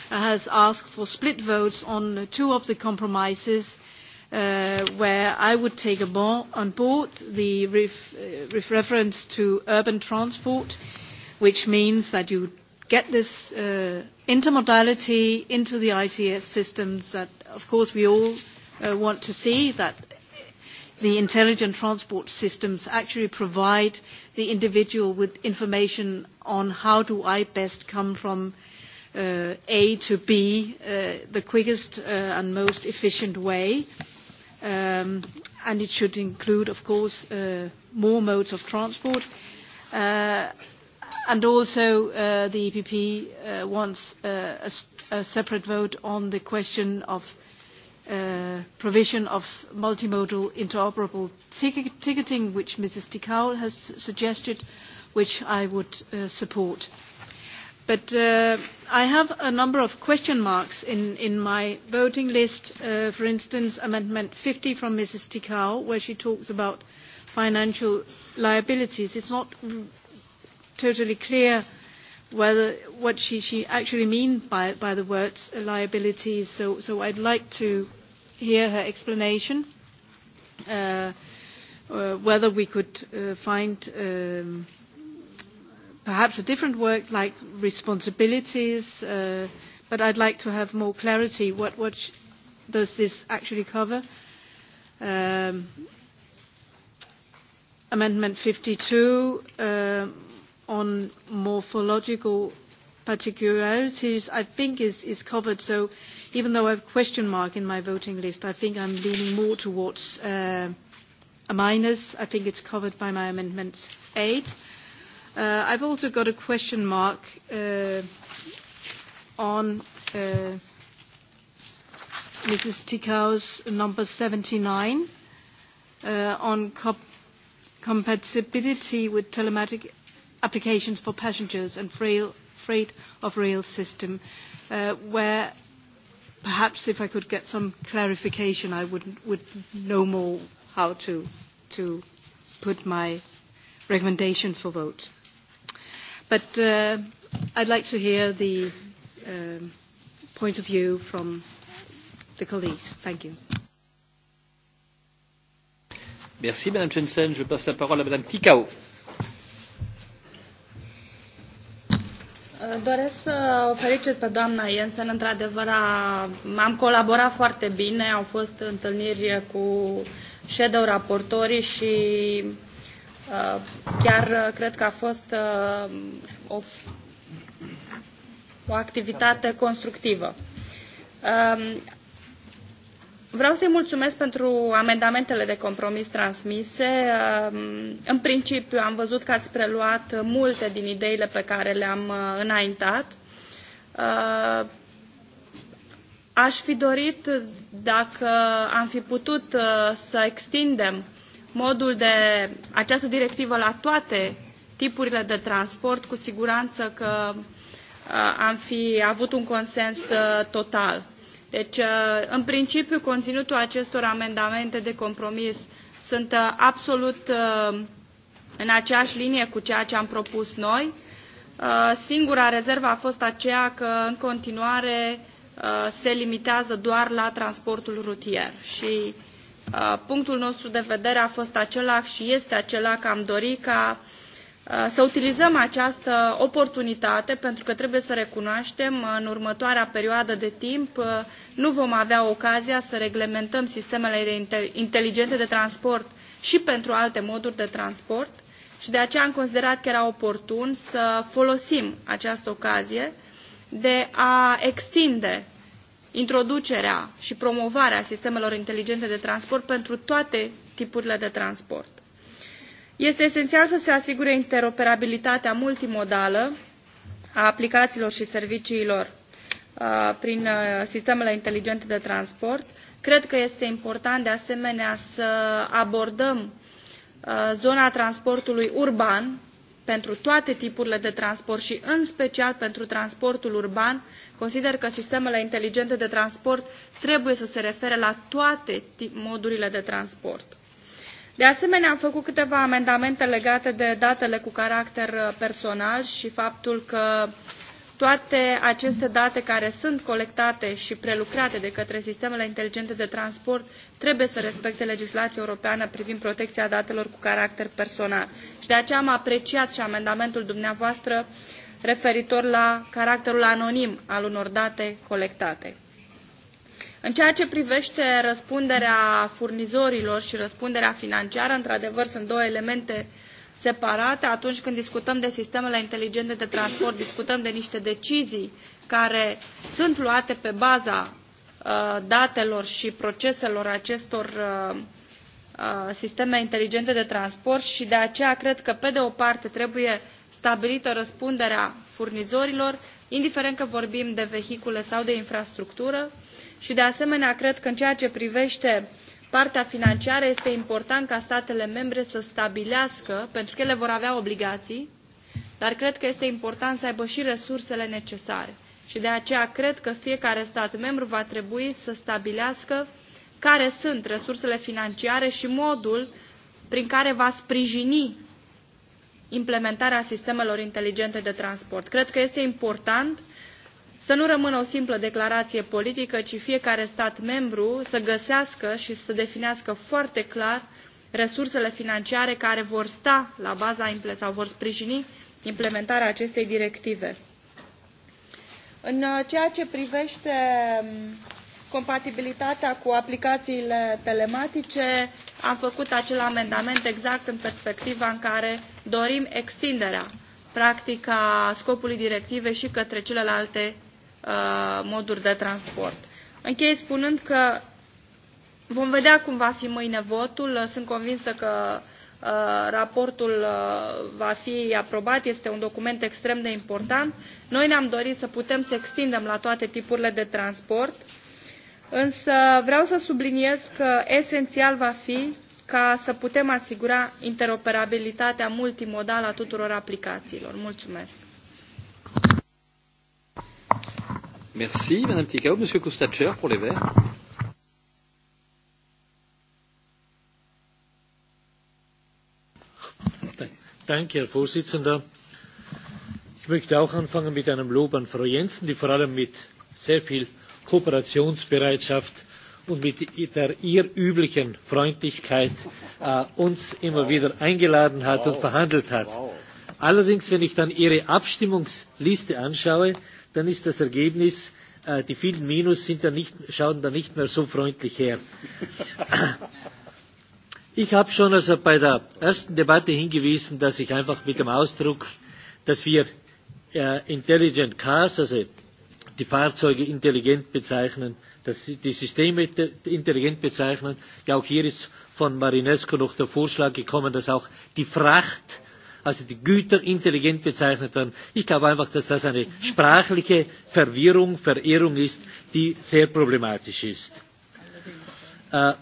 has asked for split votes on two of the compromises uh, where I would take a bon on board the ref, uh, ref reference to urban transport, which means that you get this uh, intermodality into the ITS systems that, of course, we all uh, want to see that the intelligent transport systems actually provide the individual with information on how do I best come from uh, A to B uh, the quickest uh, and most efficient way. Um, and it should include, of course, uh, more modes of transport. Uh, and also uh, the EPP uh, wants uh, a, a separate vote on the question of uh, uh, provision of multimodal interoperable tic- ticketing, which Mrs. Tikal has suggested, which I would uh, support. But uh, I have a number of question marks in, in my voting list. Uh, for instance, Amendment 50 from Mrs. Tikal, where she talks about financial liabilities. It's not totally clear whether what she, she actually means by, by the words liabilities. So, so I'd like to hear her explanation uh, uh, whether we could uh, find um, perhaps a different work like responsibilities, uh, but I'd like to have more clarity. What, what sh- does this actually cover? Um, amendment 52 uh, on morphological particularities, I think, is, is covered. So even though I have a question mark in my voting list, I think I'm leaning more towards uh, a minus. I think it's covered by my amendment 8. Uh, I've also got a question mark uh, on uh, Mrs. Tikau's number 79 uh, on comp- compatibility with telematic applications for passengers and frail, freight of rail system, uh, where perhaps if I could get some clarification, I would, would know more how to, to put my recommendation for vote. But uh, I'd like to hear the um, point of view from the colleagues. Thank you. Merci, Madame Jensen. Je passe la parole à Madame Ticao. Doresc să o felicit pe doamna Jensen. Într-adevăr, am colaborat foarte bine, au fost întâlniri cu shadow raportorii și chiar cred că a fost o, o activitate constructivă. Vreau să-i mulțumesc pentru amendamentele de compromis transmise. În principiu am văzut că ați preluat multe din ideile pe care le-am uh, înaintat. Uh, aș fi dorit dacă am fi putut uh, să extindem modul de această directivă la toate tipurile de transport, cu siguranță că am fi avut un consens total. Deci, uh, în principiu, conținutul acestor amendamente de compromis sunt uh, absolut uh, în aceeași linie cu ceea ce am propus noi. Singura rezervă a fost aceea că, în continuare, se limitează doar la transportul rutier și punctul nostru de vedere a fost același și este acela că am dorit ca uh, Uh, să utilizăm această oportunitate pentru că trebuie să recunoaștem uh, în următoarea perioadă de timp uh, nu vom avea ocazia să reglementăm sistemele inteligente de transport și pentru alte moduri de transport și de aceea am considerat că era oportun să folosim această ocazie de a extinde introducerea și promovarea sistemelor inteligente de transport pentru toate tipurile de transport. Este esențial să se asigure interoperabilitatea multimodală a aplicațiilor și serviciilor uh, prin uh, sistemele inteligente de transport. Cred că este important de asemenea să abordăm uh, zona transportului urban pentru toate tipurile de transport și în special pentru transportul urban. Consider că sistemele inteligente de transport trebuie să se refere la toate modurile de transport. De asemenea, am făcut câteva amendamente legate de datele cu caracter uh, personal și faptul că toate aceste date care sunt colectate și prelucrate de către sistemele inteligente de transport trebuie să respecte legislația europeană privind protecția datelor cu caracter personal. Și de aceea am apreciat și amendamentul dumneavoastră referitor la caracterul anonim al unor date colectate. În ceea ce privește răspunderea furnizorilor și răspunderea financiară, într-adevăr sunt două elemente separate. Atunci când discutăm de sistemele inteligente de transport, discutăm de niște decizii care sunt luate pe baza uh, datelor și proceselor acestor uh, uh, sisteme inteligente de transport și de aceea cred că, pe de o parte, trebuie stabilită răspunderea furnizorilor, indiferent că vorbim de vehicule sau de infrastructură, și de asemenea cred că în ceea ce privește partea financiară este important ca statele membre să stabilească, pentru că ele vor avea obligații, dar cred că este important să aibă și resursele necesare. Și de aceea cred că fiecare stat membru va trebui să stabilească care sunt resursele financiare și modul prin care va sprijini implementarea sistemelor inteligente de transport. Cred că este important să nu rămână o simplă declarație politică, ci fiecare stat membru să găsească și să definească foarte clar resursele financiare care vor sta la baza sau vor sprijini implementarea acestei directive. În uh, ceea ce privește um, compatibilitatea cu aplicațiile telematice, am făcut acel amendament exact în perspectiva în care dorim extinderea practica scopului directivei și către celelalte uh, moduri de transport. Închei spunând că vom vedea cum va fi mâine votul. Sunt convinsă că uh, raportul uh, va fi aprobat. Este un document extrem de important. Noi ne-am dorit să putem să extindem la toate tipurile de transport, însă vreau să subliniez că esențial va fi ca să putem asigura interoperabilitatea multimodală a tuturor aplicațiilor. Mulțumesc! Merci, Madame Ticao. Monsieur Kostatcher pour les Verts. Danke, Herr Vorsitzender. Ich möchte auch anfangen mit einem Lob an Frau Jensen, die vor allem mit sehr viel Kooperationsbereitschaft und mit der ihr üblichen Freundlichkeit äh, uns immer wow. wieder eingeladen hat wow. und verhandelt hat. Wow. Allerdings, wenn ich dann Ihre Abstimmungsliste anschaue, dann ist das Ergebnis, äh, die vielen Minus sind dann nicht, schauen dann nicht mehr so freundlich her. Ich habe schon also bei der ersten Debatte hingewiesen, dass ich einfach mit dem Ausdruck, dass wir äh, Intelligent Cars, also die Fahrzeuge intelligent bezeichnen, dass sie die Systeme intelligent bezeichnen. Ja, auch hier ist von Marinesco noch der Vorschlag gekommen, dass auch die Fracht also die Güter intelligent bezeichnet werden. Ich glaube einfach, dass das eine sprachliche Verwirrung, Verirrung ist, die sehr problematisch ist. Äh,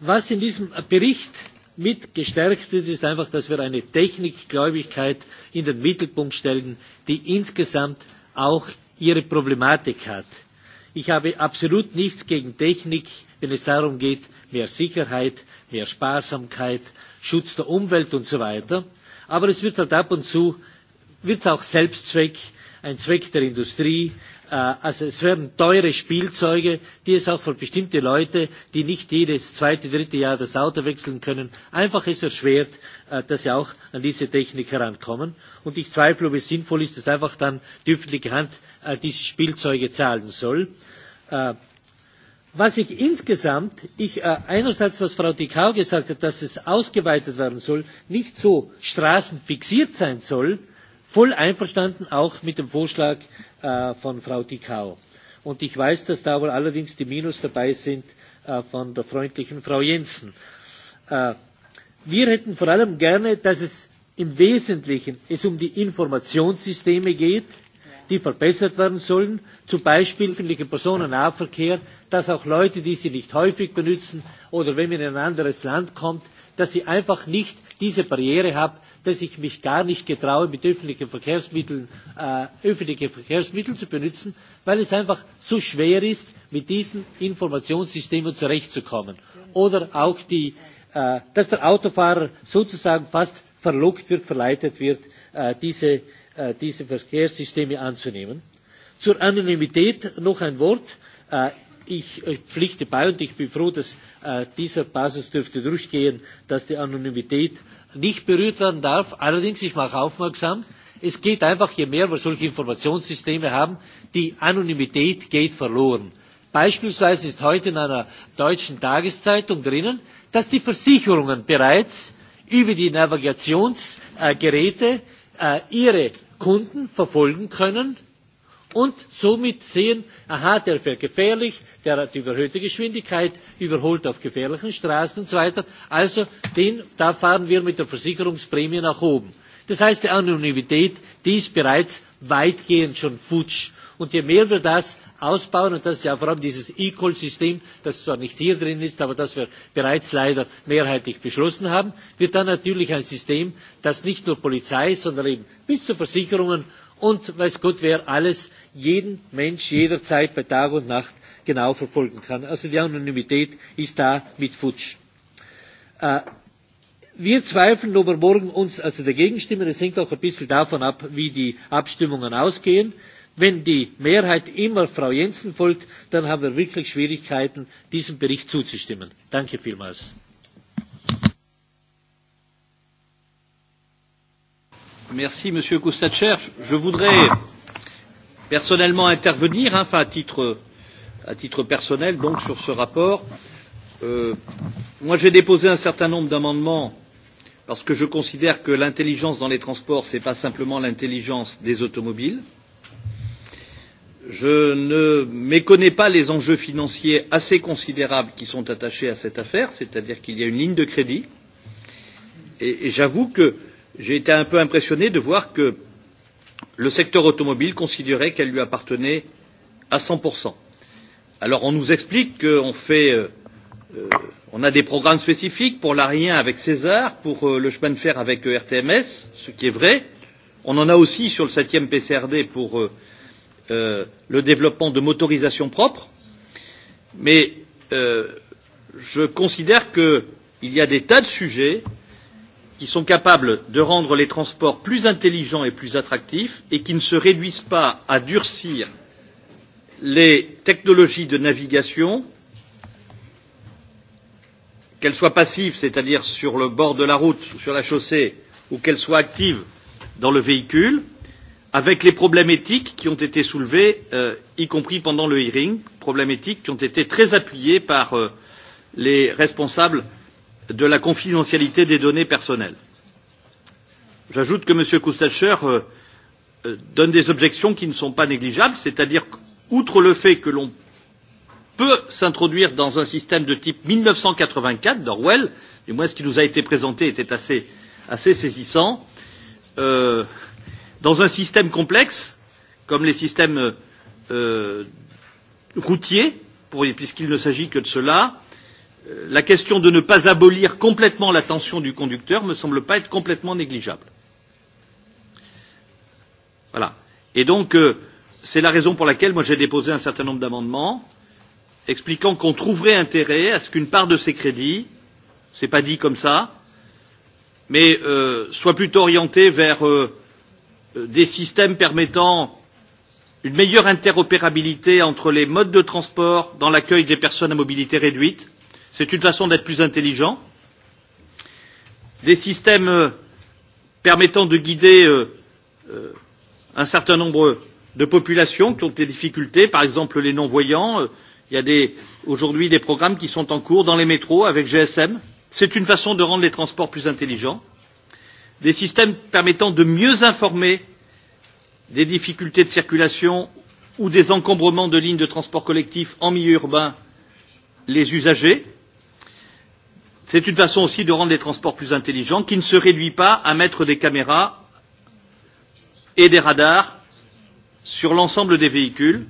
was in diesem Bericht mit gestärkt wird, ist einfach, dass wir eine Technikgläubigkeit in den Mittelpunkt stellen, die insgesamt auch ihre Problematik hat. Ich habe absolut nichts gegen Technik, wenn es darum geht, mehr Sicherheit, mehr Sparsamkeit, Schutz der Umwelt und so weiter. Aber es wird halt ab und zu, wird es auch Selbstzweck, ein Zweck der Industrie. Äh, also es werden teure Spielzeuge, die es auch für bestimmte Leute, die nicht jedes zweite, dritte Jahr das Auto wechseln können, einfach es erschwert, äh, dass sie auch an diese Technik herankommen. Und ich zweifle, ob es sinnvoll ist, dass einfach dann die öffentliche Hand äh, diese Spielzeuge zahlen soll. Was ich insgesamt, ich, äh, einerseits was Frau Dikau gesagt hat, dass es ausgeweitet werden soll, nicht so straßenfixiert sein soll, voll einverstanden auch mit dem Vorschlag äh, von Frau Dikau. Und ich weiß, dass da wohl allerdings die Minus dabei sind äh, von der freundlichen Frau Jensen. Äh, wir hätten vor allem gerne, dass es im Wesentlichen es um die Informationssysteme geht, die verbessert werden sollen, zum Beispiel öffentlichen Personennahverkehr, dass auch Leute, die sie nicht häufig benutzen oder wenn man in ein anderes Land kommt, dass ich einfach nicht diese Barriere habe, dass ich mich gar nicht getraue, mit öffentlichen Verkehrsmitteln, äh, öffentliche Verkehrsmittel zu benutzen, weil es einfach so schwer ist, mit diesen Informationssystemen zurechtzukommen. Oder auch die, äh, dass der Autofahrer sozusagen fast verlockt wird, verleitet wird, äh, diese äh, eh, diese Verkehrssysteme anzunehmen. Zur Anonymität noch ein Wort. Äh, eh, ich pflichte bei und ich bin froh, dass äh, eh, dieser Passus dürfte durchgehen, dass die Anonymität nicht berührt werden darf. Allerdings, ich mache aufmerksam, es geht einfach, je mehr wir solche Informationssysteme haben, die Anonymität geht verloren. Beispielsweise ist heute in einer deutschen Tageszeitung drinnen, dass die Versicherungen bereits über die Navigationsgeräte äh, ihre Kunden verfolgen können und somit sehen, aha, der fährt gefährlich, der hat überhöhte Geschwindigkeit, überholt auf gefährlichen Straßen und so weiter. Also den, da fahren wir mit der Versicherungsprämie nach oben. Das heißt, die Anonymität, die ist bereits weitgehend schon futsch. Und je mehr wir das ausbauen, und das ist ja vor allem dieses E-Call-System, das zwar nicht hier drin ist, aber das wir bereits leider mehrheitlich beschlossen haben, wird dann natürlich ein System, das nicht nur Polizei, sondern eben bis zu Versicherungen und weiß Gott wer alles jeden Mensch jederzeit bei Tag und Nacht genau verfolgen kann. Also die Anonymität ist da mit futsch. Äh, wir zweifeln, ob wir er morgen uns also dagegen stimmen. Es hängt auch ein bisschen davon ab, wie die Abstimmungen ausgehen. Wenn die Mehrheit immer Frau Jensen folgt, dann haben wir wirklich Schwierigkeiten, diesem Bericht zuzustimmen. Danke vielmals. Merci, Monsieur Kostatcher. Je voudrais personnellement intervenir, hein, enfin à titre, à titre personnel, donc sur ce rapport. Euh, moi, j'ai déposé un certain nombre d'amendements parce que je considère que l'intelligence dans les transports, ce n'est pas simplement l'intelligence des automobiles. Euh, je ne méconnais pas les enjeux financiers assez considérables qui sont attachés à cette affaire, c'est-à-dire qu'il y a une ligne de crédit. Et, et j'avoue que j'ai été un peu impressionné de voir que le secteur automobile considérait qu'elle lui appartenait à 100%. Alors on nous explique qu'on fait, euh, euh, on a des programmes spécifiques pour l'Arien avec César, pour euh, le chemin de fer avec euh, RTMS, ce qui est vrai. On en a aussi sur le 7e PCRD pour euh, euh, le développement de motorisations propres, mais euh, je considère qu'il y a des tas de sujets qui sont capables de rendre les transports plus intelligents et plus attractifs et qui ne se réduisent pas à durcir les technologies de navigation, qu'elles soient passives, c'est-à-dire sur le bord de la route ou sur la chaussée, ou qu'elles soient actives dans le véhicule, euh, avec les problèmes éthiques qui ont été soulevés, euh, y compris pendant le hearing, problèmes éthiques qui ont été très appuyés par euh, les responsables de la confidentialité des données personnelles. J'ajoute que M. Kustacher euh, euh, donne des objections qui ne sont pas négligeables, c'est-à-dire outre le fait que l'on peut s'introduire dans un système de type 1984 d'Orwell, du moins ce qui nous a été présenté était assez, assez saisissant, euh, dans un système complexe, comme les systèmes euh, routiers, puisqu'il ne s'agit que de cela, euh, la question de ne pas abolir complètement la tension du conducteur ne me semble pas être complètement négligeable. Voilà. Et donc, euh, c'est la raison pour laquelle moi j'ai déposé un certain nombre d'amendements expliquant qu'on trouverait intérêt à ce qu'une part de ces crédits, c'est pas dit comme ça, mais euh, soit plutôt orientée vers euh, des systèmes permettant une meilleure interopérabilité entre les modes de transport dans l'accueil des personnes à mobilité réduite. C'est une façon d'être plus intelligent. Des systèmes euh, permettant de guider euh, euh, un certain nombre de populations qui ont des difficultés, par exemple les non-voyants. Il y a des, aujourd'hui des programmes qui sont en cours dans les métros avec GSM. C'est une façon de rendre les transports plus intelligents. Euh, des systèmes permettant de mieux informer des difficultés de circulation ou des encombrements de lignes de transport collectif en milieu urbain les usagers. C'est une façon aussi de rendre les transports plus intelligents, qui ne se réduit pas à mettre des caméras et des radars sur l'ensemble des véhicules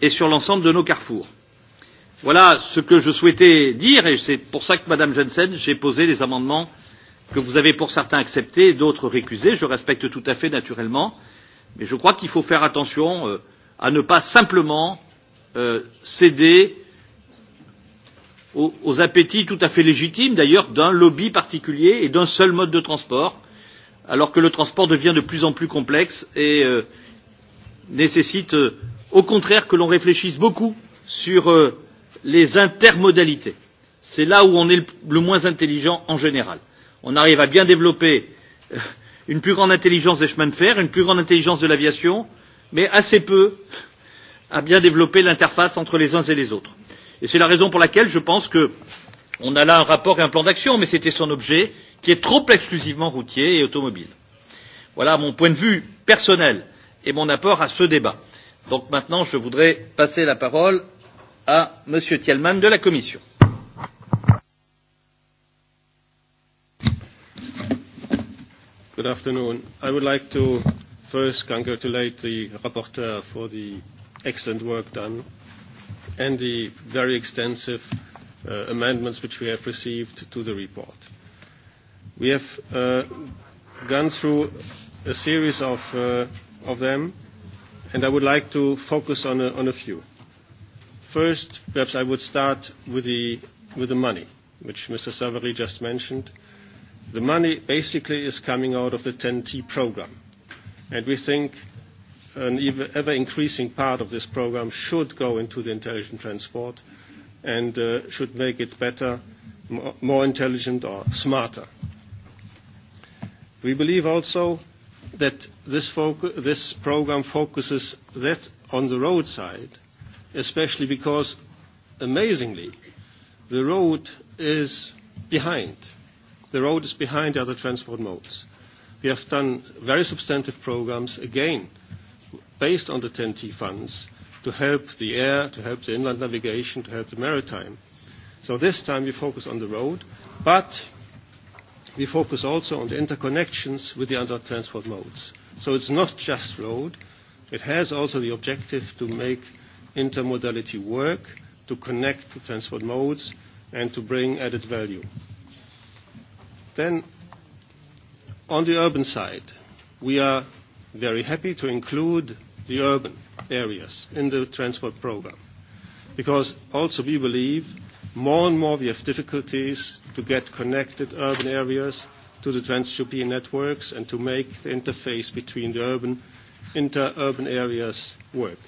et sur l'ensemble de nos carrefours. Voilà ce que je souhaitais dire et c'est pour ça que, Madame Jensen, j'ai posé les amendements que vous avez pour certains acceptées et d'autres récusées. Je respecte tout à fait naturellement, mais je crois qu'il faut faire attention euh, à ne pas simplement euh, céder aux, aux appétits tout à fait légitimes d'ailleurs d'un lobby particulier et d'un seul mode de transport, alors que le transport devient de plus en plus complexe et euh, nécessite euh, au contraire que l'on réfléchisse beaucoup sur euh, les intermodalités. C'est là où on est le, le moins intelligent en général on arrive à bien développer euh, une plus grande intelligence des chemins de fer, une plus grande intelligence de l'aviation, mais assez peu à bien développer l'interface entre les uns et les autres. Et c'est la raison pour laquelle je pense que on a là un rapport et un plan d'action, mais c'était son objet, qui est trop exclusivement routier et automobile. Voilà mon point de vue personnel et mon apport à ce débat. Donc maintenant, je voudrais passer la parole à Monsieur Thielmann de la Commission. Good afternoon. I would like to first congratulate the rapporteur for the excellent work done and the very extensive uh, amendments which we have received to the report. We have uh, gone through a series of, uh, of them, and I would like to focus on a, on a few. First, perhaps I would start with the, with the money, which Mr. Savary just mentioned. Uh, The money basically is coming out of the TEN-T program, and we think an ever-increasing part of this program should go into the intelligent transport and uh, should make it better, more intelligent or smarter. We believe also that this, focu- this program focuses that on the roadside, especially because, amazingly, the road is behind the road is behind the other transport modes. We have done very substantive programs, again, based on the TEN-T funds, to help the air, to help the inland navigation, to help the maritime. So this time we focus on the road, but we focus also on the interconnections with the other transport modes. So it's not just road. It has also the objective to make intermodality work, to connect the transport modes, and to bring added value. Then, on the urban side, we are very happy to include the urban areas in the transport program, because also we believe more and more we have difficulties to get connected urban areas to the Trans-European networks and to make the interface between the urban, inter-urban areas work.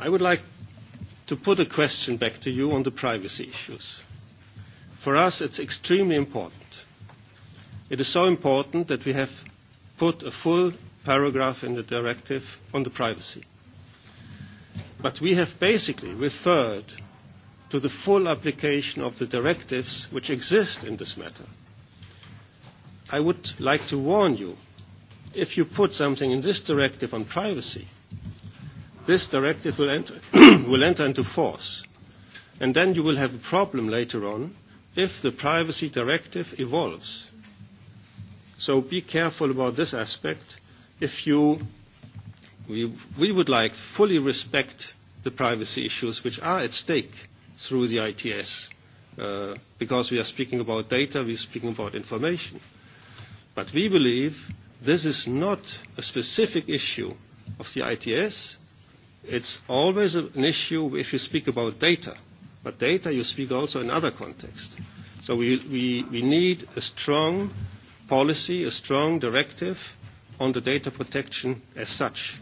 I would like to put a question back to you on the privacy issues. For us, it's extremely important. It is so important that we have put a full paragraph in the directive on the privacy. But we have basically referred to the full application of the directives which exist in this matter. I would like to warn you, if you put something in this directive on privacy, this directive will enter, will enter into force. And then you will have a problem later on if the privacy directive evolves. So be careful about this aspect. If you, we, we would like to fully respect the privacy issues which are at stake through the ITS, uh, because we are speaking about data, we are speaking about information. But we believe this is not a specific issue of the ITS. It's always an issue if you speak about data But data you speak also in other context. So we, we, we need a strong policy, a strong directive on the data protection as such.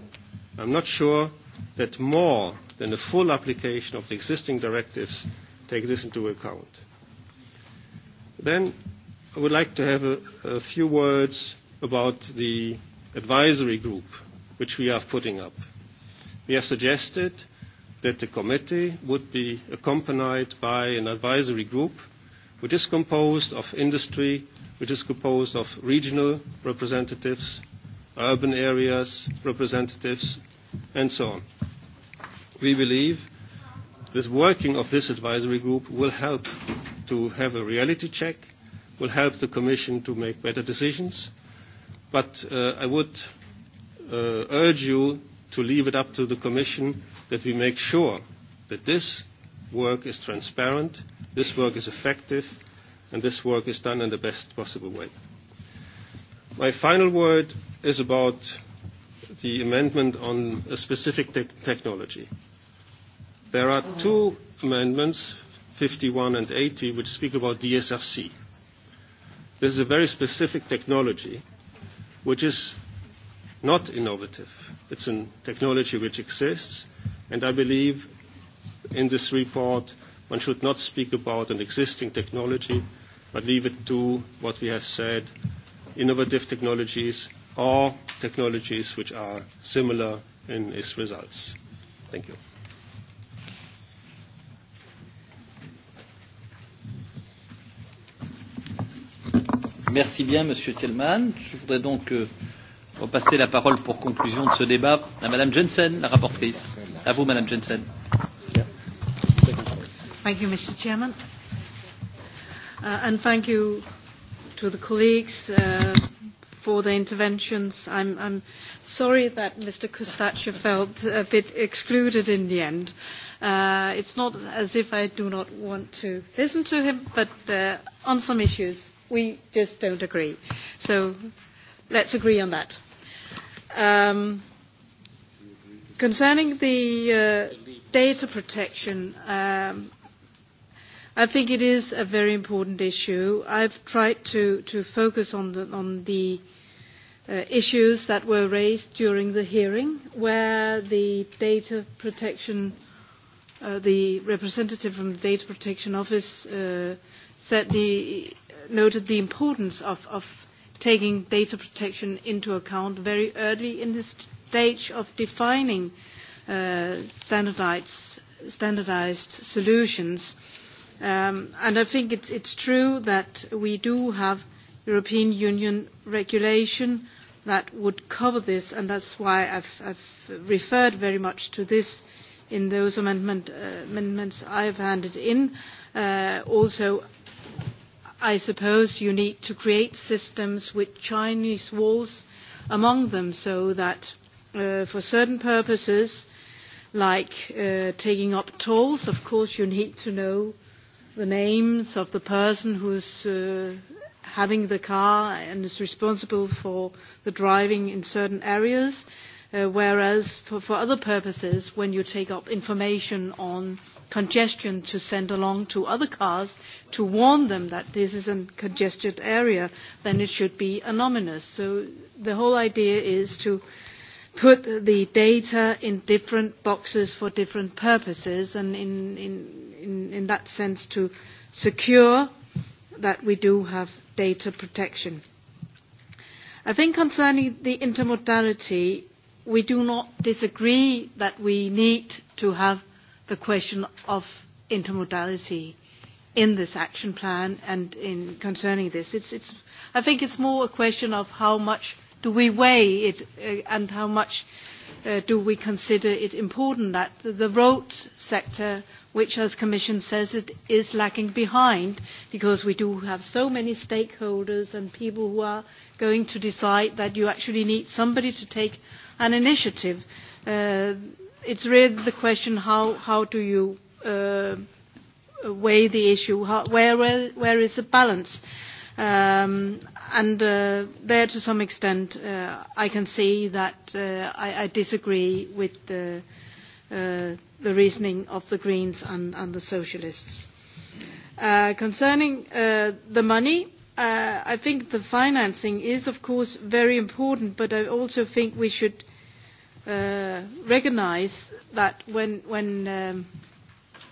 I'm not sure that more than a full application of the existing directives take this into account. Then I would like to have a, a few words about the advisory group which we are putting up. We have suggested that the committee would be accompanied by an advisory group which is composed of industry, which is composed of regional representatives, urban areas representatives, and so on. We believe this working of this advisory group will help to have a reality check, will help the Commission to make better decisions, but uh, I would uh, urge you to leave it up to the Commission that we make sure that this work is transparent, this work is effective, and this work is done in the best possible way. My final word is about the amendment on a specific te- technology. There are mm-hmm. two amendments, 51 and 80, which speak about DSRC. This is a very specific technology which is not innovative. It's a technology which exists, And I believe in this report one should not speak about an existing technology, but leave it to what we have said, innovative technologies or technologies which are similar in its results. Thank you. Merci bien, Monsieur Tillman. Je voudrais donc euh, pour passer la parole pour conclusion de ce débat à Madame Jensen, la rapporteure. À vous, Madame Jensen. Thank you, Mr. Chairman. Uh, and thank you to the colleagues uh, for their interventions. I'm, I'm sorry that Mr. Kostaccia felt a bit excluded in the end. Uh, it's not as if I do not want to listen to him, but uh, on some issues we just don't agree. So let's agree on that. Um, concerning the uh, data protection, um, I think it is a very important issue. I've tried to, to focus on the, on the uh, issues that were raised during the hearing, where the data protection, uh, the representative from the Data Protection Office uh, said the, noted the importance of, of taking data protection into account very early in the stage of defining uh, standardized, standardized solutions. Um, and I think it's, it's true that we do have European Union regulation that would cover this, and that's why I've, I've referred very much to this in those amendment, uh, amendments I've handed in. Uh, also, I suppose you need to create systems with Chinese walls among them so that uh, for certain purposes, like uh, taking up tolls, of course you need to know the names of the person who's uh, having the car and is responsible for the driving in certain areas. Uh, whereas for, for other purposes, when you take up information on uh, congestion to send along to other cars to warn them that this is a congested area, then it should be anonymous. So the whole idea is to put the data in different boxes for different purposes and in, in, in, in that sense to secure that we do have data protection. I think concerning the intermodality, we do not disagree that we need to have the question of intermodality in this action plan and in concerning this. It's, it's, I think it's more a question of how much do we weigh it uh, and how much uh, do we consider it important that the, the road sector, which as Commission says it is lacking behind because we do have so many stakeholders and people who are going to decide that you actually need somebody to take an initiative. Uh, it's really the question how, how do you uh, weigh the issue? How, where, where, where is the balance? Um, and uh, there, to some extent, uh, I can see that uh, I, I disagree with the, uh, the reasoning of the Greens and, and the Socialists. Uh, concerning uh, the money, uh, I think the financing is, of course, very important, but I also think we should – uh, recognize that when, when um,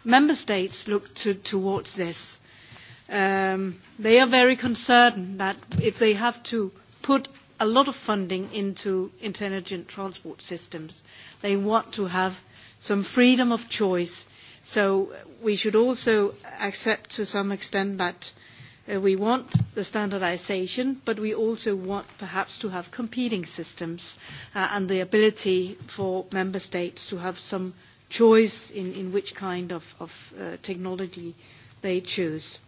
member states look to, towards this, um, they are very concerned that if they have to put a lot of funding into intelligent transport systems, they want to have some freedom of choice. So we should also accept to some extent that uh, Uh, we want the standardization, but we also want perhaps to have competing systems uh, and the ability for member states to have some choice in, in which kind of, of uh, technology they choose.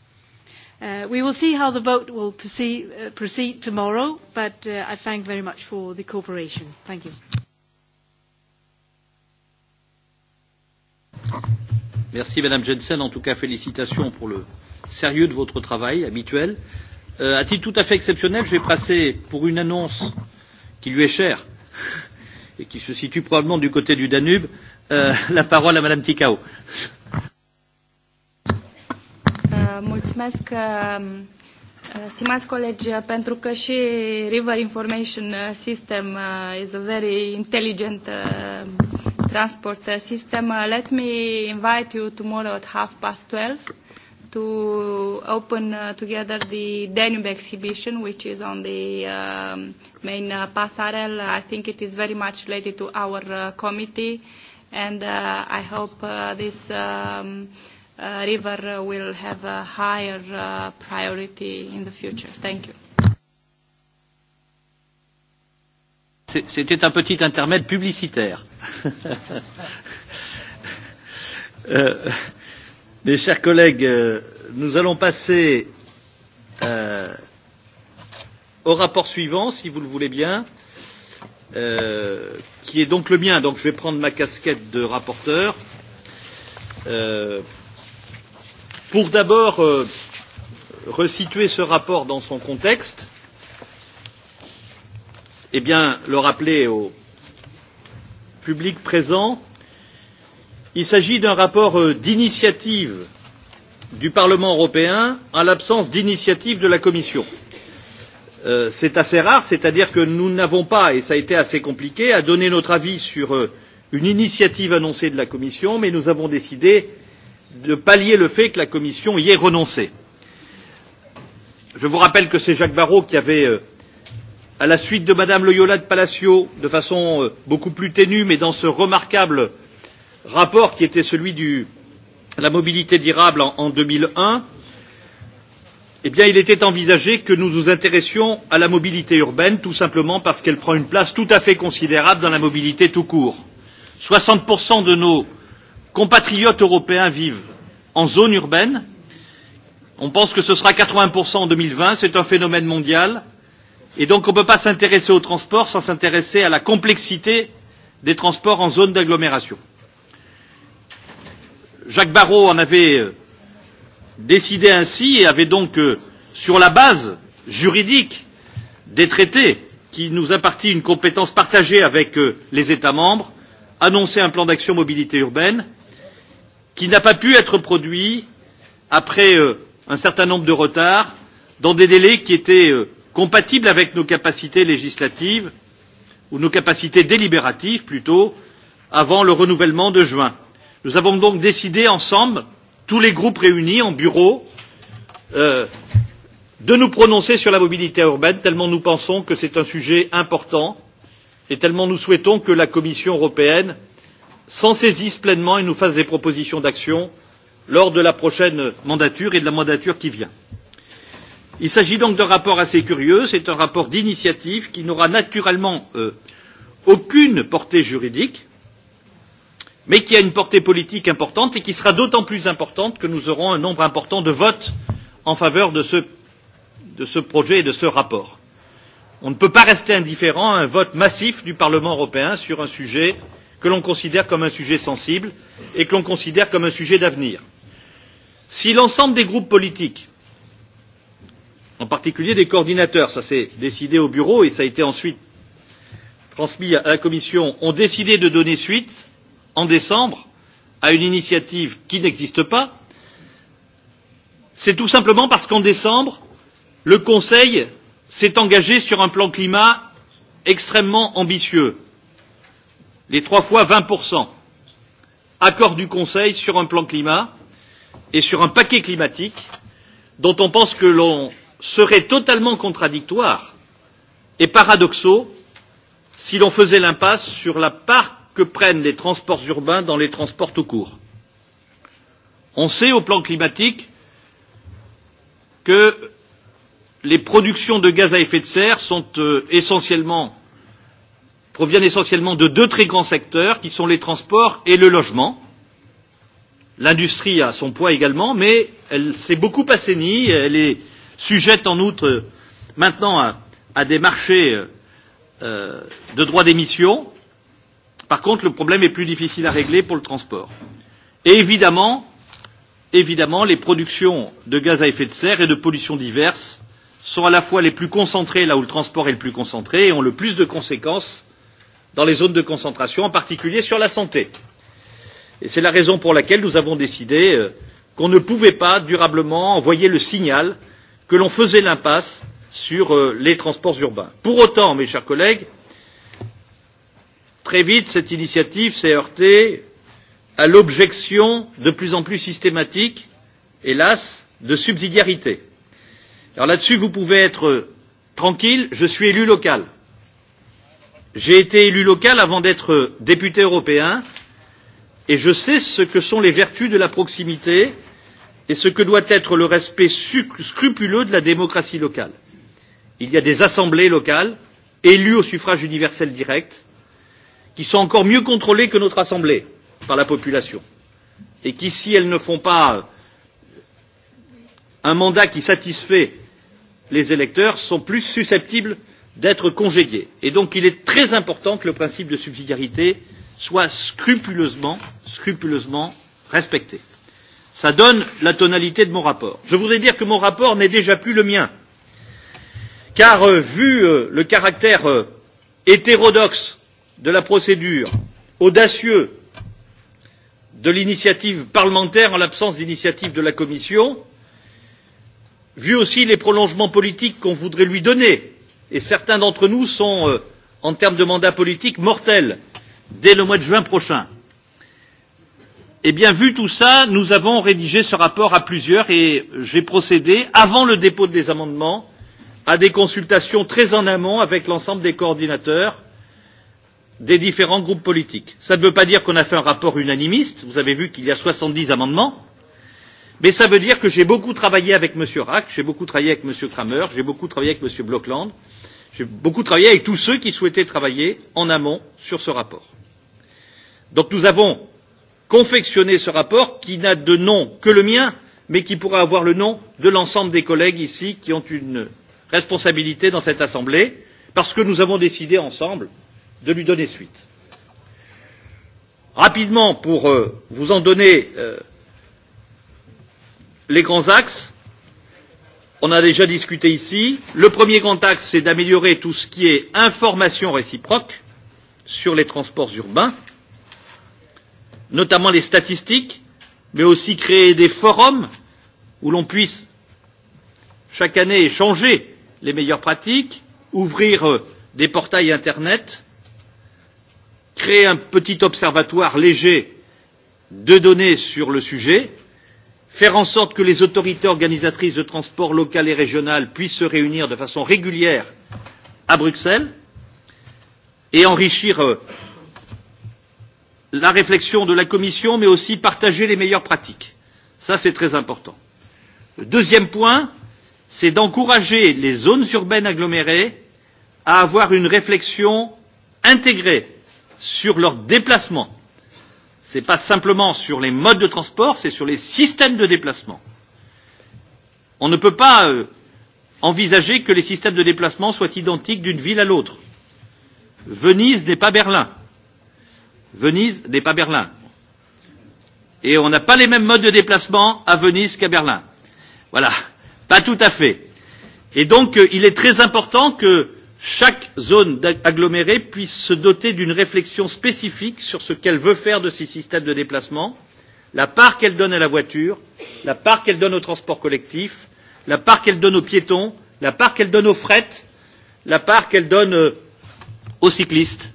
Uh, we will see how the vote will proceed, uh, proceed tomorrow, but uh, I thank very much for the cooperation. Thank you. Merci Madame Jensen. En tout cas, félicitations pour le, sérieux de votre travail habituel. Euh, à titre tout à fait exceptionnel, je vais passer pour une annonce qui lui est chère et qui se situe probablement du côté du Danube, euh, la parole à Madame Ticao. Uh, mulțumesc, um, uh, stimați colegi, pentru că și River Information uh, System uh, is a very intelligent uh, transport uh, system. Uh, let me invite you tomorrow at half past 12 to open uh, together the Danube exhibition, which is on the um, main uh, passerelle. I think it is very much related to our uh, committee, and uh, I hope uh, this um, uh, river will have a higher uh, priority in the future. Thank you. C'était un petit intermède publicitaire. euh, Mes chers collègues, euh, nous allons passer euh, au rapport suivant, si vous le voulez bien, euh, qui est donc le mien. Donc je vais prendre ma casquette de rapporteur. Euh, pour d'abord euh, resituer ce rapport dans son contexte, eh bien, le rappeler au public présent Il s'agit d'un rapport euh, d'initiative du Parlement européen en l'absence d'initiative de la Commission. Euh, c'est assez rare, c'est-à-dire que nous n'avons pas, et ça a été assez compliqué, à donner notre avis sur euh, une initiative annoncée de la Commission, mais nous avons décidé de pallier le fait que la Commission y ait renoncé. Je vous rappelle que c'est Jacques Barrot qui avait, euh, à la suite de Madame Loyola de Palacio, de façon euh, beaucoup plus ténue, mais dans ce remarquable euh, rapport qui était celui de la mobilité durable en, en 2001, eh bien, il était envisagé que nous nous intéressions à la mobilité urbaine, tout simplement parce qu'elle prend une place tout à fait considérable dans la mobilité tout court. 60% de nos compatriotes européens vivent en zone urbaine. On pense que ce sera 80% en 2020. C'est un phénomène mondial. Et donc, on ne peut pas s'intéresser au transport sans s'intéresser à la complexité des transports en zone d'agglomération. Jacques Barrot en avait euh, décidé ainsi et avait donc, euh, sur la base juridique des traités qui nous impartit une compétence partagée avec euh, les États membres, annoncé un plan d'action mobilité urbaine qui n'a pas pu être produit après un certain nombre de retards dans des délais qui étaient compatibles avec nos capacités législatives ou nos capacités délibératives plutôt avant le renouvellement de juin. Nous avons donc décidé ensemble, tous les groupes réunis en bureau, euh, de nous prononcer sur la mobilité urbaine, tellement nous pensons que c'est un sujet important et tellement nous souhaitons que la Commission européenne s'en saisisse pleinement et nous fasse des propositions d'action lors de la prochaine mandature et de la mandature qui vient. Il s'agit donc d'un rapport assez curieux, c'est un rapport d'initiative qui n'aura naturellement euh, aucune portée juridique, mais qui a une portée politique importante et qui sera d'autant plus importante que nous aurons un nombre important de votes en faveur de ce, de ce projet et de ce rapport. On ne peut pas rester indifférent à un vote massif du Parlement européen sur un sujet que l'on considère comme un sujet sensible et que l'on considère comme un sujet d'avenir. Si l'ensemble des groupes politiques, en particulier des coordinateurs, ça s'est décidé au bureau et ça a été ensuite transmis à la Commission, ont décidé de donner suite en décembre à une initiative qui n'existe pas, c'est tout simplement parce qu'en décembre, le Conseil s'est engagé sur un plan climat extrêmement ambitieux, les trois fois 20%, accord du Conseil sur un plan climat et sur un paquet climatique dont on pense que l'on serait totalement contradictoire et paradoxaux si l'on faisait l'impasse sur la part que prennent les transports urbains dans les transports tout court. On sait au plan climatique que les productions de gaz à effet de serre sont euh, essentiellement proviennent essentiellement de deux très grands secteurs qui sont les transports et le logement. L'industrie a son poids également, mais elle s'est beaucoup assainie, elle est sujette en outre maintenant à, à des marchés euh, euh de droits d'émission Par contre, le problème est plus difficile à régler pour le transport. Et évidemment, évidemment, les productions de gaz à effet de serre et de pollutions diverses sont à la fois les plus concentrées là où le transport est le plus concentré et ont le plus de conséquences dans les zones de concentration, en particulier sur la santé. Et c'est la raison pour laquelle nous avons décidé euh, qu'on ne pouvait pas durablement envoyer le signal que l'on faisait l'impasse sur euh, les transports urbains. Pour autant, mes chers collègues, Très vite, cette initiative s'est heurtée à l'objection de plus en plus systématique, hélas, de subsidiarité. Alors là-dessus, vous pouvez être tranquille, je suis élu local. J'ai été élu local avant d'être député européen et je sais ce que sont les vertus de la proximité et ce que doit être le respect scrupuleux de la démocratie locale. Il y a des assemblées locales élues au suffrage universel direct qui sont encore mieux contrôlées que notre Assemblée par la population et qui, si elles ne font pas euh, un mandat qui satisfait les électeurs, sont plus susceptibles d'être congédiées. Et donc il est très important que le principe de subsidiarité soit scrupuleusement, scrupuleusement respecté. Ça donne la tonalité de mon rapport. Je voudrais dire que mon rapport n'est déjà plus le mien, car euh, vu euh, le caractère euh, hétérodoxe de la procédure audacieux de l'initiative parlementaire en l'absence d'initiative de la Commission, vu aussi les prolongements politiques qu'on voudrait lui donner, et certains d'entre nous sont, euh, en termes de mandat politique, mortels dès le mois de juin prochain. Eh bien, vu tout ça, nous avons rédigé ce rapport à plusieurs et j'ai procédé, avant le dépôt des amendements, à des consultations très en amont avec l'ensemble des coordinateurs des différents groupes politiques. Ça ne veut pas dire qu'on a fait un rapport unanimiste, vous avez vu qu'il y a 70 amendements, mais ça veut dire que j'ai beaucoup travaillé avec M. Rack, j'ai beaucoup travaillé avec M. Kramer, j'ai beaucoup travaillé avec M. Blockland, j'ai beaucoup travaillé avec tous ceux qui souhaitaient travailler en amont sur ce rapport. Donc nous avons confectionné ce rapport qui n'a de nom que le mien, mais qui pourra avoir le nom de l'ensemble des collègues ici qui ont une responsabilité dans cette Assemblée, parce que nous avons décidé ensemble, euh, de lui donner suite. Rapidement, pour euh, vous en donner euh, les grands axes, on a déjà discuté ici. Le premier grand axe, c'est d'améliorer tout ce qui est information réciproque sur les transports urbains, notamment les statistiques, mais aussi créer des forums où l'on puisse chaque année échanger les meilleures pratiques, ouvrir euh, des portails Internet créer un petit observatoire léger de données sur le sujet, faire en sorte que les autorités organisatrices de transport locales et régionales puissent se réunir de façon régulière à Bruxelles et enrichir euh, la réflexion de la Commission, mais aussi partager les meilleures pratiques. Ça, c'est très important. Le deuxième point, c'est d'encourager les zones urbaines agglomérées à avoir une réflexion intégrée sur leurs déplacements. Ce n'est pas simplement sur les modes de transport, c'est sur les systèmes de déplacement. On ne peut pas euh, envisager que les systèmes de déplacement soient identiques d'une ville à l'autre. Venise n'est pas Berlin. Venise n'est pas Berlin. Et on n'a pas les mêmes modes de déplacement à Venise qu'à Berlin. Voilà. Pas tout à fait. Et donc, euh, il est très important que chaque zone agglomérée puisse se doter d'une réflexion spécifique sur ce qu'elle veut faire de ses systèmes de déplacement, la part qu'elle donne à la voiture, la part qu'elle donne au transport collectif, la part qu'elle donne aux piétons, la part qu'elle donne aux fret, la part qu'elle donne euh, aux cyclistes,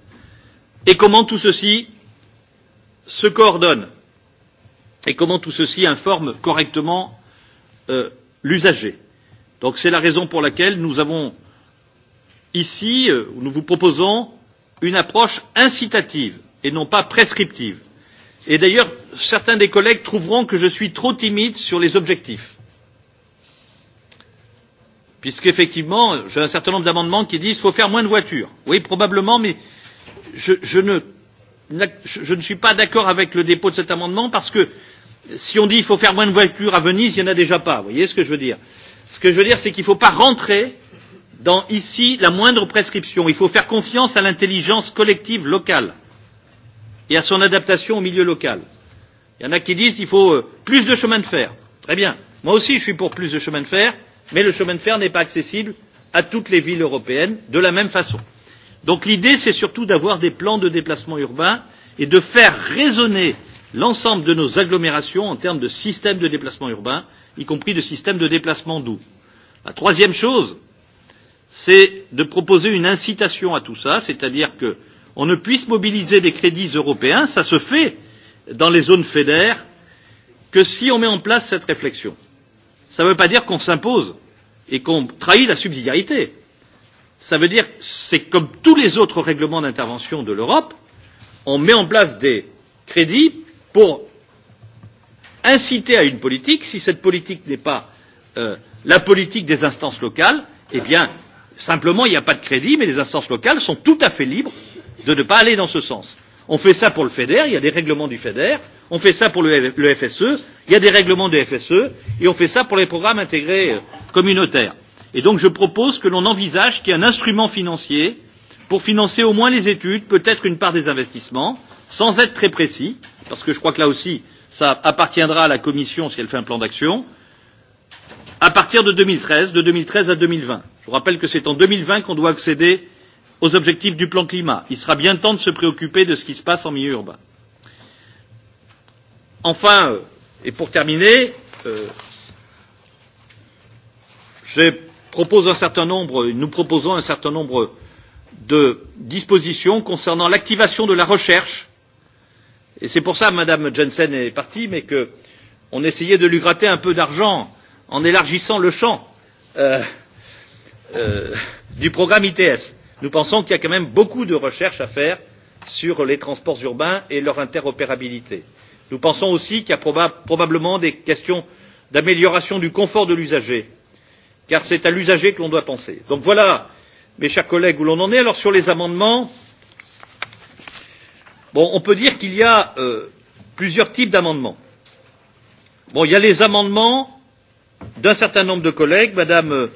et comment tout ceci se coordonne, et comment tout ceci informe correctement euh, l'usager. Donc c'est la raison pour laquelle nous avons euh, Ici, euh, nous vous proposons une approche incitative et non pas prescriptive. Et d'ailleurs, certains des collègues trouveront que je suis trop timide sur les objectifs. Puisqu'effectivement, j'ai un certain nombre d'amendements qui disent qu'il faut faire moins de voitures. Oui, probablement, mais je, je, ne, je ne suis pas d'accord avec le dépôt de cet amendement parce que si on dit qu'il faut faire moins de voitures à Venise, il n'y en a déjà pas. Vous voyez ce que je veux dire Ce que je veux dire, c'est qu'il ne faut pas rentrer dans ici la moindre prescription. Il faut faire confiance à l'intelligence collective locale et à son adaptation au milieu local. Il y en a qui disent qu'il faut euh, plus de chemin de fer. Très bien. Moi aussi, je suis pour plus de chemin de fer, mais le chemin de fer n'est pas accessible à toutes les villes européennes de la même façon. Donc l'idée, c'est surtout d'avoir des plans de déplacement urbain et de faire résonner l'ensemble de nos agglomérations en termes de système de déplacement urbain, y compris de système de déplacement doux. La troisième chose, c'est de proposer une incitation à tout ça, c'est-à-dire qu'on ne puisse mobiliser des crédits européens, ça se fait dans les zones FEDER, que si on met en place cette réflexion. Ça ne veut pas dire qu'on s'impose et qu'on trahit la subsidiarité. Ça veut dire que c'est comme tous les autres règlements d'intervention de l'Europe, on met en place des crédits pour inciter à une politique. Si cette politique n'est pas euh, la politique des instances locales, eh bien, Simplement, il n'y a pas de crédit, mais les instances locales sont tout à fait libres de ne pas aller dans ce sens. On fait ça pour le FEDER, il y a des règlements du FEDER, on fait ça pour le, e, le FSE, il y a des règlements du FSE, et on fait ça pour les programmes intégrés euh, communautaires. Et donc je propose que l'on envisage qu'il y ait un instrument financier pour financer au moins les études, peut-être une part des investissements, sans être très précis, parce que je crois que là aussi, ça appartiendra à la Commission si elle fait un plan d'action, euh, à partir de 2013, de 2013 à 2020. Je vous rappelle que c'est en 2020 qu'on doit accéder aux objectifs du plan climat. Il sera bien temps de se préoccuper de ce qui se passe en milieu urbain. Enfin, euh, et pour terminer, euh, je propose un certain nombre, nous proposons un certain nombre de dispositions concernant l'activation de la recherche. Et c'est pour ça, Madame Jensen est partie, mais qu'on essayait de lui gratter un peu d'argent en élargissant le champ euh, euh, du programme ITS. Nous pensons qu'il y a quand même beaucoup de recherches à faire sur les transports urbains et leur interopérabilité. Nous pensons aussi qu'il y a proba probablement des questions d'amélioration du confort de l'usager, car c'est à l'usager que l'on doit penser. Donc voilà, mes chers collègues, où l'on en est. Alors sur les amendements, bon, on peut dire qu'il y a euh, plusieurs types d'amendements. Bon, il y a les amendements d'un certain nombre de collègues, Madame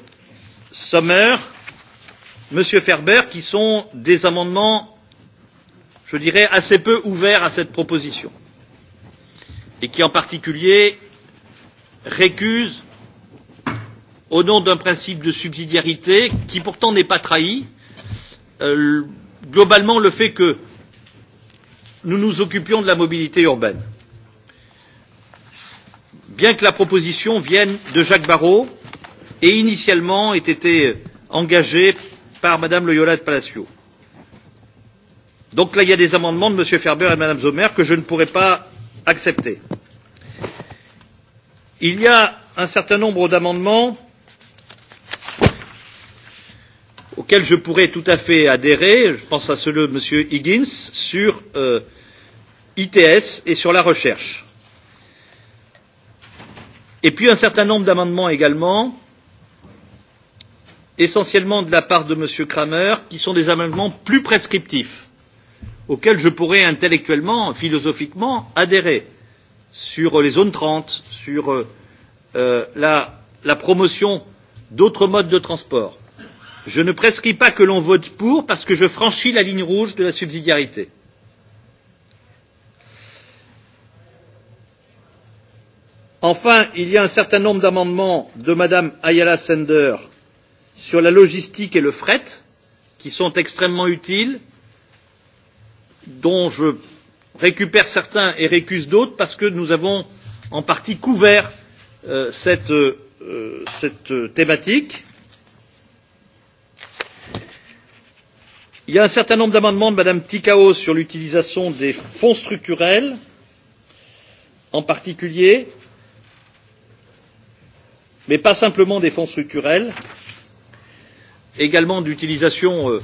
Sommer, Monsieur Ferber, qui sont des amendements, je dirais, assez peu ouverts à cette proposition et qui, en particulier, récusent, au nom d'un principe de subsidiarité qui pourtant n'est pas trahi, euh, globalement le fait que nous nous occupions de la mobilité urbaine bien que la proposition vienne de Jacques Barrot et initialement ait été engagée par Madame Loyola de Palacio. Donc là, il y a des amendements de M. Ferber et de Mme Zomer que je ne pourrai pas accepter. Il y a un certain nombre d'amendements auquel je pourrais tout à fait adhérer je pense à ceux de m. higgins sur euh, its et sur la recherche. Et puis un certain nombre d'amendements également, essentiellement de la part de M. Kramer, qui sont des amendements plus prescriptifs, auxquels je pourrais intellectuellement, philosophiquement adhérer, sur euh, les zones 30, sur euh, euh, la, la promotion d'autres modes de transport. Je ne prescris pas que l'on vote pour parce que je franchis la ligne rouge de la subsidiarité. Euh, enfin il y a un certain nombre d'amendements de mme ayala sender sur la logistique et le fret qui sont extrêmement utiles dont je récupère certains et récuse d'autres parce que nous avons en partie couvert euh, cette, euh, cette euh, thématique. Il y a un certain nombre d'amendements de Mme Ticao sur l'utilisation des fonds structurels en particulier mais pas simplement des fonds structurels également d'utilisation euh,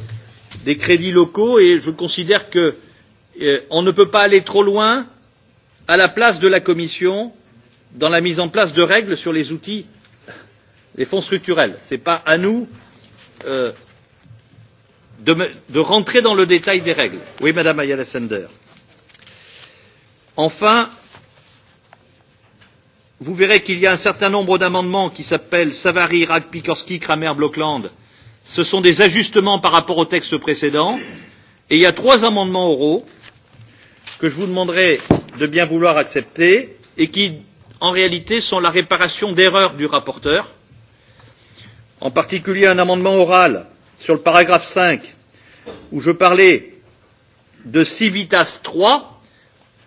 des crédits locaux et je considère qu'on euh, ne peut pas aller trop loin à la place de la Commission dans la mise en place de règles sur les outils des fonds structurels. Ce n'est pas à nous euh, de, me, de rentrer dans le détail des règles. Oui, Madame Ayala Sender. Enfin, vous verrez qu'il y a un certain nombre d'amendements qui s'appellent Savary, Rag, Pikorski, Kramer, Blockland. Ce sont des ajustements par rapport au texte précédent. Et il y a trois amendements oraux que je vous demanderai de bien vouloir accepter et qui, en réalité, sont la réparation d'erreurs du rapporteur. En particulier un amendement oral sur le paragraphe 5 où je parlais de Civitas 3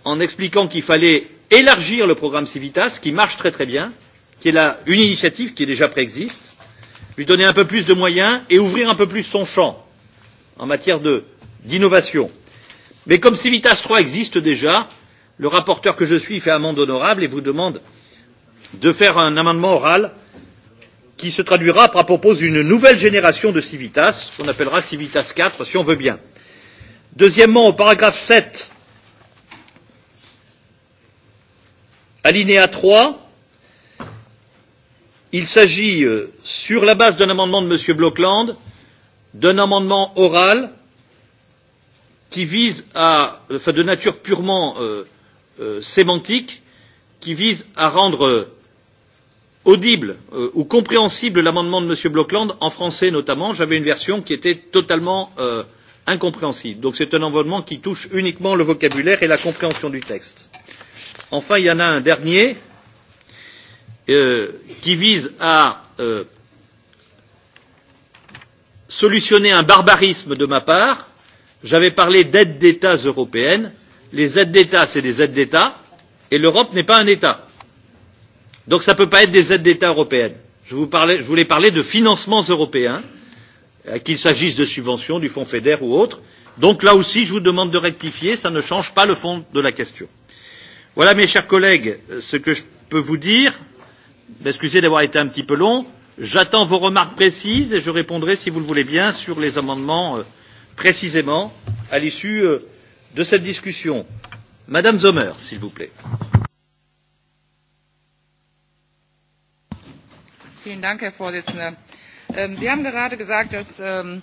en expliquant qu'il fallait élargir le programme Civitas, qui marche très très bien, qui est là une initiative qui déjà préexiste, lui donner un peu plus de moyens et ouvrir un peu plus son champ en matière d'innovation. Mais comme Civitas 3 existe déjà, le rapporteur que je suis fait amende honorable et vous demande de faire un amendement oral qui se traduira par propose une nouvelle génération de Civitas, qu'on appellera Civitas 4 si on veut bien. Deuxièmement, au paragraphe 7, Alinéa 3, il s'agit, euh, sur la base d'un amendement de M. Blockland, d'un amendement oral qui vise à, enfin de nature purement euh, euh, sémantique, qui vise à rendre audible euh, ou compréhensible l'amendement de M. Blockland, en français notamment. J'avais une version qui était totalement euh, incompréhensible. Donc c'est un amendement qui touche uniquement le vocabulaire et la compréhension du texte. Euh, Enfin, il y en a un dernier euh, qui vise à euh, solutionner un barbarisme de ma part. J'avais parlé d'aides d'État européennes. Les aides d'État, c'est des aides d'État, et l'Europe n'est pas un État. Donc ça ne peut pas être des aides d'État européennes. Je, vous parlais, je voulais parler de financements européens, euh, qu'il s'agisse de subventions du Fonds FEDER ou autres. Donc là aussi, je vous demande de rectifier, ça ne change pas le fond de la question. Voilà, mes chers collègues, ce que je peux vous dire. M'excusez d'avoir été un petit peu long. J'attends vos remarques précises et je répondrai, si vous le voulez bien, sur les amendements euh, précisément à l'issue euh, de cette discussion. Madame Sommer, s'il vous plaît. Vielen Dank, Herr Vorsitzender. Ähm, Sie haben gerade gesagt, dass ähm,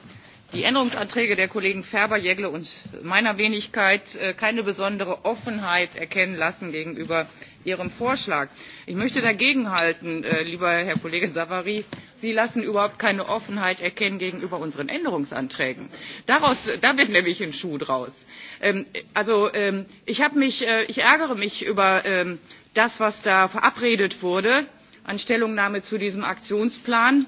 die änderungsanträge der kollegen ferber jeggle und meiner wenigkeit äh, keine besondere offenheit erkennen lassen gegenüber ihrem vorschlag. ich möchte dagegenhalten äh, lieber herr kollege savary sie lassen überhaupt keine offenheit erkennen gegenüber unseren änderungsanträgen. Daraus, da wird nämlich ein schuh draus. Ähm, also ähm, ich, mich, äh, ich ärgere mich über ähm, das was da verabredet wurde an stellungnahme zu diesem aktionsplan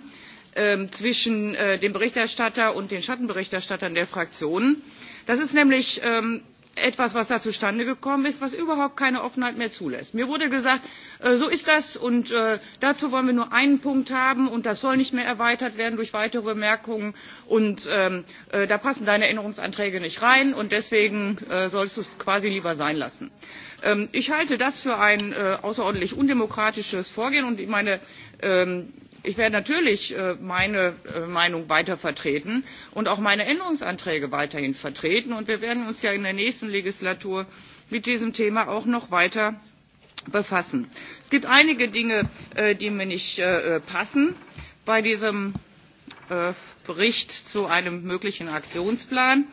Ähm, zwischen äh, dem berichterstatter und den schattenberichterstattern der fraktionen. das ist nämlich ähm, etwas was da zustande gekommen ist was überhaupt keine offenheit mehr zulässt. mir wurde gesagt äh, so ist das und äh, dazu wollen wir nur einen punkt haben und das soll nicht mehr erweitert werden durch weitere bemerkungen und ähm, da passen deine änderungsanträge nicht rein und deswegen sollst du es quasi lieber sein lassen ich halte das für ein außerordentlich undemokratisches vorgehen und meine ich werde natürlich äh, meine äh, meinung weiter vertreten und auch meine änderungsanträge weiterhin vertreten und wir werden uns ja in der nächsten legislatur mit diesem thema auch noch weiter befassen. es gibt einige dinge äh, die mir nicht passen bei diesem bericht zu einem möglichen aktionsplan.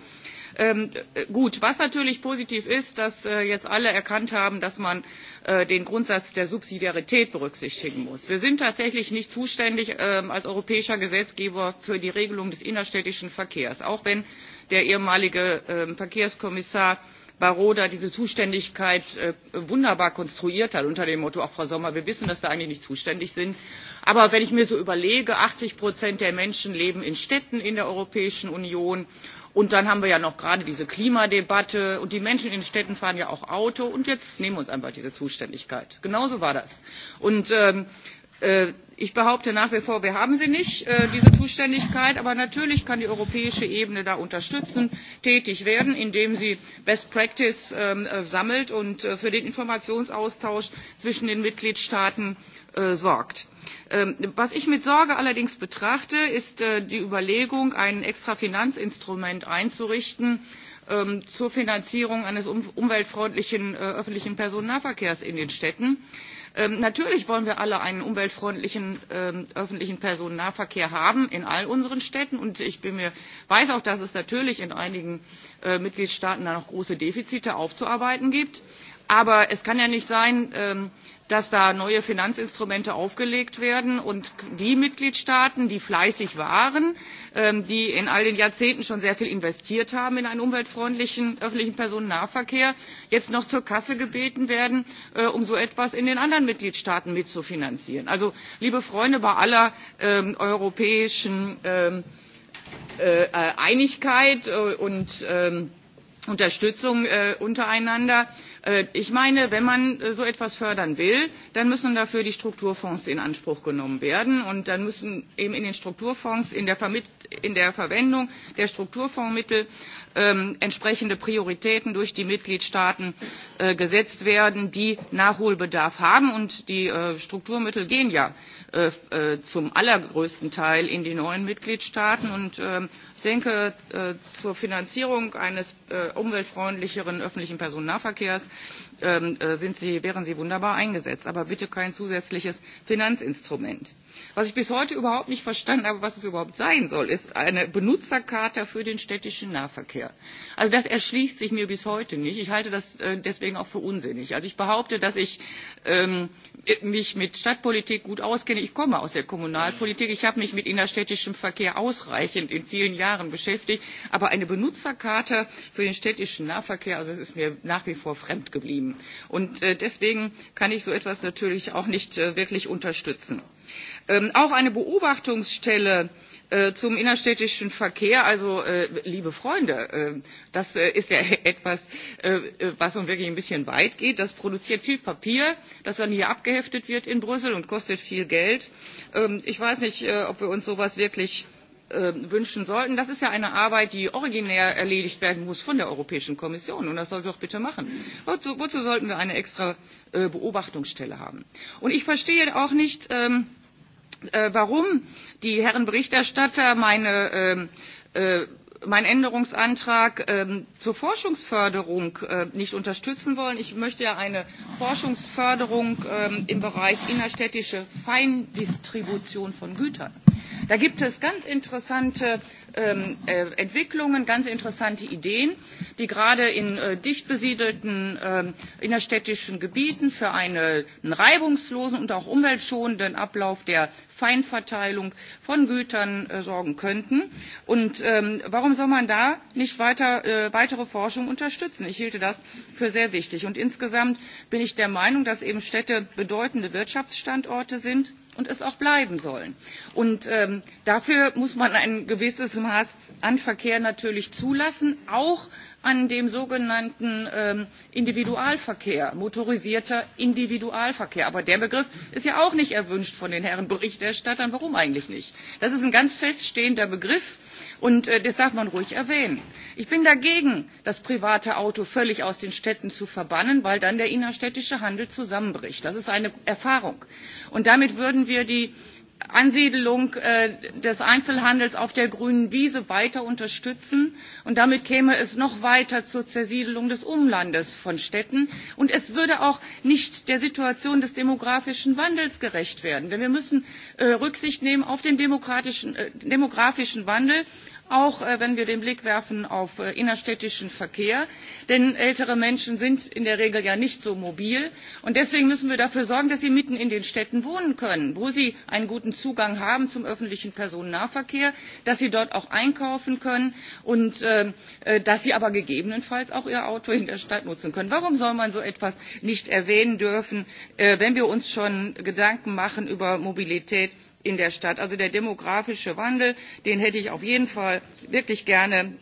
Ähm, gut, was natürlich positiv ist, dass äh, jetzt alle erkannt haben, dass man äh, den Grundsatz der Subsidiarität berücksichtigen muss. Wir sind tatsächlich nicht zuständig äh, als europäischer Gesetzgeber für die Regelung des innerstädtischen Verkehrs, auch wenn der ehemalige äh, Verkehrskommissar barrot da diese zuständigkeit äh, wunderbar konstruiert hat unter dem motto auch frau sommer wir wissen dass wir eigentlich nicht zuständig sind aber wenn ich mir so überlege achtzig der menschen leben in städten in der europäischen union und dann haben wir ja noch gerade diese klimadebatte und die menschen in den städten fahren ja auch auto und jetzt nehmen wir uns einfach diese zuständigkeit. genau so war das. und ähm, äh, ich behaupte nach wie vor wir haben sie nicht äh, diese zuständigkeit aber natürlich kann die europäische ebene da unterstützend tätig werden indem sie best practice ähm, äh, sammelt und für den informationsaustausch zwischen den mitgliedstaaten sorgt. Ähm, was ich mit Sorge allerdings betrachte, ist äh, die Überlegung, ein extra Finanzinstrument einzurichten ähm, zur Finanzierung eines um-, umweltfreundlichen äh, öffentlichen Personennahverkehrs in den Städten. Ähm, natürlich wollen wir alle einen umweltfreundlichen öffentlichen Personennahverkehr haben in all unseren Städten. Und ich bin mir, weiß auch, dass es natürlich in einigen äh, Mitgliedstaaten da noch große Defizite aufzuarbeiten gibt aber es kann ja nicht sein ähm, dass da neue finanzinstrumente aufgelegt werden und die mitgliedstaaten die fleißig waren ähm, die in all den jahrzehnten schon sehr viel investiert haben in einen umweltfreundlichen öffentlichen personennahverkehr jetzt noch zur kasse gebeten werden äh, um so etwas in den anderen mitgliedstaaten mitzufinanzieren. also liebe freunde bei aller ähm, europäischen äh, einigkeit äh, und unterstützung untereinander Äh, ich meine wenn man äh, so etwas fördern will dann müssen dafür die strukturfonds in anspruch genommen werden und dann müssen eben in den strukturfonds in der, Vermitt in der verwendung der strukturfondsmittel ähm, entsprechende prioritäten durch die mitgliedstaaten äh, gesetzt werden die nachholbedarf haben und die äh, strukturmittel gehen ja äh, äh zum allergrößten teil in die neuen mitgliedstaaten und ähm, Ich denke, äh, zur Finanzierung eines äh, umweltfreundlicheren öffentlichen Personennahverkehrs ähm, äh, sind Sie, wären Sie wunderbar eingesetzt, aber bitte kein zusätzliches Finanzinstrument. Was ich bis heute überhaupt nicht verstanden habe, was es überhaupt sein soll, ist eine Benutzerkarte für den städtischen Nahverkehr. Also das erschließt sich mir bis heute nicht. Ich halte das deswegen auch für unsinnig. Also ich behaupte, dass ich ähm, mich mit Stadtpolitik gut auskenne. Ich komme aus der Kommunalpolitik. Ich habe mich mit innerstädtischem Verkehr ausreichend in vielen Jahren Jahren beschäftigt. Aber eine Benutzerkarte für den städtischen Nahverkehr, also das ist mir nach wie vor fremd geblieben. Und äh, deswegen kann ich so etwas natürlich auch nicht äh, wirklich unterstützen. Ähm, auch eine Beobachtungsstelle äh, zum innerstädtischen Verkehr, also äh, liebe Freunde, äh, das äh, ist ja etwas, äh, äh was uns wirklich ein bisschen weit geht. Das produziert viel Papier, das dann hier abgeheftet wird in Brüssel und kostet viel Geld. Ähm, ich weiß nicht, äh, ob wir uns sowas wirklich äh, Äh, wünschen sollten. das ist ja eine arbeit die originär erledigt werden muss von der europäischen kommission und das soll sie auch bitte machen. wozu, wozu sollten wir eine extra äh, beobachtungsstelle haben? und ich verstehe auch nicht ähm, äh, warum die herren berichterstatter meine ähm, meinen Änderungsantrag ähm, zur Forschungsförderung äh, nicht unterstützen wollen. Ich möchte ja eine Forschungsförderung ähm, im Bereich innerstädtische Feindistribution von Gütern. Da gibt es ganz interessante ähm, äh, Entwicklungen, ganz interessante Ideen, die gerade in äh, dicht besiedelten äh, innerstädtischen Gebieten für eine, einen reibungslosen und auch umweltschonenden Ablauf der Feinverteilung von Gütern äh, sorgen könnten. Und ähm, warum soll man da nicht weiter, äh, weitere Forschung unterstützen? Ich hielte das für sehr wichtig. Und insgesamt bin ich der Meinung, dass eben Städte bedeutende Wirtschaftsstandorte sind und es auch bleiben sollen. Und ähm, dafür muss man ein gewisses Maß an Verkehr natürlich zulassen, auch an dem sogenannten ähm, Individualverkehr, motorisierter Individualverkehr. Aber der Begriff ist ja auch nicht erwünscht von den Herren Berichterstattern. Warum eigentlich nicht? Das ist ein ganz feststehender Begriff und äh, das darf man ruhig erwähnen. Ich bin dagegen, das private Auto völlig aus den Städten zu verbannen, weil dann der innerstädtische Handel zusammenbricht. Das ist eine Erfahrung. Und damit würden wir die Ansiedelung äh, des Einzelhandels auf der grünen Wiese weiter unterstützen. Und damit käme es noch weiter zur Zersiedelung des Umlandes von Städten. Und es würde auch nicht der Situation des demografischen Wandels gerecht werden. Denn wir müssen äh, Rücksicht nehmen auf den demokratischen, äh, demografischen Wandel auch äh, wenn wir den blick werfen auf äh, innerstädtischen verkehr denn ältere menschen sind in der regel ja nicht so mobil und deswegen müssen wir dafür sorgen dass sie mitten in den städten wohnen können wo sie einen guten zugang haben zum öffentlichen personennahverkehr dass sie dort auch einkaufen können und ähm, äh, dass sie aber gegebenenfalls auch ihr auto in der stadt nutzen können. warum soll man so etwas nicht erwähnen dürfen wenn wir uns schon gedanken machen über mobilität in der Stadt. Also der demografische Wandel, den hätte ich auf jeden Fall wirklich gerne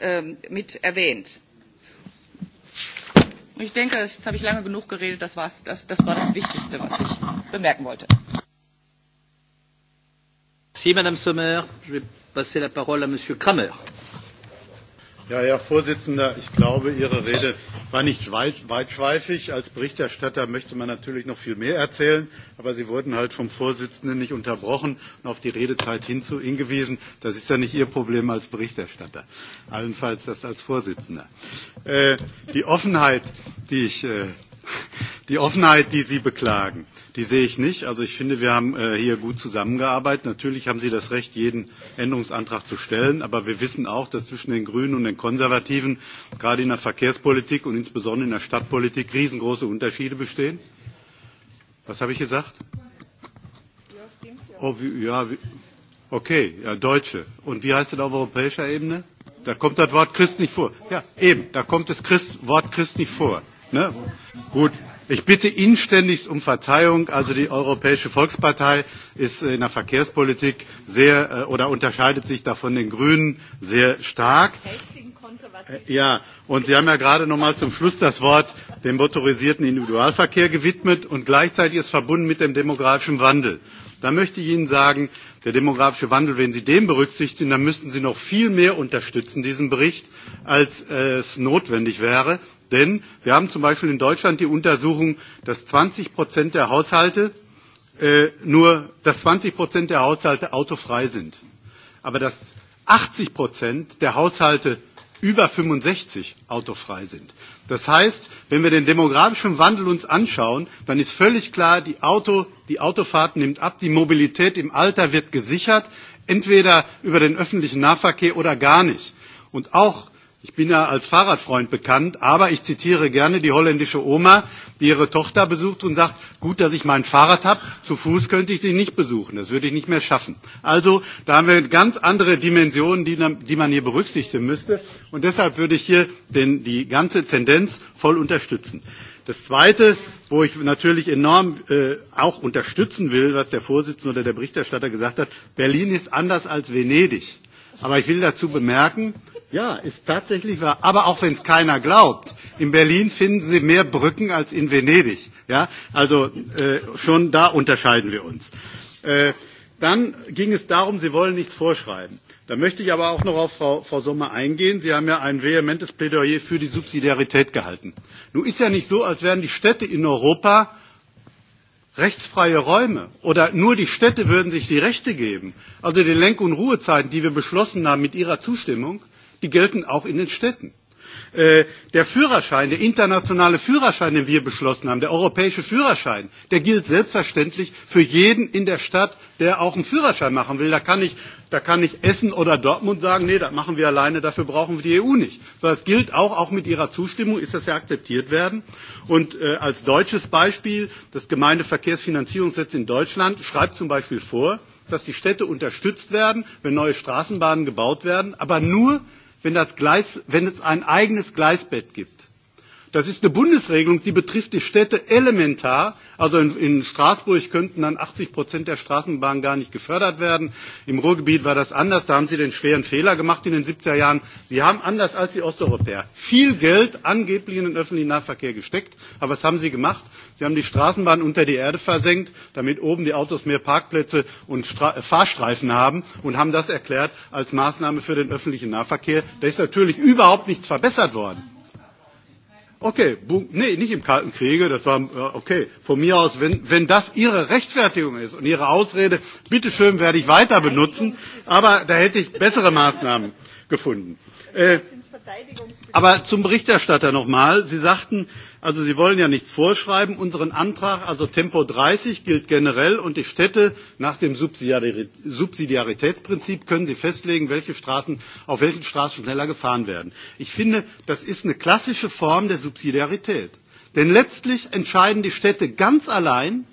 ähm, mit erwähnt. Und ich denke, jetzt habe ich lange genug geredet. Das, war's, das, das war das Wichtigste, was ich bemerken wollte. Merci, Madame Sommer. Je vais passer la parole à Monsieur Kramer. Ja, Herr Vorsitzender, ich glaube, Ihre Rede war nicht weitschweifig. Als Berichterstatter möchte man natürlich noch viel mehr erzählen, aber Sie wurden halt vom Vorsitzenden nicht unterbrochen und auf die Redezeit hingewiesen. Das ist ja nicht Ihr Problem als Berichterstatter, allenfalls das als Vorsitzender. Äh, die Offenheit, die ich äh, Die Offenheit, die Sie beklagen, die sehe ich nicht. Also ich finde, wir haben äh, hier gut zusammengearbeitet. Natürlich haben Sie das Recht, jeden Änderungsantrag zu stellen. Aber wir wissen auch, dass zwischen den Grünen und den Konservativen gerade in der Verkehrspolitik und insbesondere in der Stadtpolitik riesengroße Unterschiede bestehen. Was habe ich gesagt? Oh, wie, ja, wie, okay, ja, Deutsche. Und wie heißt es auf europäischer Ebene? Da kommt das Wort Christ nicht vor. Ja, eben, da kommt das Christ, Wort Christ nicht vor. Ne? Gut, ich bitte inständigst um Verzeihung. Also die Europäische Volkspartei ist äh, in der Verkehrspolitik sehr äh, oder unterscheidet sich davon den Grünen sehr stark. Ja, und Sie haben ja gerade noch mal zum Schluss das Wort dem motorisierten Individualverkehr gewidmet und gleichzeitig ist verbunden mit dem demografischen Wandel. Da möchte ich Ihnen sagen, der demografische Wandel, wenn Sie den berücksichtigen, dann müssten Sie noch viel mehr unterstützen, diesen Bericht, als äh, es notwendig wäre. Denn wir haben zum Beispiel in Deutschland die Untersuchung, dass 20 Prozent der Haushalte äh, nur, dass 20 Prozent der Haushalte autofrei sind. Aber dass 80 Prozent der Haushalte über 65 autofrei sind. Das heißt, wenn wir den demografischen Wandel uns anschauen, dann ist völlig klar, die, Auto, die Autofahrt nimmt ab, die Mobilität im Alter wird gesichert, entweder über den öffentlichen Nahverkehr oder gar nicht. Und auch Ich bin ja als Fahrradfreund bekannt, aber ich zitiere gerne die holländische Oma, die ihre Tochter besucht und sagt, gut, dass ich mein Fahrrad habe, zu Fuß könnte ich dich nicht besuchen, das würde ich nicht mehr schaffen. Also da haben wir ganz andere Dimensionen, die, die man hier berücksichtigen müsste. Und deshalb würde ich hier den, die ganze Tendenz voll unterstützen. Das Zweite, wo ich natürlich enorm äh, auch unterstützen will, was der Vorsitzende oder der Berichterstatter gesagt hat, Berlin ist anders als Venedig. Aber ich will dazu bemerken, Ja, ist tatsächlich wahr. Aber auch wenn es keiner glaubt, in Berlin finden Sie mehr Brücken als in Venedig. Ja, also äh, schon da unterscheiden wir uns. Äh, dann ging es darum, Sie wollen nichts vorschreiben. Da möchte ich aber auch noch auf Frau, Frau Sommer eingehen. Sie haben ja ein vehementes Plädoyer für die Subsidiarität gehalten. Nun ist ja nicht so, als wären die Städte in Europa rechtsfreie Räume oder nur die Städte würden sich die Rechte geben. Also die Lenk- und Ruhezeiten, die wir beschlossen haben mit Ihrer Zustimmung, Die gelten auch in den Städten. Äh, der Führerschein, der internationale Führerschein, den wir beschlossen haben, der europäische Führerschein, der gilt selbstverständlich für jeden in der Stadt, der auch einen Führerschein machen will. Da kann ich, da kann ich Essen oder Dortmund sagen, nee, das machen wir alleine, dafür brauchen wir die EU nicht. Sondern es gilt auch, auch mit ihrer Zustimmung ist das ja akzeptiert werden. Und äh, als deutsches Beispiel, das Gemeindeverkehrsfinanzierungsgesetz in Deutschland schreibt zum Beispiel vor, dass die Städte unterstützt werden, wenn neue Straßenbahnen gebaut werden, aber nur, wenn, das Gleis, wenn es ein eigenes Gleisbett gibt. Das ist eine Bundesregelung, die betrifft die Städte elementar. Also in, in Straßburg könnten dann 80 Prozent der Straßenbahnen gar nicht gefördert werden. Im Ruhrgebiet war das anders. Da haben Sie den schweren Fehler gemacht in den 70er Jahren. Sie haben anders als die Osteuropäer viel Geld angeblich in den öffentlichen Nahverkehr gesteckt. Aber was haben Sie gemacht? Sie haben die Straßenbahn unter die Erde versenkt, damit oben die Autos mehr Parkplätze und Stra äh, Fahrstreifen haben und haben das erklärt als Maßnahme für den öffentlichen Nahverkehr. Da ist natürlich überhaupt nichts verbessert worden. Okay, Boom, nee, nicht im Kalten Kriege, das war, äh, okay, von mir aus, wenn, wenn das Ihre Rechtfertigung ist und Ihre Ausrede, bitteschön werde ich weiter benutzen, aber da hätte ich bessere Maßnahmen gefunden. Äh, aber zum Berichterstatter nochmal. Sie sagten, also Sie wollen ja nichts vorschreiben. Unseren Antrag, also Tempo 30, gilt generell und die Städte nach dem Subsidiaritätsprinzip können sie festlegen, welche Straßen, auf welchen Straßen schneller gefahren werden. Ich finde, das ist eine klassische Form der Subsidiarität. Denn letztlich entscheiden die Städte ganz allein,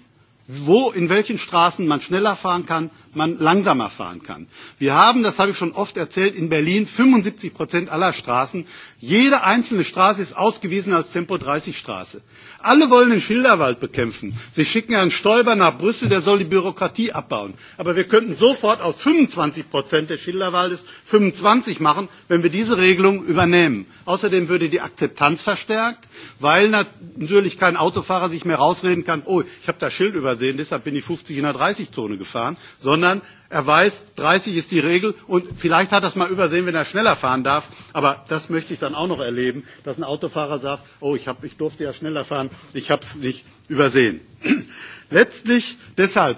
wo, in welchen Straßen man schneller fahren kann, man langsamer fahren kann. Wir haben, das habe ich schon oft erzählt, in Berlin 75 Prozent aller Straßen. Jede einzelne Straße ist ausgewiesen als Tempo 30 Straße. Alle wollen den Schilderwald bekämpfen. Sie schicken Herrn Stoiber nach Brüssel, der soll die Bürokratie abbauen. Aber wir könnten sofort aus 25 Prozent des Schilderwaldes 25 machen, wenn wir diese Regelung übernehmen. Außerdem würde die Akzeptanz verstärkt, weil natürlich kein Autofahrer sich mehr rausreden kann, oh, ich habe das Schild übersehen, deshalb bin ich 50 in der 30-Zone gefahren, sondern Er weiß, 30 ist die Regel und vielleicht hat er es mal übersehen, wenn er schneller fahren darf. Aber das möchte ich dann auch noch erleben, dass ein Autofahrer sagt, oh, ich, hab, ich durfte ja schneller fahren, ich habe es nicht übersehen. Letztlich deshalb,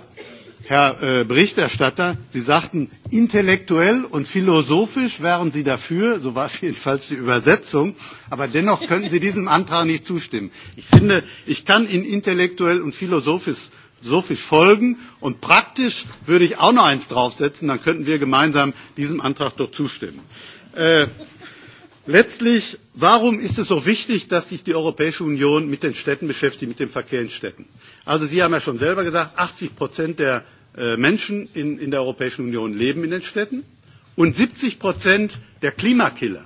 Herr äh, Berichterstatter, Sie sagten, intellektuell und philosophisch wären Sie dafür, so war es jedenfalls die Übersetzung, aber dennoch könnten Sie diesem Antrag nicht zustimmen. Ich finde, ich kann in intellektuell und philosophisch so viel folgen. Und praktisch würde ich auch noch eins draufsetzen, dann könnten wir gemeinsam diesem Antrag doch zustimmen. Äh, letztlich, warum ist es so wichtig, dass sich die Europäische Union mit den Städten beschäftigt, mit dem Verkehr in Städten? Also Sie haben ja schon selber gesagt, 80 Prozent der äh, Menschen in, in der Europäischen Union leben in den Städten und 70 Prozent der Klimakiller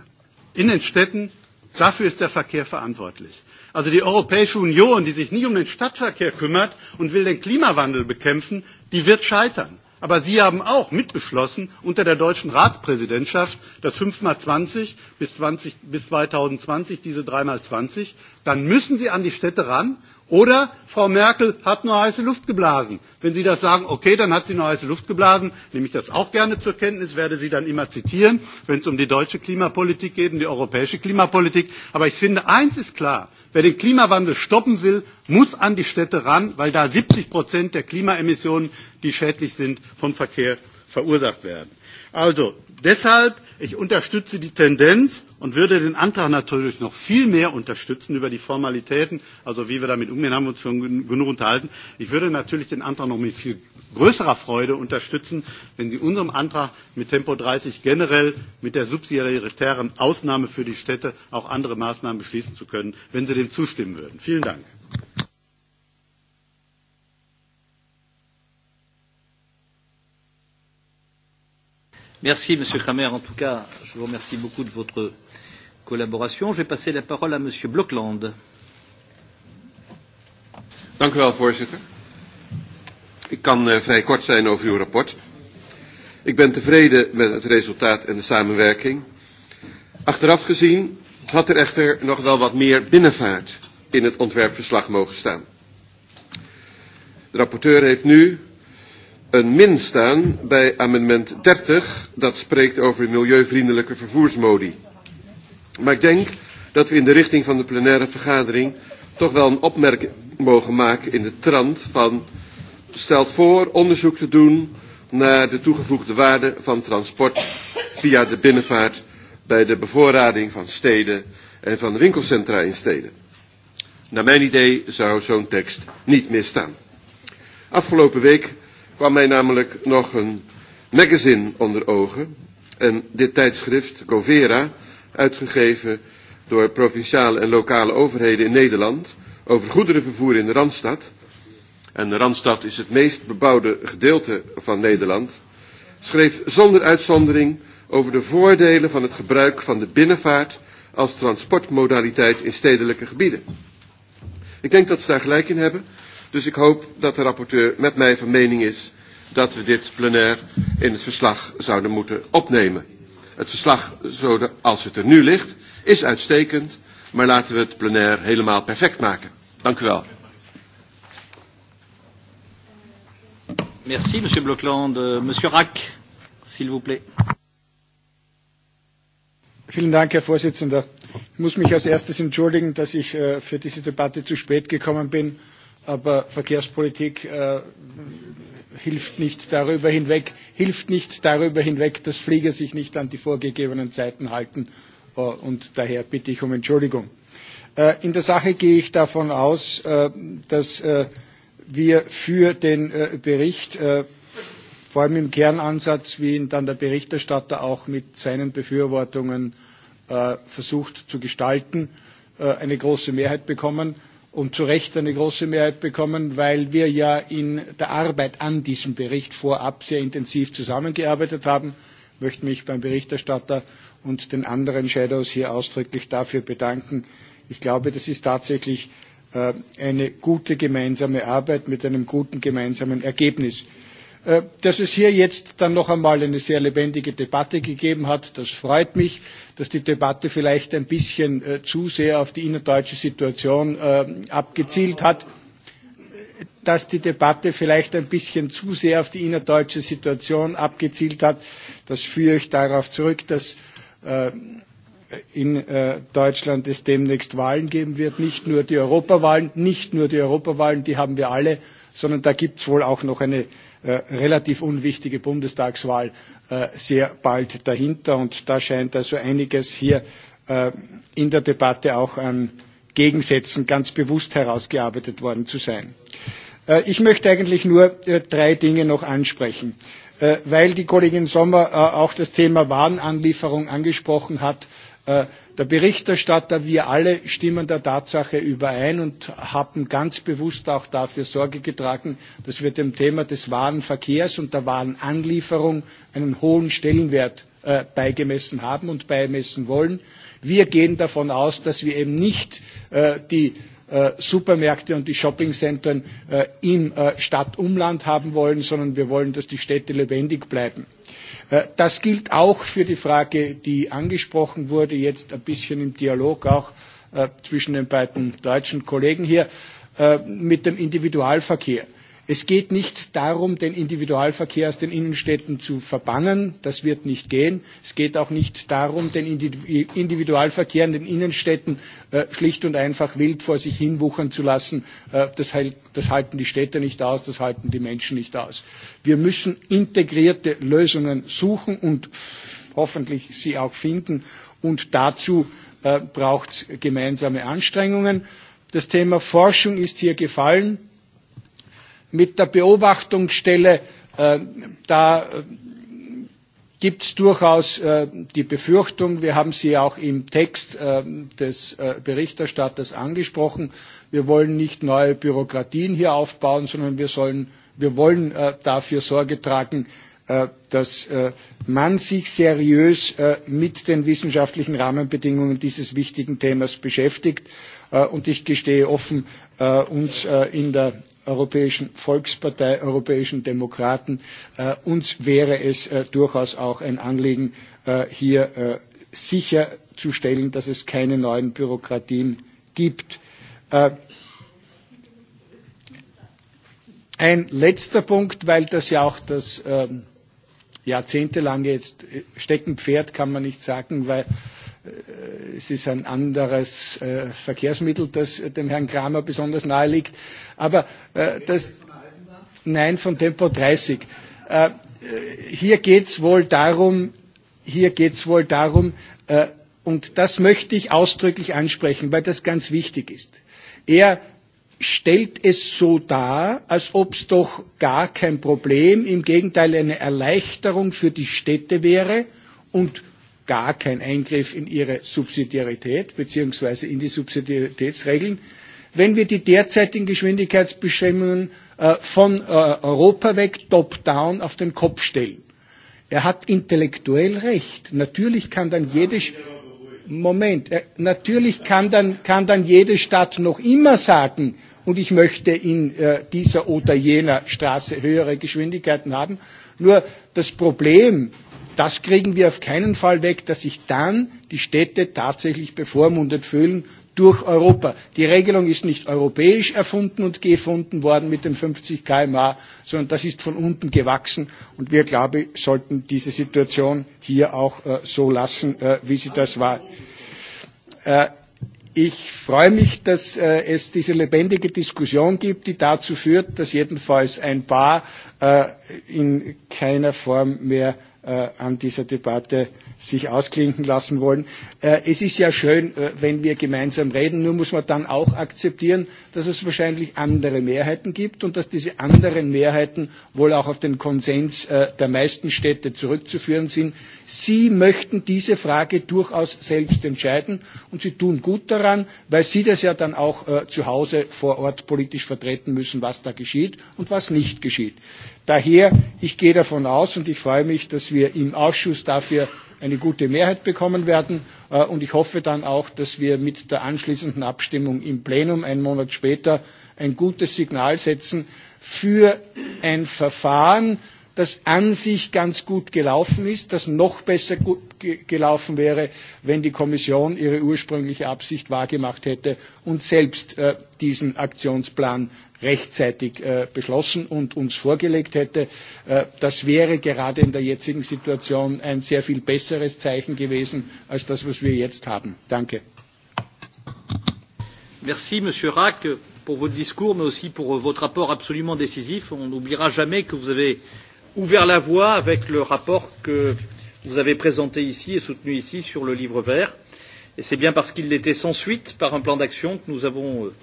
in den Städten, dafür ist der Verkehr verantwortlich. Also die Europäische Union, die sich nie um den Stadtverkehr kümmert und will den Klimawandel bekämpfen, die wird scheitern. Aber Sie haben auch mitbeschlossen unter der deutschen Ratspräsidentschaft, dass 5 mal 20 bis, 20 bis 2020 diese 3 mal 20, dann müssen Sie an die Städte ran. Oder Frau Merkel hat nur heiße Luft geblasen. Wenn Sie das sagen, okay, dann hat sie nur heiße Luft geblasen, nehme ich das auch gerne zur Kenntnis, werde sie dann immer zitieren, wenn es um die deutsche Klimapolitik geht, um die europäische Klimapolitik. Aber ich finde, eins ist klar, Wer den Klimawandel stoppen will, muss an die Städte ran, weil da 70 Prozent der Klimaemissionen, die schädlich sind, vom Verkehr verursacht werden. Also deshalb Ich unterstütze die Tendenz und würde den Antrag natürlich noch viel mehr unterstützen über die Formalitäten, also wie wir damit umgehen, haben wir uns schon genug unterhalten. Ich würde natürlich den Antrag noch mit viel größerer Freude unterstützen, wenn Sie unserem Antrag mit Tempo 30 generell mit der subsidiären Ausnahme für die Städte auch andere Maßnahmen beschließen zu können, wenn Sie dem zustimmen würden. Vielen Dank. Merci, Monsieur Kramer. En tout cas, je vous remercie beaucoup de votre collaboration. Je vais passer la parole à Monsieur Blokland. Dank u wel, voorzitter. Ik kan uh, vrij kort zijn over uw rapport. Ik ben tevreden met het resultaat en de samenwerking. Achteraf gezien had er echter nog wel wat meer binnenvaart in het ontwerpverslag mogen staan. De rapporteur heeft nu een min staan bij amendement 30, dat spreekt over milieuvriendelijke vervoersmodi. Maar ik denk dat we in de richting van de plenaire vergadering toch wel een opmerking mogen maken in de trant van stelt voor onderzoek te doen naar de toegevoegde waarde van transport via de binnenvaart bij de bevoorrading van steden en van winkelcentra in steden. Naar mijn idee zou zo'n tekst niet meer staan. Afgelopen week kwam mij namelijk nog een magazine onder ogen. En dit tijdschrift, Govera, uitgegeven door provinciale en lokale overheden in Nederland over goederenvervoer in de Randstad. En de Randstad is het meest bebouwde gedeelte van Nederland. Schreef zonder uitzondering over de voordelen van het gebruik van de binnenvaart als transportmodaliteit in stedelijke gebieden. Ik denk dat ze daar gelijk in hebben Dus ik hoop dat de rapporteur met mij van mening is dat we dit plenair in het verslag zouden moeten opnemen. Het verslag zoals het er nu ligt is uitstekend, maar laten we het plenair helemaal perfect maken. Dank u wel. Merci, Monsieur Blokland. Monsieur Rack, s'il vous plaît. Vielen Dank, Herr Vorsitzender. Ich muss mich als erstes entschuldigen, dass ich äh, für diese Debatte zu spät gekommen bin aber Verkehrspolitik äh, hilft, nicht darüber hinweg, hilft nicht darüber hinweg, dass Flieger sich nicht an die vorgegebenen Zeiten halten. Äh, und daher bitte ich um Entschuldigung. Äh, in der Sache gehe ich davon aus, äh, dass äh, wir für den äh, Bericht äh, vor allem im Kernansatz, wie ihn dann der Berichterstatter auch mit seinen Befürwortungen äh, versucht zu gestalten, äh, eine große Mehrheit bekommen und um zu Recht eine große Mehrheit bekommen, weil wir ja in der Arbeit an diesem Bericht vorab sehr intensiv zusammengearbeitet haben. Ich möchte mich beim Berichterstatter und den anderen Shadows hier ausdrücklich dafür bedanken. Ich glaube, das ist tatsächlich äh, eine gute gemeinsame Arbeit mit einem guten gemeinsamen Ergebnis. Äh, dass es hier jetzt dann noch einmal eine sehr lebendige Debatte gegeben hat. Das freut mich, dass die Debatte vielleicht ein bisschen äh, zu sehr auf die innerdeutsche Situation äh, abgezielt hat dass die Debatte vielleicht ein bisschen zu sehr auf die innerdeutsche Situation abgezielt hat. Das führe ich darauf zurück, dass äh, in äh, Deutschland es demnächst Wahlen geben wird. Nicht nur die Europawahlen, nicht nur die Europawahlen, die haben wir alle, sondern da gibt es wohl auch noch eine äh, relativ unwichtige Bundestagswahl äh, sehr bald dahinter. Und da scheint also einiges hier äh, in der Debatte auch an Gegensätzen ganz bewusst herausgearbeitet worden zu sein. Äh, ich möchte eigentlich nur äh, drei Dinge noch ansprechen. Äh, weil die Kollegin Sommer äh, auch das Thema Warenanlieferung angesprochen hat, äh, Äh, der Berichterstatter, wir alle stimmen der Tatsache überein und haben ganz bewusst auch dafür Sorge getragen, dass wir dem Thema des Warenverkehrs und der Warenanlieferung einen hohen Stellenwert äh, beigemessen haben und beimessen wollen. Wir gehen davon aus, dass wir eben nicht äh, die äh, Supermärkte und die Shoppingcentern äh, im äh, Stadtumland haben wollen, sondern wir wollen, dass die Städte lebendig bleiben. Äh, das gilt auch für die Frage, die angesprochen wurde, jetzt ein bisschen im Dialog auch äh, zwischen den beiden deutschen Kollegen hier, äh, mit dem Individualverkehr. Es geht nicht darum, den Individualverkehr aus den Innenstädten zu verbannen. Das wird nicht gehen. Es geht auch nicht darum, den Individualverkehr in den Innenstädten äh, schlicht und einfach wild vor sich hinwuchern zu lassen. Äh, das, das halten die Städte nicht aus, das halten die Menschen nicht aus. Wir müssen integrierte Lösungen suchen und hoffentlich sie auch finden. Und dazu äh, braucht es gemeinsame Anstrengungen. Das Thema Forschung ist hier gefallen mit der Beobachtungsstelle, äh, da äh, gibt es durchaus äh, die Befürchtung, wir haben sie auch im Text äh, des äh, Berichterstatters angesprochen, wir wollen nicht neue Bürokratien hier aufbauen, sondern wir, sollen, wir wollen äh, dafür Sorge tragen, Äh, dass äh, man sich seriös äh, mit den wissenschaftlichen Rahmenbedingungen dieses wichtigen Themas beschäftigt. Und ich gestehe offen, uns in der Europäischen Volkspartei, Europäischen Demokraten, uns wäre es durchaus auch ein Anliegen, hier sicherzustellen, dass es keine neuen Bürokratien gibt. Ein letzter Punkt, weil das ja auch das ähm, jahrzehntelang jetzt äh, Steckenpferd kann man nicht sagen, weil äh, es ist ein anderes äh, Verkehrsmittel, das äh, dem Herrn Kramer besonders nahe liegt. Aber äh, das, nein, von Tempo 30. Äh, äh, hier geht es wohl darum, hier geht es wohl darum, äh, und das möchte ich ausdrücklich ansprechen, weil das ganz wichtig ist. Er stellt es so dar, als ob es doch gar kein Problem, im Gegenteil eine Erleichterung für die Städte wäre und gar kein Eingriff in ihre Subsidiarität bzw. in die Subsidiaritätsregeln. Wenn wir die derzeitigen Geschwindigkeitsbestimmungen äh, von äh, Europa weg top-down auf den Kopf stellen. Er hat intellektuell recht. Natürlich kann dann jede, Moment, äh, natürlich kann dann, kann dann jede Stadt noch immer sagen, und ich möchte in äh, dieser oder jener Straße höhere Geschwindigkeiten haben. Nur das Problem, das kriegen wir auf keinen Fall weg, dass sich dann die Städte tatsächlich bevormundet fühlen durch Europa. Die Regelung ist nicht europäisch erfunden und gefunden worden mit den 50 kmh, sondern das ist von unten gewachsen. Und wir, glaube ich, sollten diese Situation hier auch äh, so lassen, äh, wie sie das war. Äh, ich freue mich, dass äh, es diese lebendige Diskussion gibt, die dazu führt, dass jedenfalls ein paar äh, in keiner Form mehr äh, an dieser Debatte äh, sich ausklinken lassen wollen. Äh, es ist ja schön, äh, wenn wir gemeinsam reden, nur muss man dann auch akzeptieren, dass es wahrscheinlich andere Mehrheiten gibt und dass diese anderen Mehrheiten wohl auch auf den Konsens äh, der meisten Städte zurückzuführen sind. Sie möchten diese Frage durchaus selbst entscheiden und Sie tun gut daran, weil Sie das ja dann auch äh, zu Hause vor Ort politisch vertreten müssen, was da geschieht und was nicht geschieht. Daher, ich gehe davon aus und ich freue mich, dass wir im Ausschuss dafür eine gute Mehrheit bekommen werden. Äh, und ich hoffe dann auch, dass wir mit der anschließenden Abstimmung im Plenum einen Monat später ein gutes Signal setzen für ein Verfahren, das an sich ganz gut gelaufen ist, das noch besser gut gelaufen wäre, wenn die Kommission ihre ursprüngliche Absicht wahrgemacht hätte und selbst äh, diesen Aktionsplan rechtzeitig äh, beschlossen und uns vorgelegt hätte. Äh, das wäre gerade in der jetzigen Situation ein sehr viel besseres Zeichen gewesen als das, was wir jetzt haben. Danke. Merci, Monsieur Rack, pour votre discours, mais aussi pour euh, votre rapport absolument décisif. On n'oubliera jamais que vous avez ouvert la voie avec le rapport que vous avez présenté ici et soutenu ici sur le livre vert. Et c'est bien parce qu'il l'était sans suite par un plan d'action que nous avons euh,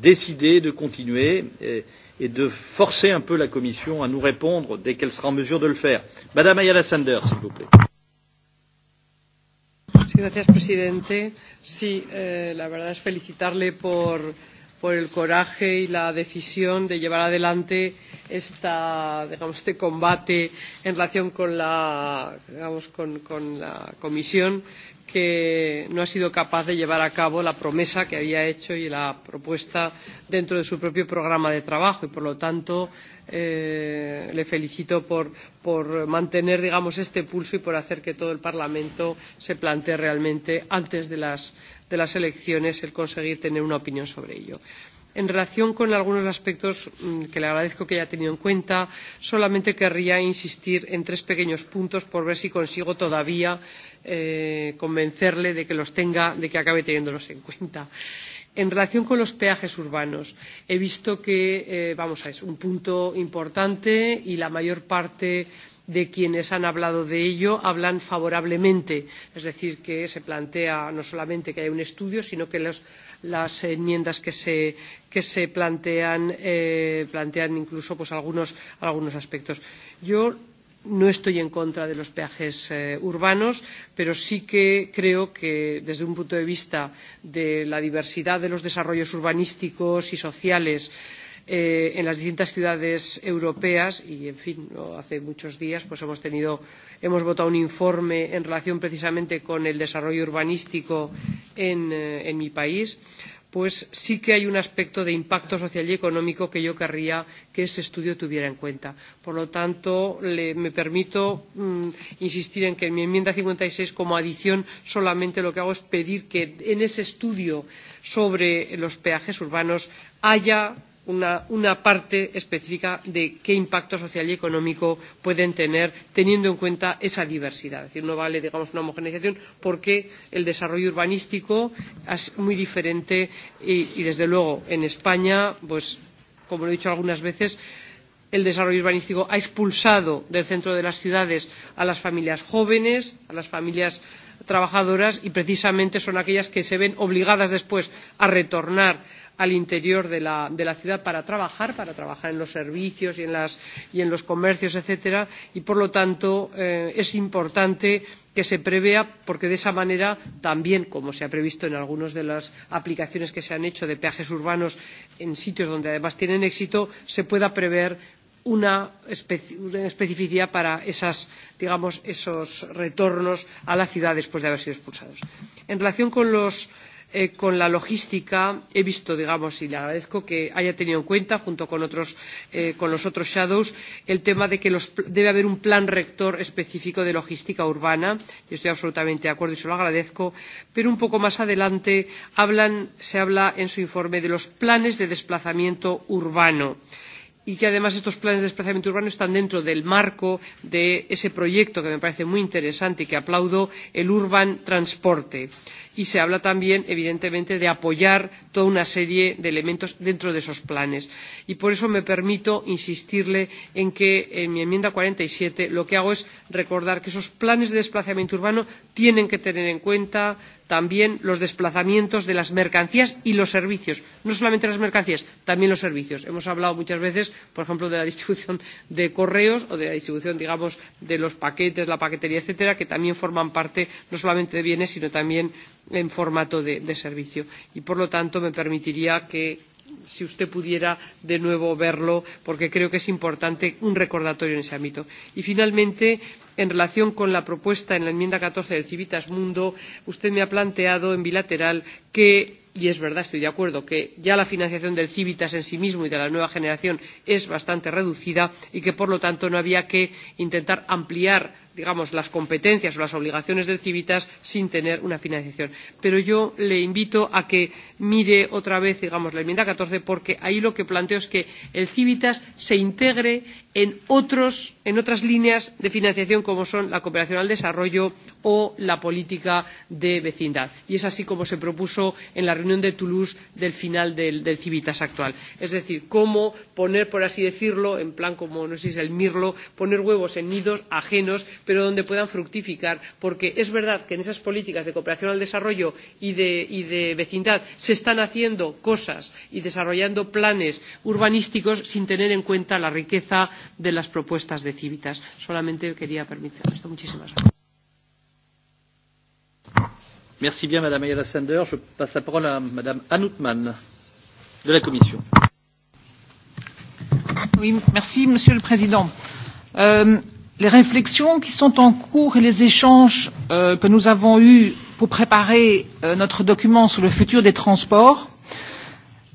décidé de continuer et, et de forcer un peu la Commission à nous répondre dès qu'elle sera en mesure de le faire. Madame Ayala Sander, s'il vous plaît. Sí, gracias, presidente. Sí, eh, la verdad es felicitarle por, por el coraje y la decisión de llevar adelante eh, esta, digamos, este combate en relación con la, digamos, con, con la Comisión, que no ha sido capaz de llevar a cabo la promesa que había hecho y la propuesta dentro de su propio programa de trabajo y por lo tanto eh, le felicito por, por mantener digamos este pulso y por hacer que todo el Parlamento se plantee realmente antes de las, de las elecciones el conseguir tener una opinión sobre ello. Eh, en relación con algunos aspectos mm, que le agradezco que haya tenido en cuenta solamente querría insistir en tres pequeños puntos por ver si consigo todavía eh, convencerle de que los tenga de que acabe teniéndolos en cuenta. En relación con los peajes urbanos, he visto que, eh, vamos a ver, es un punto importante y la mayor parte eh, de quienes han hablado de ello hablan favorablemente es decir que se plantea no solamente que haya un estudio sino que los, las enmiendas que se, que se plantean eh, plantean incluso pues, algunos, algunos aspectos. yo no estoy en contra de los peajes eh, urbanos pero sí que creo que desde un punto de vista de la diversidad de los desarrollos urbanísticos y sociales eh, eh, en las distintas ciudades europeas y en fin ¿no? hace muchos días pues hemos tenido hemos votado un informe en relación precisamente con el desarrollo urbanístico en, eh, en mi país pues sí que hay un aspecto de impacto social y económico que yo querría que ese estudio tuviera en cuenta. Por lo tanto, le, me permito mmm, insistir en que en mi enmienda 56, como adición, solamente lo que hago es pedir que en ese estudio sobre los peajes urbanos haya una, una parte específica de qué impacto social y económico pueden tener teniendo en cuenta esa diversidad. Es decir, no vale, digamos, una homogeneización porque el desarrollo urbanístico es muy diferente y, y desde luego, en España, pues, como lo he dicho algunas veces, el desarrollo urbanístico ha expulsado del centro de las ciudades a las familias jóvenes, a las familias trabajadoras y precisamente son aquellas que se ven obligadas después a retornar al interior de la, de la ciudad para trabajar, para trabajar en los servicios y en, las, y en los comercios, etcétera, y por lo tanto eh, es importante que se prevea porque de esa manera también como se ha previsto en algunas de las aplicaciones que se han hecho de peajes urbanos en sitios donde además tienen éxito se pueda prever una, especi una especificidad para esas, digamos, esos retornos a la ciudad después de haber sido expulsados. En relación con los eh, con la logística he visto, digamos, y le agradezco que haya tenido en cuenta, junto con, otros, eh, con los otros shadows, el tema de que los, debe haber un plan rector específico de logística urbana. Yo estoy absolutamente de acuerdo y se lo agradezco. Pero un poco más adelante hablan, se habla en su informe de los planes de desplazamiento urbano y que además estos planes de desplazamiento urbano están dentro del marco de ese proyecto que me parece muy interesante y que aplaudo el urban transporte. Eh, y se habla también evidentemente de apoyar toda una serie de elementos dentro de esos planes y por eso me permito insistirle en que en mi enmienda cuarenta y siete lo que hago es recordar que esos planes de desplazamiento urbano tienen que tener en cuenta también los desplazamientos de las mercancías y los servicios no solamente las mercancías también los servicios hemos hablado muchas veces por ejemplo de la distribución de correos o de la distribución digamos de los paquetes la paquetería etcétera que también forman parte no solamente de bienes sino también en formato de, de servicio. Y, por lo tanto, me permitiría que si usted pudiera de nuevo verlo, porque creo que es importante un recordatorio en ese ámbito. Y finalmente, en relación con la propuesta en la enmienda 14 del Civitas Mundo, usted me ha planteado en bilateral que, y es verdad, estoy de acuerdo, que ya la financiación del Civitas en sí mismo y de la nueva generación es bastante reducida y que, por lo tanto, no había que intentar ampliar digamos, las competencias o las obligaciones del Civitas sin tener una financiación. Pero yo le invito a que mire otra vez, digamos, la enmienda 14, porque ahí lo que planteo es que el Civitas se integre en, otros, en otras líneas de financiación como son la cooperación al desarrollo o la política de vecindad. Y es así como se propuso en la reunión de Toulouse del final del, del Civitas actual. Es decir, cómo poner, por así decirlo, en plan como, no sé si es el mirlo, poner huevos en nidos ajenos pero donde puedan fructificar porque es verdad que en esas políticas de cooperación al desarrollo y de, y de vecindad se están haciendo cosas y desarrollando planes urbanísticos sin tener en cuenta la riqueza de las propuestas de Civitas. Solamente quería permitirme esto. Muchísimas gracias. Merci bien, Madame Ayala Sander. Je passe la parole à Madame Anoutman de la Commission. Oui, merci, Monsieur le Président. Euh, les réflexions qui sont en cours et les échanges euh, que nous avons eus pour préparer euh, notre document sur le futur des transports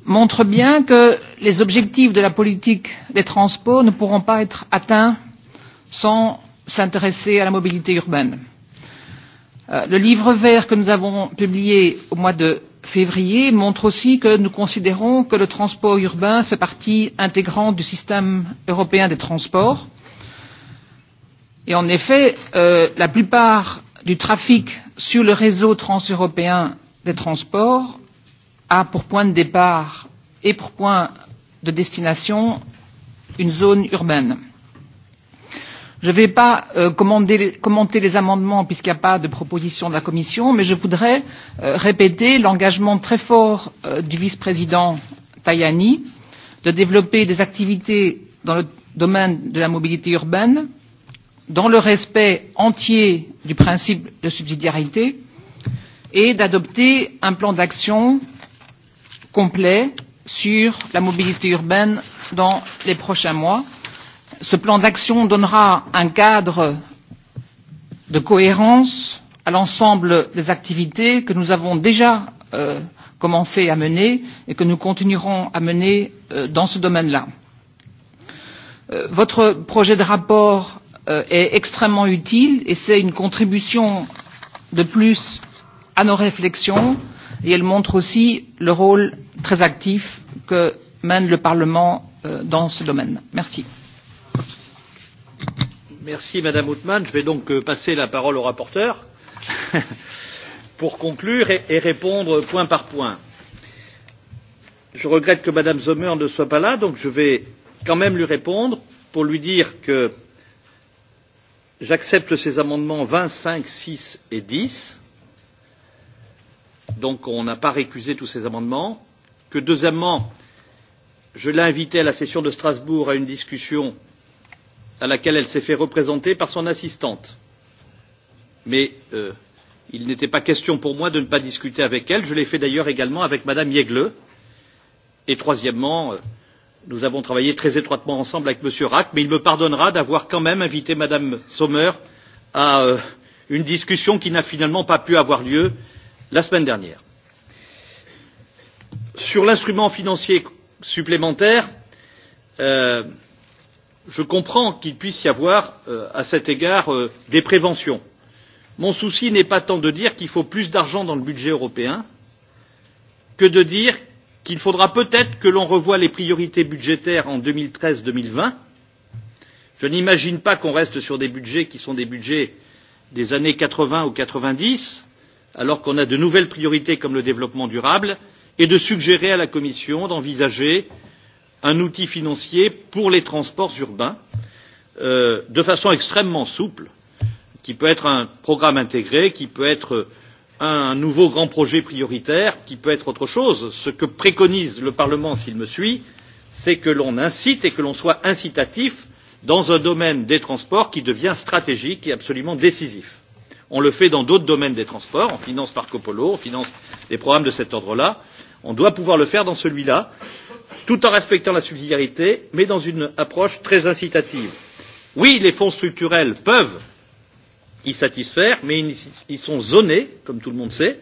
montrent bien que les objectifs de la politique des transports ne pourront pas être atteints sans s'intéresser à la mobilité urbaine. Euh, le livre vert que nous avons publié au mois de février montre aussi que nous considérons que le transport urbain fait partie intégrante du système européen des transports. Euh, Et en effet, euh, la plupart du trafic sur le réseau transeuropéen des transports a pour point de départ et pour point de destination une zone urbaine. Je ne vais pas euh, commander, commenter les amendements puisqu'il n'y a pas de proposition de la Commission, mais je voudrais euh, répéter l'engagement très fort euh, du vice-président Tajani de développer des activités dans le domaine de la mobilité urbaine dans le respect entier du principe de subsidiarité et d'adopter un plan d'action complet sur la mobilité urbaine dans les prochains mois. Ce plan d'action donnera un cadre de cohérence à l'ensemble des activités que nous avons déjà euh, commencé à mener et que nous continuerons à mener euh, dans ce domaine là. Euh, votre projet de rapport euh, est extrêmement utile et c'est une contribution de plus à nos réflexions et elle montre aussi le rôle très actif que mène le Parlement euh, dans ce domaine. Merci. Merci Madame Houtman. Je vais donc euh, passer la parole au rapporteur pour conclure et, et répondre point par point. Je regrette que Madame Sommer ne soit pas là, donc je vais quand même lui répondre pour lui dire que euh, j'accepte ces amendements vingt cinq six et dix donc on n'a pas récusé tous ces amendements que deuxièmement je l'ai invitée à la session de strasbourg à une discussion à laquelle elle s'est fait représenter par son assistante mais euh, il n'était pas question pour moi de ne pas discuter avec elle je l'ai fait d'ailleurs également avec mme jeggle et troisièmement euh, nous avons travaillé très étroitement ensemble avec M. Rack, mais il me pardonnera d'avoir quand même invité Mme Sommer à euh, une discussion qui n'a finalement pas pu avoir lieu la semaine dernière. Sur l'instrument financier supplémentaire, euh, je comprends qu'il puisse y avoir, euh, à cet égard, euh, des préventions. Mon souci n'est pas tant de dire qu'il faut plus d'argent dans le budget européen que de dire qu'il faudra peut-être que l'on revoie les priorités budgétaires en 2013-2020. Je n'imagine pas qu'on reste sur des budgets qui sont des budgets des années 80 ou 90, alors qu'on a de nouvelles priorités comme le développement durable, et de suggérer à la Commission d'envisager un outil financier pour les transports urbains euh, de façon extrêmement souple, qui peut être un programme intégré, qui peut être un nouveau grand projet prioritaire qui peut être autre chose. Ce que préconise le Parlement, s'il me suit, c'est que l'on incite et que l'on soit incitatif dans un domaine des transports qui devient stratégique et absolument décisif. On le fait dans d'autres domaines des transports, on finance Marco Polo, on finance des programmes de cet ordre-là. On doit pouvoir le faire dans celui-là, tout en respectant la subsidiarité, mais dans une approche très incitative. Oui, les fonds structurels peuvent y satisfaire, mais ils, ils sont zonés, comme tout le monde sait,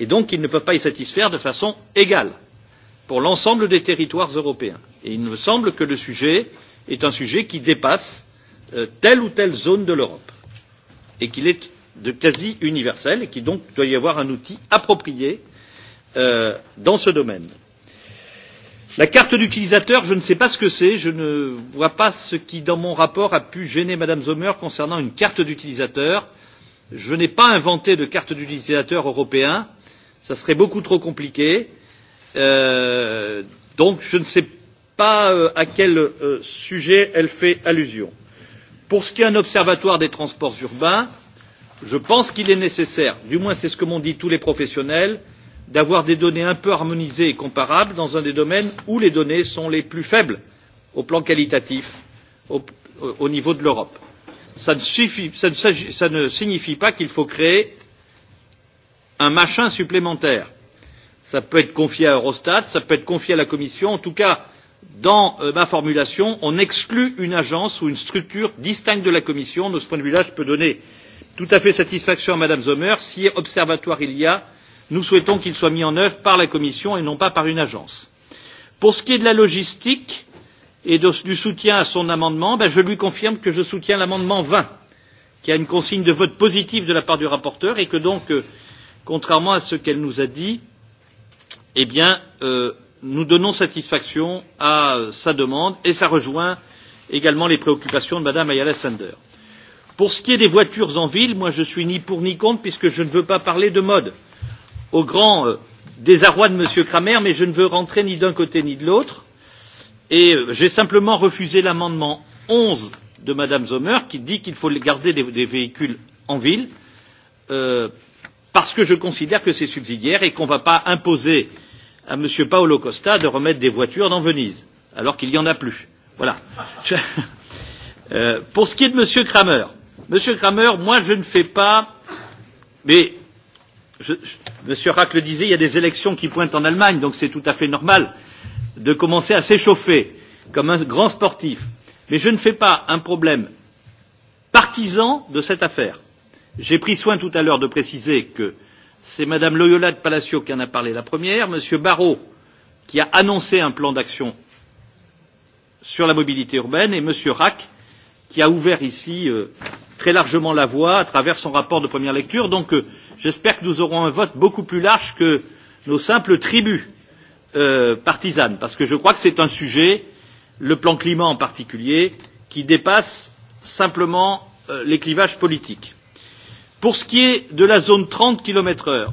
et donc ils ne peuvent pas y satisfaire de façon égale pour l'ensemble des territoires européens. Et il me semble que le sujet est un sujet qui dépasse euh, telle ou telle zone de l'Europe et qu'il est de quasi universel et qu'il donc doit y avoir un outil approprié euh, dans ce domaine. La carte d'utilisateur, je ne sais pas ce que c'est, je ne vois pas ce qui, dans mon rapport, a pu gêner Madame Sommer concernant une carte d'utilisateur. Je n'ai pas inventé de carte d'utilisateur européen, ça serait beaucoup trop compliqué. Euh, donc je ne sais pas euh, à quel euh, sujet elle fait allusion. Pour ce qui est un observatoire des transports urbains, je pense qu'il est nécessaire, du moins c'est ce que m'ont dit tous les professionnels, euh, d'avoir des données un peu harmonisées et comparables dans un des domaines où les données sont les plus faibles au plan qualitatif au, au niveau de l'Europe. Ça ne, suffit, ça, ne, ça ne signifie pas qu'il faut créer un machin supplémentaire. Ça peut être confié à Eurostat, ça peut être confié à la Commission. En tout cas, dans euh, ma formulation, on exclut une agence ou une structure distincte de la Commission. De ce point de vue-là, je peux donner tout à fait satisfaction à Madame Sommer. Si observatoire il y a, euh, Nous souhaitons qu'il soit mis en œuvre par la Commission et non pas par une agence. Pour ce qui est de la logistique et de, du soutien à son amendement, ben je lui confirme que je soutiens l'amendement 20, qui a une consigne de vote positive de la part du rapporteur et que donc, euh, contrairement à ce qu'elle nous a dit, eh bien, euh, nous donnons satisfaction à euh, sa demande et ça rejoint également les préoccupations de Madame Ayala Sander. Pour ce qui est des voitures en ville, moi je suis ni pour ni contre puisque je ne veux pas parler de mode. Euh, au grand euh, désarroi de M. Kramer, mais je ne veux rentrer ni d'un côté ni de l'autre. Et euh, j'ai simplement refusé l'amendement 11 de Mme Sommer qui dit qu'il faut garder des, des véhicules en ville euh, parce que je considère que c'est subsidiaire et qu'on ne va pas imposer à M. Paolo Costa de remettre des voitures dans Venise alors qu'il n'y en a plus. Voilà. Je... Euh, pour ce qui est de M. Kramer, M. Kramer, moi je ne fais pas, mais je, Monsieur Rack le disait, il y a des élections qui pointent en Allemagne, donc c'est tout à fait normal de commencer à s'échauffer comme un grand sportif. Mais je ne fais pas un problème partisan de cette affaire. J'ai pris soin tout à l'heure de préciser que c'est Madame Loyola de Palacio qui en a parlé la première, Monsieur Barrot qui a annoncé un plan d'action sur la mobilité urbaine et Monsieur Rack qui a ouvert ici euh, très largement la voie à travers son rapport de première lecture. Donc euh, J'espère que nous aurons un vote beaucoup plus large que nos simples tribus euh, partisanes, parce que je crois que c'est un sujet, le plan climat en particulier, qui dépasse simplement euh, les clivages politiques. Pour ce qui est de la zone 30 km heure,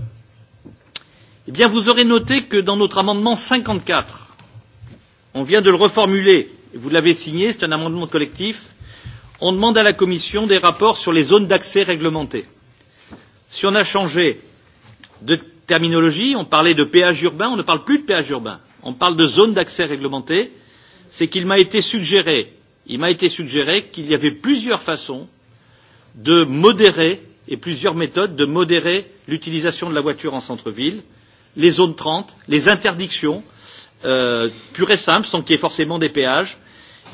eh bien vous aurez noté que dans notre amendement 54, on vient de le reformuler, vous l'avez signé, c'est un amendement collectif, on demande à la Commission des rapports sur les zones d'accès réglementées si on a changé de terminologie, on parlait de péage urbain, on ne parle plus de péage urbain, on parle de zone d'accès réglementée, c'est qu'il m'a été suggéré, il m'a été suggéré qu'il y avait plusieurs façons de modérer et plusieurs méthodes de modérer l'utilisation de la voiture en centre-ville, les zones 30, les interdictions, euh, pures et simples, sans qu'il y ait forcément des péages,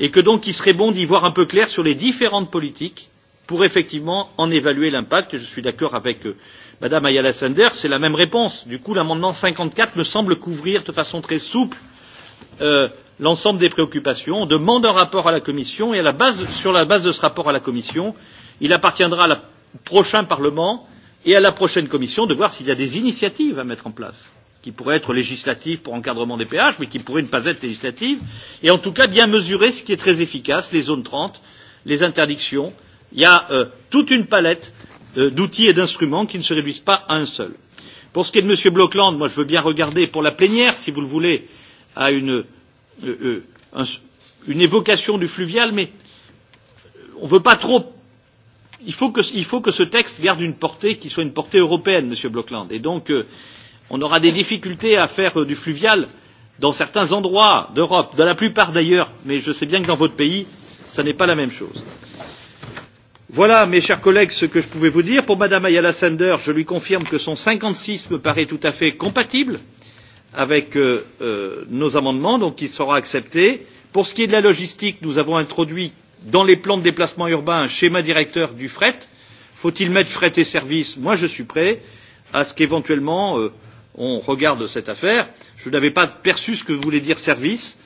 et que donc il serait bon d'y voir un peu clair sur les différentes politiques pour effectivement en évaluer l'impact. Je suis d'accord avec euh, Madame Ayala Sender, c'est la même réponse. Du coup, l'amendement 54 me semble couvrir de façon très souple euh, l'ensemble des préoccupations. On demande un rapport à la Commission et à la base, sur la base de ce rapport à la Commission, il appartiendra au prochain Parlement et à la prochaine Commission de voir s'il y a des initiatives à mettre en place qui pourraient être législatives pour encadrement des péages, mais qui pourraient ne pas être législatives, et en tout cas bien mesurer ce qui est très efficace, les zones 30, les interdictions, euh, il y a euh, toute une palette euh, d'outils et d'instruments qui ne se réduisent pas à un seul. Pour ce qui est de M. Blockland, moi je veux bien regarder pour la plénière, si vous le voulez, à une, euh, euh, un, une évocation du fluvial, mais on ne veut pas trop. Il faut, que, il faut que ce texte garde une portée qui soit une portée européenne, Monsieur Blockland. Et donc, euh, on aura des difficultés à faire euh, du fluvial dans certains endroits d'Europe, dans la plupart d'ailleurs, mais je sais bien que dans votre pays, ça n'est pas la même chose. Voilà, mes chers collègues, ce que je pouvais vous dire. Pour Madame Ayala Sender, je lui confirme que son 56 me paraît tout à fait compatible avec euh, euh, nos amendements, donc il sera accepté. Pour ce qui est de la logistique, nous avons introduit dans les plans de déplacement urbain un schéma directeur du fret. Faut-il mettre fret et service Moi, je suis prêt à ce qu'éventuellement euh, on regarde cette affaire. Je n'avais pas perçu ce que voulait dire service,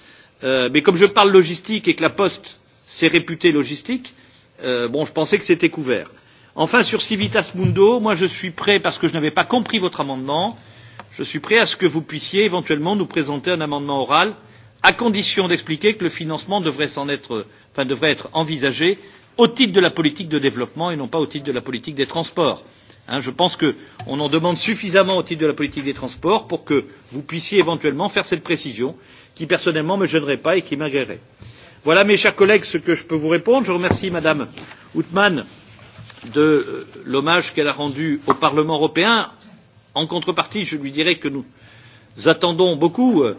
euh, mais comme je parle logistique et que la Poste s'est réputée logistique, euh, Euh, bon, je pensais que c'était couvert. Enfin, sur Civitas Mundo, moi je suis prêt, parce que je n'avais pas compris votre amendement, je suis prêt à ce que vous puissiez éventuellement nous présenter un amendement oral, à condition d'expliquer que le financement devrait, en être, enfin, devrait être envisagé au titre de la politique de développement et non pas au titre de la politique des transports. Hein, je pense qu'on en demande suffisamment au titre de la politique des transports pour que vous puissiez éventuellement faire cette précision qui personnellement me gênerait pas et qui m'agréerait. Euh, voilà mes chers collègues ce que je peux vous répondre. je remercie mme huttmann de euh, l'hommage qu'elle a rendu au parlement européen. en contrepartie je lui dirai que nous attendons beaucoup euh,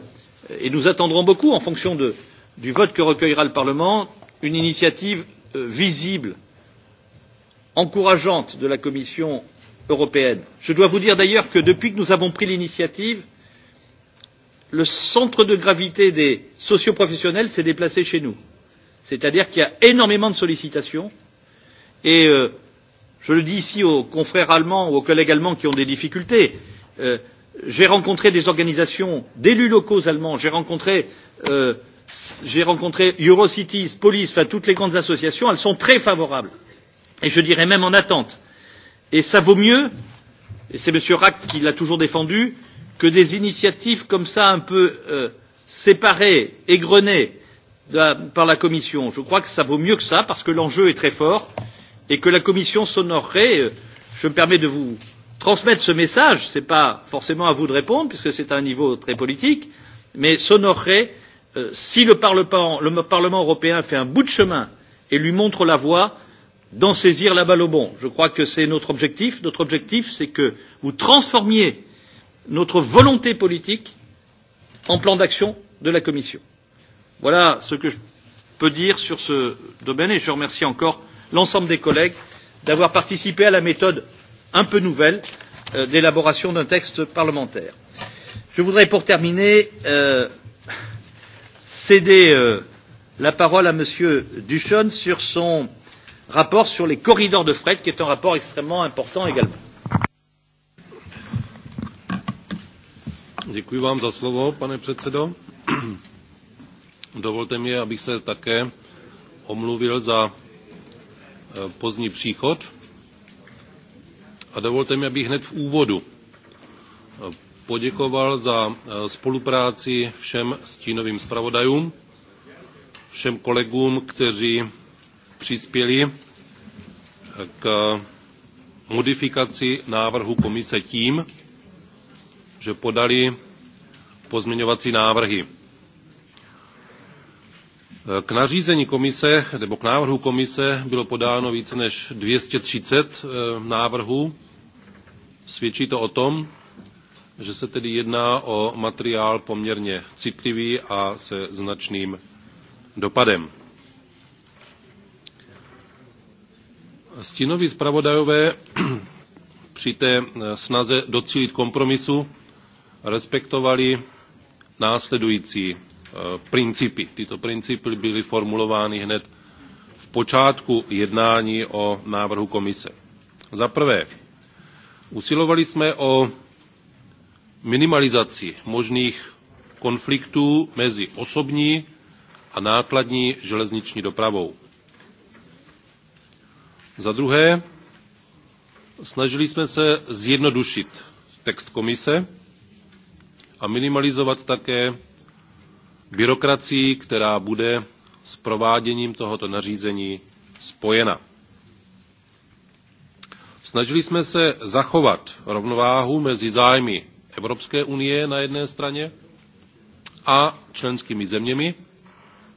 et nous attendrons beaucoup en fonction de, du vote que recueillera le parlement une initiative euh, visible encourageante de la commission européenne. je dois vous dire d'ailleurs que depuis que nous avons pris l'initiative le centre de gravité des socioprofessionnels s'est déplacé chez nous. C'est-à-dire qu'il y a énormément de sollicitations et euh, je le dis ici aux confrères allemands ou aux collègues allemands qui ont des difficultés. Euh, j'ai rencontré des organisations d'élus locaux allemands, j'ai rencontré, euh, rencontré Eurocities, Police, enfin toutes les grandes associations, elles sont très favorables et je dirais même en attente. Et ça vaut mieux, et c'est M. Rack qui l'a toujours défendu, que des initiatives comme ça un peu euh, séparées, égrenées de la, par la Commission. Je crois que ça vaut mieux que ça parce que l'enjeu est très fort et que la Commission s'honorerait. Euh, je me permets de vous transmettre ce message, ce n'est pas forcément à vous de répondre puisque c'est à un niveau très politique, mais s'honorerait euh, si le Parlement, le Parlement européen fait un bout de chemin et lui montre la voie d'en saisir la balle au bon. Je crois que c'est notre objectif. Notre objectif, c'est que vous transformiez notre volonté politique en plan d'action de la Commission. Voilà ce que je peux dire sur ce domaine et je remercie encore l'ensemble des collègues d'avoir participé à la méthode un peu nouvelle euh, d'élaboration d'un texte parlementaire. Je voudrais pour terminer euh, céder euh, la parole à Monsieur Duchon sur son rapport sur les corridors de fret, qui est un rapport extrêmement important également. Děkuji vám za slovo, pane předsedo. Dovolte mi, abych se také omluvil za eh, pozdní příchod. A dovolte mi, abych hned v úvodu eh, poděkoval za eh, spolupráci všem stínovým zpravodajům, všem kolegům, kteří přispěli k modifikaci návrhu komise tím, že podali pozměňovací návrhy. K nařízení komise, nebo k návrhu komise bylo podáno více než 230 eh, návrhů. Svědčí to o tom, že se tedy jedná o materiál poměrně citlivý a se značným dopadem. Stínoví zpravodajové při té eh, snaze docílit kompromisu respektovali následující eh, principy. Tyto principy byly formulovány hned v počátku jednání o návrhu komise. Za prvé, usilovali jsme o minimalizaci možných konfliktů mezi osobní a nákladní železniční dopravou. Za druhé, snažili jsme se zjednodušit text komise a minimalizovat také byrokracii, která bude s prováděním tohoto nařízení spojena. Snažili jsme se zachovat rovnováhu mezi zájmy Evropské unie na jedné straně a členskými zeměmi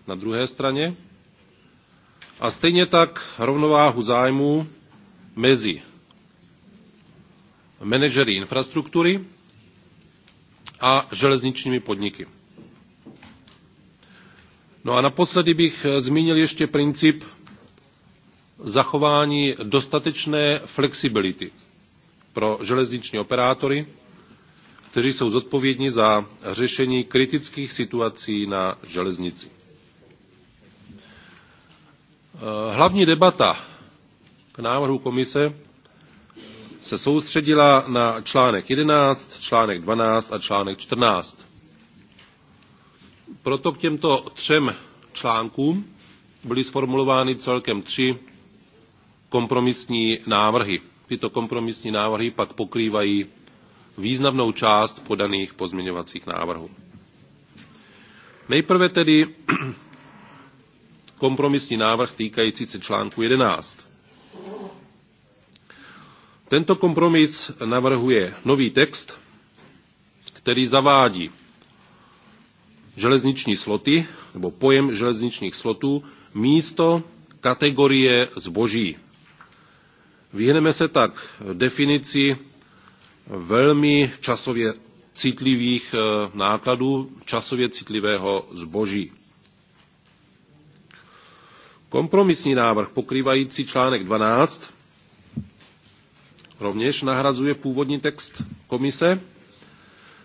na druhé straně a stejně tak rovnováhu zájmů mezi manažery infrastruktury a železničními podniky. No a naposledy bych eh, zmínil ještě princip zachování dostatečné flexibility pro železniční operátory, kteří jsou zodpovědní za řešení kritických situací na železnici. Eh, hlavní debata k návrhu komise se soustředila na článek 11, článek 12 a článek 14. Proto k těmto třem článkům byly sformulovány celkem tři kompromisní návrhy. Tyto kompromisní návrhy pak pokrývají významnou část podaných pozměňovacích návrhů. Nejprve tedy kompromisní návrh týkající se článku 11. Tento kompromis navrhuje nový text, který zavádí železniční sloty nebo pojem železničních slotů místo kategorie zboží. Vyhneme se tak definici velmi časově citlivých eh, nákladů, časově citlivého zboží. Kompromisní návrh pokrývající článek 12 rovněž nahrazuje původní text komise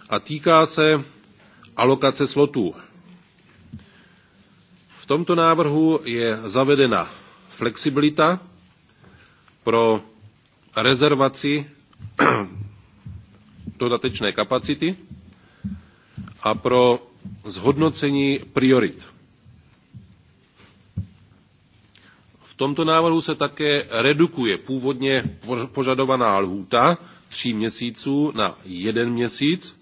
a týká se alokace slotů. V tomto návrhu je zavedena flexibilita pro rezervaci dodatečné kapacity a pro zhodnocení priorit. V tomto návrhu se také redukuje původně požadovaná lhůta tří měsíců na jeden měsíc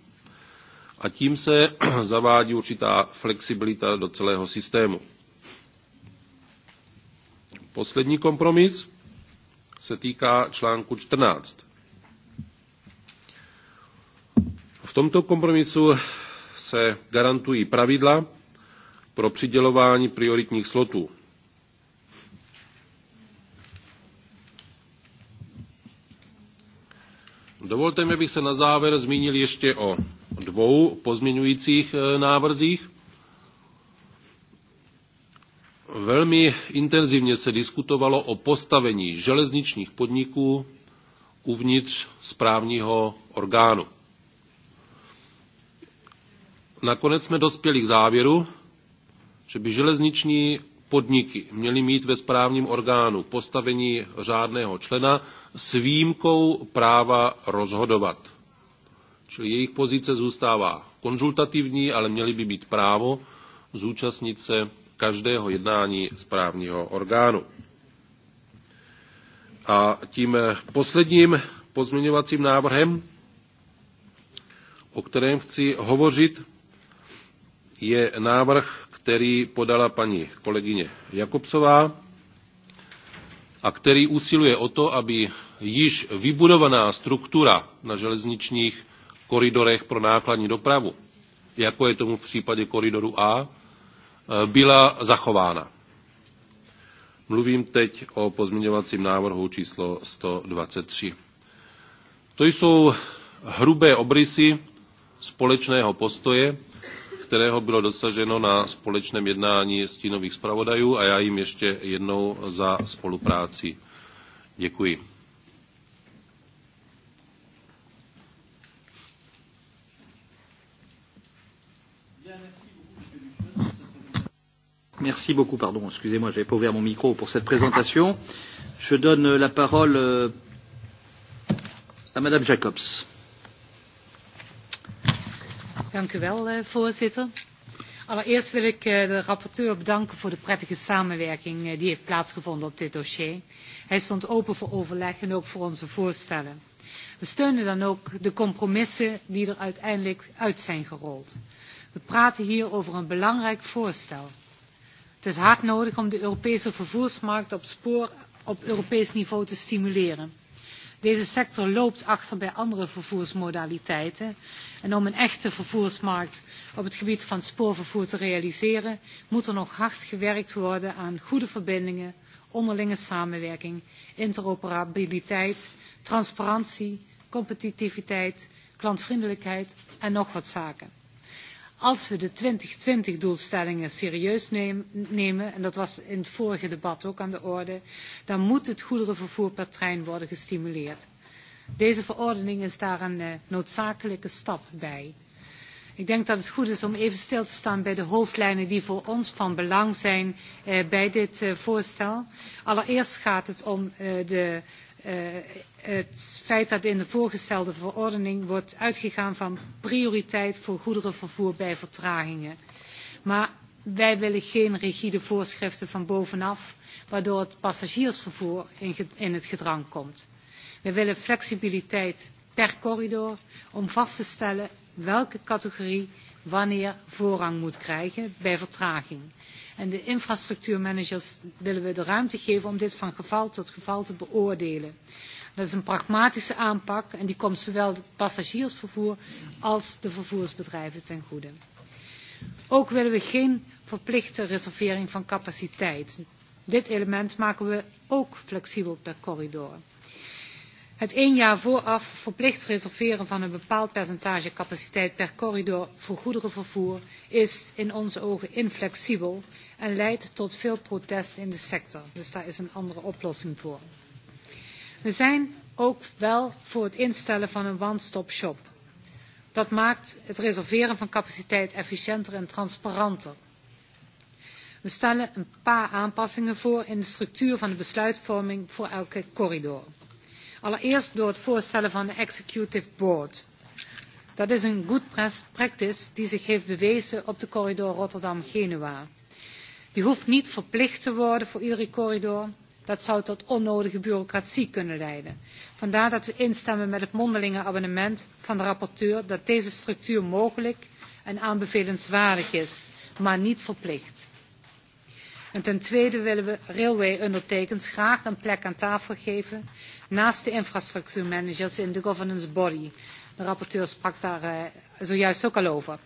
a tím se zavádí určitá flexibilita do celého systému. Poslední kompromis se týká článku 14. V tomto kompromisu se garantují pravidla pro přidělování prioritních slotů. Dovolte mi, abych se na závěr zmínil ještě o dvou pozměňujících eh, návrzích. Velmi intenzivně se diskutovalo o postavení železničních podniků uvnitř správního orgánu. Nakonec jsme dospěli k závěru, že by železniční podniky měly mít ve správním orgánu postavení řádného člena s výjimkou práva rozhodovat. Čili jejich pozice zůstává konzultativní, ale měly by být právo zúčastnit se každého jednání správního orgánu. A tím posledním pozměňovacím návrhem, o kterém chci hovořit, je návrh který podala paní kolegyně Jakobcová a který usiluje o to, aby již vybudovaná struktura na železničních koridorech pro nákladní dopravu, jako je tomu v případě koridoru A, e, byla zachována. Mluvím teď o pozměňovacím návrhu číslo 123. To jsou hrubé obrysy společného postoje, kterého bylo dosaženo na společném jednání stínových zpravodajů a já jim ještě jednou za spolupráci děkuji. Merci beaucoup, pardon, excusez-moi, je n'avais pas ouvert mon micro pour cette présentation. Je donne la parole euh, à Madame Jacobs. Dank u wel, eh, voorzitter. Allereerst wil ik eh, de rapporteur bedanken voor de prettige samenwerking eh, die heeft plaatsgevonden op dit dossier. Hij stond open voor overleg en ook voor onze voorstellen. We steunen dan ook de compromissen die er uiteindelijk uit zijn gerold. We praten hier over een belangrijk voorstel. Het is hard nodig om de Europese vervoersmarkt op, spoor, op Europees niveau te stimuleren. Deze sector loopt achter bij andere vervoersmodaliteiten. En om een echte vervoersmarkt op het gebied van spoorvervoer te realiseren, moet er nog hard gewerkt worden aan goede verbindingen, onderlinge samenwerking, interoperabiliteit, transparantie, competitiviteit, klantvriendelijkheid en nog wat zaken als we de 2020-doelstellingen serieus neem, nemen, en dat was in het vorige debat ook aan de orde, dan moet het goederenvervoer per trein worden gestimuleerd. Deze verordening is daar een uh, noodzakelijke stap bij. Ik denk dat het goed is om even stil te staan bij de hoofdlijnen die voor ons van belang zijn eh, bij dit eh, voorstel. Allereerst gaat het om eh, de uh, het feit dat in de voorgestelde verordening wordt uitgegaan van prioriteit voor goederenvervoer bij vertragingen. Maar wij willen geen rigide voorschriften van bovenaf, waardoor het passagiersvervoer in, in het gedrang komt. We willen flexibiliteit per corridor om vast te stellen welke categorie wanneer voorrang moet krijgen bij vertraging. En de infrastructuurmanagers willen we de ruimte geven om dit van geval tot geval te beoordelen. Dat is een pragmatische aanpak en die komt zowel het passagiersvervoer als de vervoersbedrijven ten goede. Ook willen we geen verplichte reservering van capaciteit. Dit element maken we ook flexibel per corridor. Het één jaar vooraf verplicht reserveren van een bepaald percentage capaciteit per corridor voor goederenvervoer is in onze ogen inflexibel en leidt tot veel protest in de sector. Dus daar is een andere oplossing voor. We zijn ook wel voor het instellen van een one-stop shop. Dat maakt het reserveren van capaciteit efficiënter en transparanter. We stellen een paar aanpassingen voor in de structuur van de besluitvorming voor elke corridor. Allereerst door het voorstellen van de Executive Board. Dat is een good practice die zich heeft bewezen op de corridor Rotterdam-Genua. Die hoeft niet verplicht te worden voor iedere corridor. Dat zou tot onnodige bureaucratie kunnen leiden. Vandaar dat we instemmen met het mondelinge abonnement van de rapporteur dat deze structuur mogelijk en aanbevelenswaardig is, maar niet verplicht. En ten tweede willen we railway undertakens graag een plek aan tafel geven naast de infrastructuurmanagers in de governance body. De rapporteur sprak daar uh, zojuist ook al over.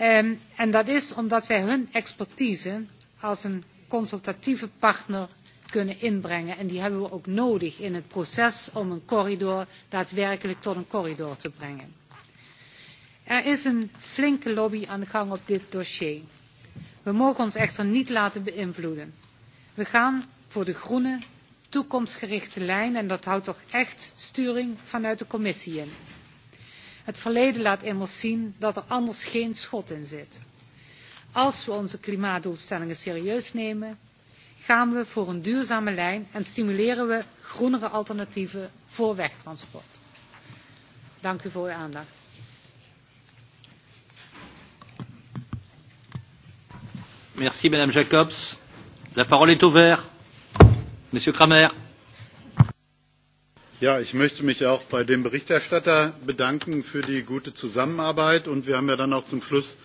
Um, en dat is omdat wij hun expertise als een consultatieve partner kunnen inbrengen. En die hebben we ook nodig in het proces om een corridor daadwerkelijk tot een corridor te brengen. Er is een flinke lobby aan de gang op dit dossier. We mogen ons echter niet laten beïnvloeden. We gaan voor de groene toekomstgerichte lijn en dat houdt toch echt sturing vanuit de commissie in. Het verleden laat immers zien dat er anders geen schot in zit. Als we onze klimaatdoelstellingen serieus nemen, gaan we voor een duurzame lijn en stimuleren we groenere alternatieven voor wegtransport. Dank u voor uw aandacht. Merci Madame Jacobs. La parole est ouverte. Monsieur Kramer. Ja, ich möchte mich auch bei dem Berichterstatter bedanken für die gute Zusammenarbeit. Und wir haben ja dann auch zum Schluss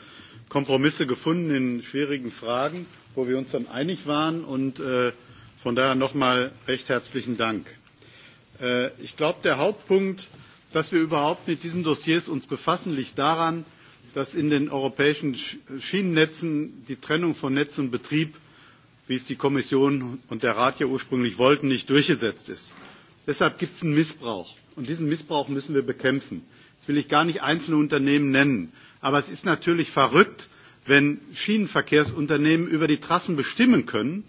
Kompromisse gefunden in schwierigen Fragen, wo wir uns dann einig waren. Und äh, von daher nochmal recht herzlichen Dank. Äh, ich glaube, der Hauptpunkt, dass wir überhaupt mit diesen Dossiers uns befassen, liegt daran, dass in den europäischen Schienennetzen die Trennung von Netz und Betrieb wie es die Kommission und der Rat ja ursprünglich wollten, nicht durchgesetzt ist. Deshalb gibt es einen Missbrauch. Und diesen Missbrauch müssen wir bekämpfen. Jetzt will ich gar nicht einzelne Unternehmen nennen. Aber es ist natürlich verrückt, wenn Schienenverkehrsunternehmen über die Trassen bestimmen können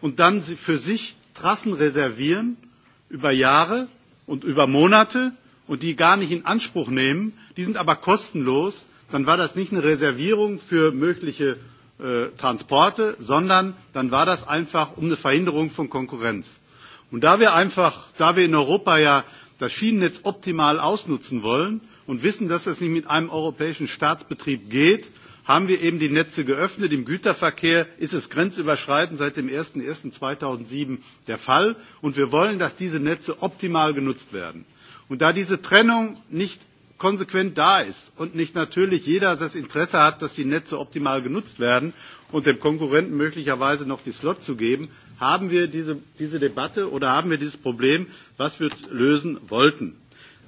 und dann für sich Trassen reservieren über Jahre und über Monate und die gar nicht in Anspruch nehmen. Die sind aber kostenlos. Dann war das nicht eine Reservierung für mögliche äh, Transporte, sondern dann war das einfach um eine Verhinderung von Konkurrenz. Und da wir einfach, da wir in Europa ja das Schienennetz optimal ausnutzen wollen und wissen, dass das nicht mit einem europäischen Staatsbetrieb geht, haben wir eben die Netze geöffnet. Im Güterverkehr ist es grenzüberschreitend seit dem 01.01.2007 der Fall. Und wir wollen, dass diese Netze optimal genutzt werden. Und da diese Trennung nicht konsequent da ist und nicht natürlich jeder das Interesse hat, dass die Netze optimal genutzt werden und dem Konkurrenten möglicherweise noch die Slot zu geben, haben wir diese, diese Debatte oder haben wir dieses Problem, was wir lösen wollten.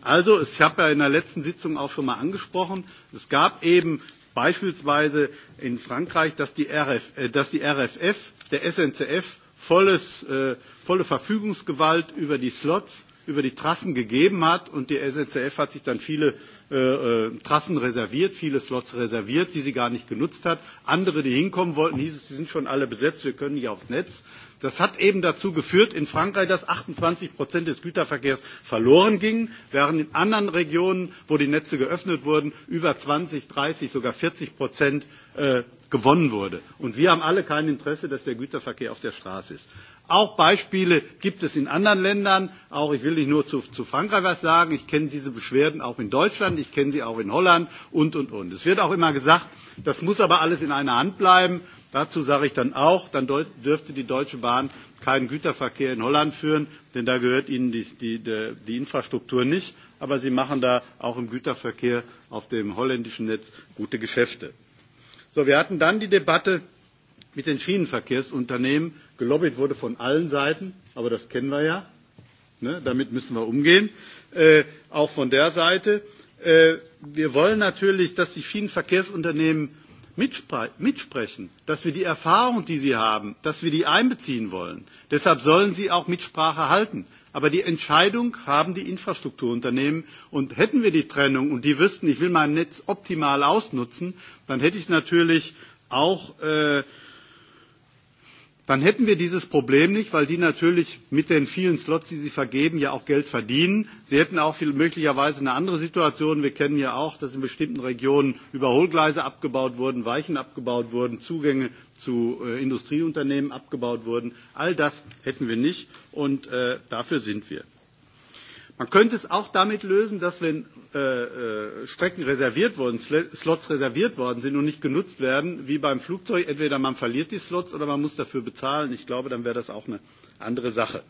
Also, ich habe ja in der letzten Sitzung auch schon mal angesprochen, es gab eben beispielsweise in Frankreich, dass die, RF, äh, dass die RFF, der SNCF, volles, äh, volle Verfügungsgewalt über die Slots über die Trassen gegeben hat. Und die SNCF hat sich dann viele äh, äh, Trassen reserviert, viele Slots reserviert, die sie gar nicht genutzt hat. Andere, die hinkommen wollten, hieß es, die sind schon alle besetzt, wir können nicht aufs Netz. Das hat eben dazu geführt in Frankreich, dass 28 Prozent des Güterverkehrs verloren gingen, während in anderen Regionen, wo die Netze geöffnet wurden, über 20, 30, sogar 40 Prozent äh, gewonnen wurde. Und wir haben alle kein Interesse, dass der Güterverkehr auf der Straße ist. Auch Beispiele gibt es in anderen Ländern. Auch ich will nicht nur zu, zu Frankreich was sagen. Ich kenne diese Beschwerden auch in Deutschland. Ich kenne sie auch in Holland und, und, und. Es wird auch immer gesagt, das muss aber alles in einer Hand bleiben. Dazu sage ich dann auch, dann dürfte die Deutsche Bahn keinen Güterverkehr in Holland führen, denn da gehört ihnen die, die, die, die Infrastruktur nicht. Aber sie machen da auch im Güterverkehr auf dem holländischen Netz gute Geschäfte. So, wir hatten dann die Debatte, mit den Schienenverkehrsunternehmen gelobbyt wurde von allen Seiten, aber das kennen wir ja. Ne? Damit müssen wir umgehen. Äh, auch von der Seite. Äh, wir wollen natürlich, dass die Schienenverkehrsunternehmen mitspre mitsprechen, dass wir die Erfahrung, die sie haben, dass wir die einbeziehen wollen. Deshalb sollen sie auch Mitsprache halten. Aber die Entscheidung haben die Infrastrukturunternehmen. Und hätten wir die Trennung und die wüssten, ich will mein Netz optimal ausnutzen, dann hätte ich natürlich auch äh, dann hätten wir dieses Problem nicht, weil die natürlich mit den vielen Slots, die sie vergeben, ja auch Geld verdienen. Sie hätten auch viel, möglicherweise eine andere Situation. Wir kennen ja auch, dass in bestimmten Regionen Überholgleise abgebaut wurden, Weichen abgebaut wurden, Zugänge zu äh, Industrieunternehmen abgebaut wurden. All das hätten wir nicht und äh, dafür sind wir. Man könnte es auch damit lösen, dass wenn äh, äh, Strecken reserviert wurden, Slots reserviert worden sind und nicht genutzt werden, wie beim Flugzeug, entweder man verliert die Slots oder man muss dafür bezahlen. Ich glaube, dann wäre das auch eine andere Sache.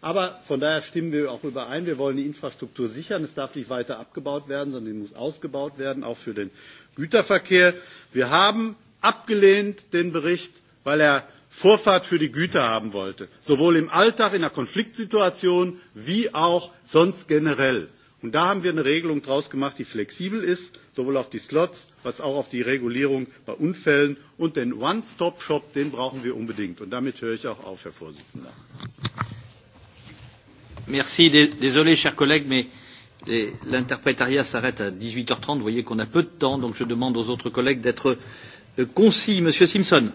Aber von daher stimmen wir auch überein. Wir wollen die Infrastruktur sichern. Es darf nicht weiter abgebaut werden, sondern sie muss ausgebaut werden, auch für den Güterverkehr. Wir haben abgelehnt den Bericht, weil er Vorfahrt für die Güter haben wollte, sowohl im Alltag, in der Konfliktsituation wie auch sonst generell. Und da haben wir eine Regelung draus gemacht, die flexibel ist, sowohl auf die Slots als auch auf die Regulierung bei Unfällen. Und den One-Stop-Shop, den brauchen wir unbedingt. Und damit höre ich auch auf, Herr Vorsitzender. Merci. Désolé, chers collègues, mais l'interprétariat s'arrête à 18h30. Vous voyez qu'on a peu de temps, donc je demande aux autres collègues d'être euh, concis. Monsieur Simpson.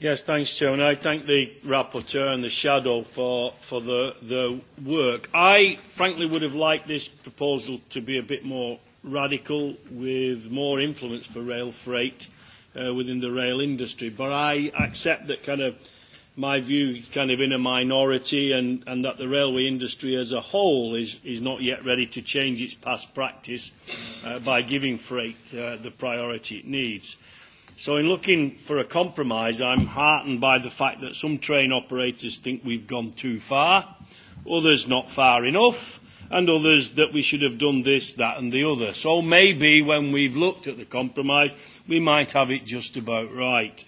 Yes, thanks, Joe, and I thank the rapporteur and the shadow for, for the, the work. I frankly would have liked this proposal to be a bit more radical, with more influence for rail freight uh, within the rail industry. But I accept that kind of my view is kind of in a minority, and, and that the railway industry as a whole is, is not yet ready to change its past practice uh, by giving freight uh, the priority it needs. Uh, So in looking for a compromise, I'm heartened by the fact that some train operators think we've gone too far, others not far enough, and others that we should have done this, that and the other. So maybe when we've looked at the compromise, we might have it just about right.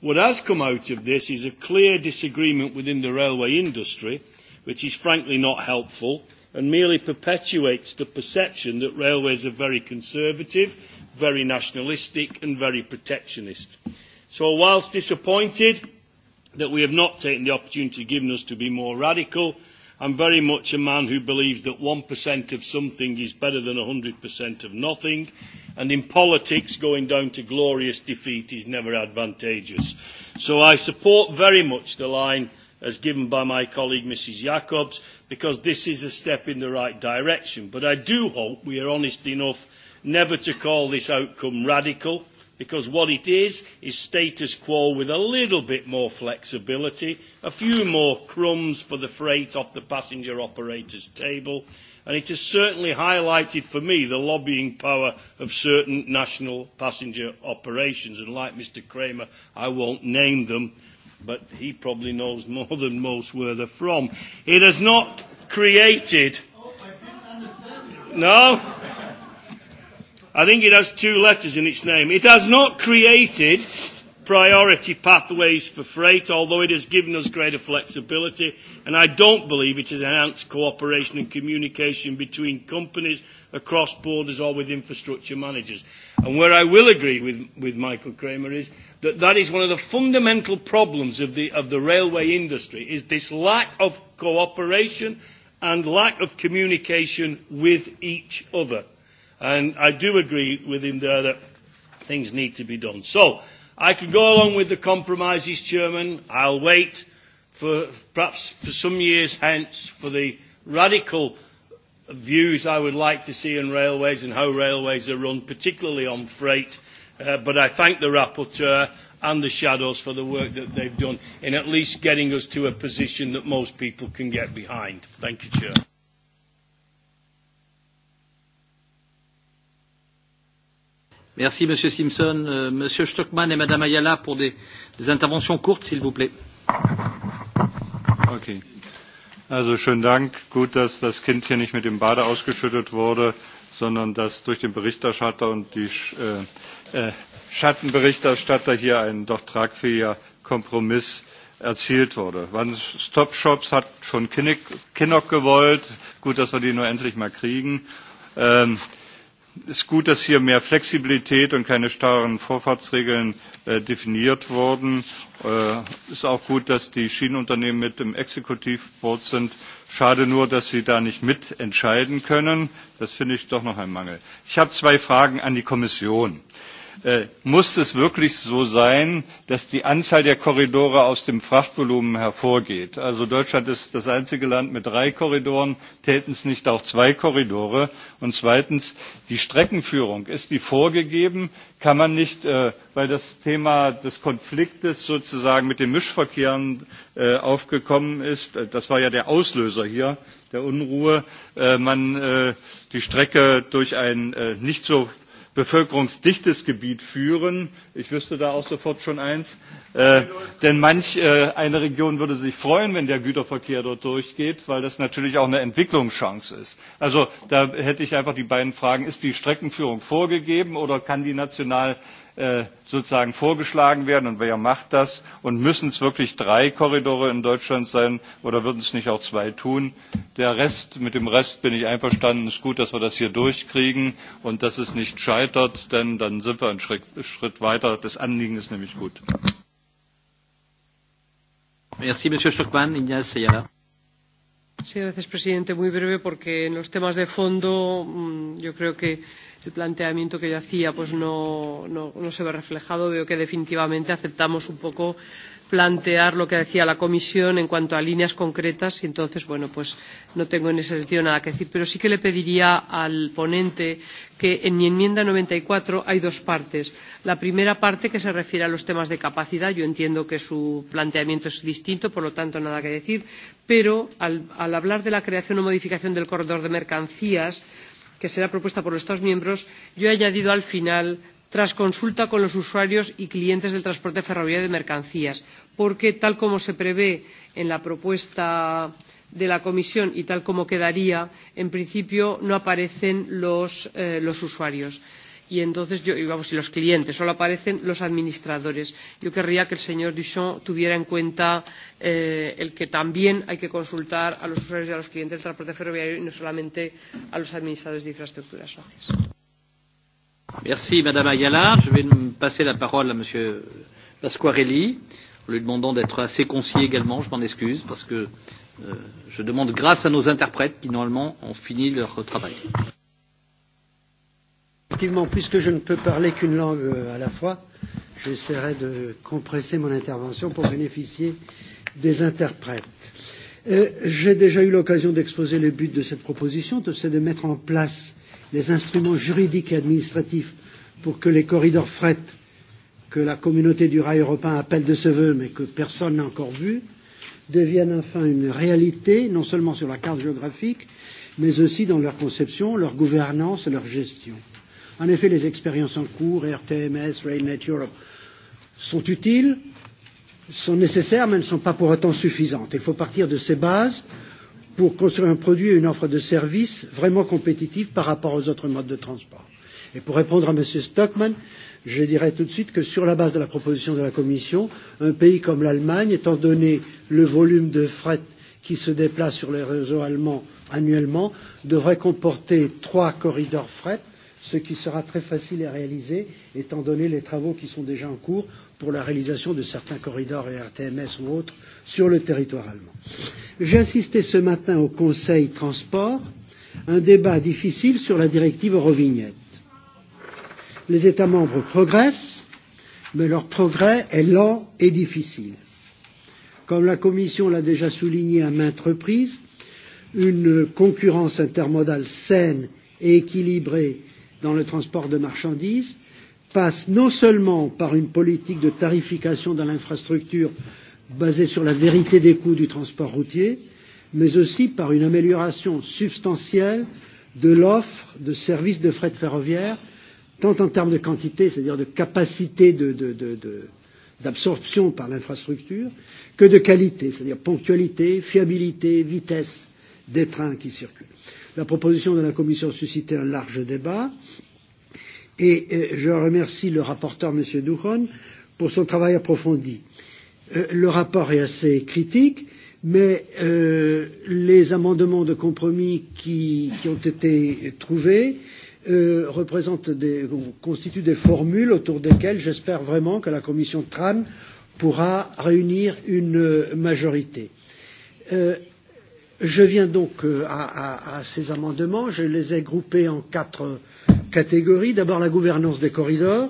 What has come out of this is a clear disagreement within the railway industry, which is frankly not helpful and merely perpetuates the perception that railways are very conservative very nationalistic and very protectionist. So whilst disappointed that we have not taken the opportunity given us to be more radical, I'm very much a man who believes that 1% of something is better than 100% of nothing, and in politics, going down to glorious defeat is never advantageous. So I support very much the line as given by my colleague Mrs. Jacobs, because this is a step in the right direction. But I do hope we are honest enough never to call this outcome radical, because what it is is status quo with a little bit more flexibility, a few more crumbs for the freight off the passenger operator's table, and it has certainly highlighted for me the lobbying power of certain national passenger operations. And like Mr Kramer, I won't name them, but he probably knows more than most where they're from. It has not created. Oh, I didn't understand you. No? I think it has two letters in its name. It has not created priority pathways for freight, although it has given us greater flexibility, and I don't believe it has enhanced cooperation and communication between companies across borders or with infrastructure managers. And where I will agree with, with Michael Kramer is that that is one of the fundamental problems of the, of the railway industry, is this lack of cooperation and lack of communication with each other. And I do agree with him there that things need to be done. So I can go along with the compromises, Chairman. I'll wait for perhaps for some years hence for the radical views I would like to see in railways and how railways are run, particularly on freight. Uh, but I thank the rapporteur and the shadows for the work that they've done in at least getting us to a position that most people can get behind. Thank you, Chair. Merci Monsieur Simpson. Euh, Monsieur Stockman et Madame Ayala pour des, des interventions courtes, s'il vous plaît. Okay. Also schönen Dank. Gut, dass das Kind hier nicht mit dem Bade ausgeschüttet wurde, sondern dass durch den Berichterstatter und die äh, äh, Schattenberichterstatter hier ein doch tragfähiger Kompromiss erzielt wurde. Wann Stop Shops hat schon Kinnock gewollt. Gut, dass wir die nur endlich mal kriegen. Ähm, Es ist gut, dass hier mehr Flexibilität und keine starren Vorfahrtsregeln äh, definiert wurden. Es äh, ist auch gut, dass die Schienenunternehmen mit im Exekutivboard sind. Schade nur, dass sie da nicht mitentscheiden können. Das finde ich doch noch ein Mangel. Ich habe zwei Fragen an die Kommission. Äh, Äh, muss es wirklich so sein, dass die Anzahl der Korridore aus dem Frachtvolumen hervorgeht. Also Deutschland ist das einzige Land mit drei Korridoren, täten es nicht auch zwei Korridore. Und zweitens, die Streckenführung, ist die vorgegeben? Kann man nicht, äh, weil das Thema des Konfliktes sozusagen mit den Mischverkehren äh, aufgekommen ist, äh, das war ja der Auslöser hier der Unruhe, äh, man äh, die Strecke durch ein äh, nicht so bevölkerungsdichtes Gebiet führen. Ich wüsste da auch sofort schon eins. Äh, denn manch äh, eine Region würde sich freuen, wenn der Güterverkehr dort durchgeht, weil das natürlich auch eine Entwicklungschance ist. Also da hätte ich einfach die beiden Fragen, ist die Streckenführung vorgegeben oder kann die national Äh, sozusagen vorgeschlagen werden und wer macht das und müssen es wirklich drei korridore in deutschland sein oder würden es nicht auch zwei tun? Der Rest, mit dem rest bin ich einverstanden es ist gut dass wir das hier durchkriegen und dass es nicht scheitert denn dann sind wir einen schritt, schritt weiter das anliegen ist nämlich gut. Merci, Monsieur Stockmann. Ignace Ayala. Sí, gracias, presidente. Muy breve, porque en los temas de fondo mm, yo creo que el planteamiento que yo hacía pues no, no, no se ve reflejado. Veo que definitivamente aceptamos un poco plantear lo que decía la comisión en cuanto a líneas concretas y entonces bueno pues no tengo en ese sentido nada que decir pero sí que le pediría al ponente que en mi enmienda noventa y cuatro hay dos partes la primera parte que se refiere a los temas de capacidad yo entiendo que su planteamiento es distinto por lo tanto nada que decir pero al, al hablar de la creación o modificación del corredor de mercancías que será propuesta por los Estados miembros, yo he añadido al final tras consulta con los usuarios y clientes del transporte ferroviario de mercancías, porque, tal como se prevé en la propuesta de la Comisión y tal como quedaría, en principio no aparecen los, eh, los usuarios. Eh, y entonces yo, vamos, y los clientes, solo aparecen los administradores. Yo querría que el señor Duchamp tuviera en cuenta eh, el que también hay que consultar a los usuarios y a los clientes del transporte ferroviario y no solamente a los administradores de infraestructuras. Gracias. Merci Madame Ayala. Je vais passer la parole à Monsieur Pasquarelli en lui demandant d'être assez concis également. Je m'en excuse parce que euh, je demande grâce à nos interprètes qui normalement ont fini leur travail. Effectivement, puisque je ne peux parler qu'une langue euh, à la fois, j'essaierai de compresser mon intervention pour bénéficier des interprètes. Euh, J'ai déjà eu l'occasion d'exposer le but de cette proposition, c'est de mettre en place les instruments juridiques et administratifs pour que les corridors fret que la communauté du rail européen appelle de ses voeux, mais que personne n'a encore vu, deviennent enfin une réalité, non seulement sur la carte géographique, mais aussi dans leur conception, leur gouvernance et leur gestion. Euh, En effet, les expériences en cours, RTMS, RailNet Europe, sont utiles, sont nécessaires, mais ne sont pas pour autant suffisantes. Il faut partir de ces bases pour construire un produit et une offre de services vraiment compétitifs par rapport aux autres modes de transport. Et pour répondre à M. Stockman, je dirais tout de suite que sur la base de la proposition de la Commission, un pays comme l'Allemagne, étant donné le volume de fret qui se déplace sur les réseaux allemands annuellement, devrait comporter trois corridors fret ce qui sera très facile à réaliser étant donné les travaux qui sont déjà en cours pour la réalisation de certains corridors et RTMS ou autres sur le territoire allemand. J'ai assisté ce matin au Conseil transport un débat difficile sur la directive Eurovignette. Les États membres progressent, mais leur progrès est lent et difficile. Comme la Commission l'a déjà souligné à maintes reprises, une concurrence intermodale saine et équilibrée dans le transport de marchandises passe non seulement par une politique de tarification dans l'infrastructure basée sur la vérité des coûts du transport routier, mais aussi par une amélioration substantielle de l'offre de services de fret ferroviaire, tant en termes de quantité, c'est-à-dire de capacité de, de, de, de, d'absorption par l'infrastructure, que de qualité, c'est-à-dire ponctualité, fiabilité, vitesse des trains qui circulent. La proposition de la Commission suscitait un large débat et euh, je remercie le rapporteur, M. Duchon, pour son travail approfondi. Euh, le rapport est assez critique, mais euh, les amendements de compromis qui, qui ont été trouvés euh, représentent des, constituent des formules autour desquelles j'espère vraiment que la commission TRAN pourra réunir une majorité. Euh, Je viens donc euh, à, à, à ces amendements. Je les ai groupés en quatre catégories. D'abord, la gouvernance des corridors.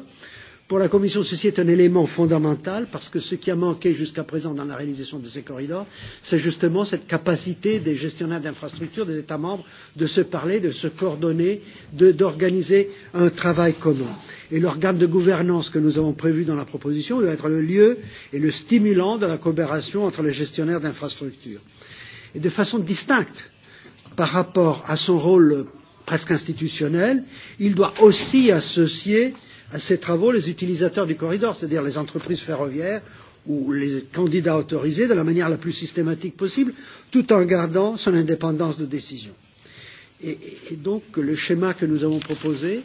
Pour la Commission, ceci est un élément fondamental parce que ce qui a manqué jusqu'à présent dans la réalisation de ces corridors, c'est justement cette capacité des gestionnaires d'infrastructures des États membres de se parler, de se coordonner, d'organiser un travail commun. Et l'organe de gouvernance que nous avons prévu dans la proposition doit être le lieu et le stimulant de la coopération entre les gestionnaires d'infrastructures et de façon distincte par rapport à son rôle presque institutionnel, il doit aussi associer à ces travaux les utilisateurs du corridor, c'est-à-dire les entreprises ferroviaires ou les candidats autorisés de la manière la plus systématique possible, tout en gardant son indépendance de décision. Et, et donc le schéma que nous avons proposé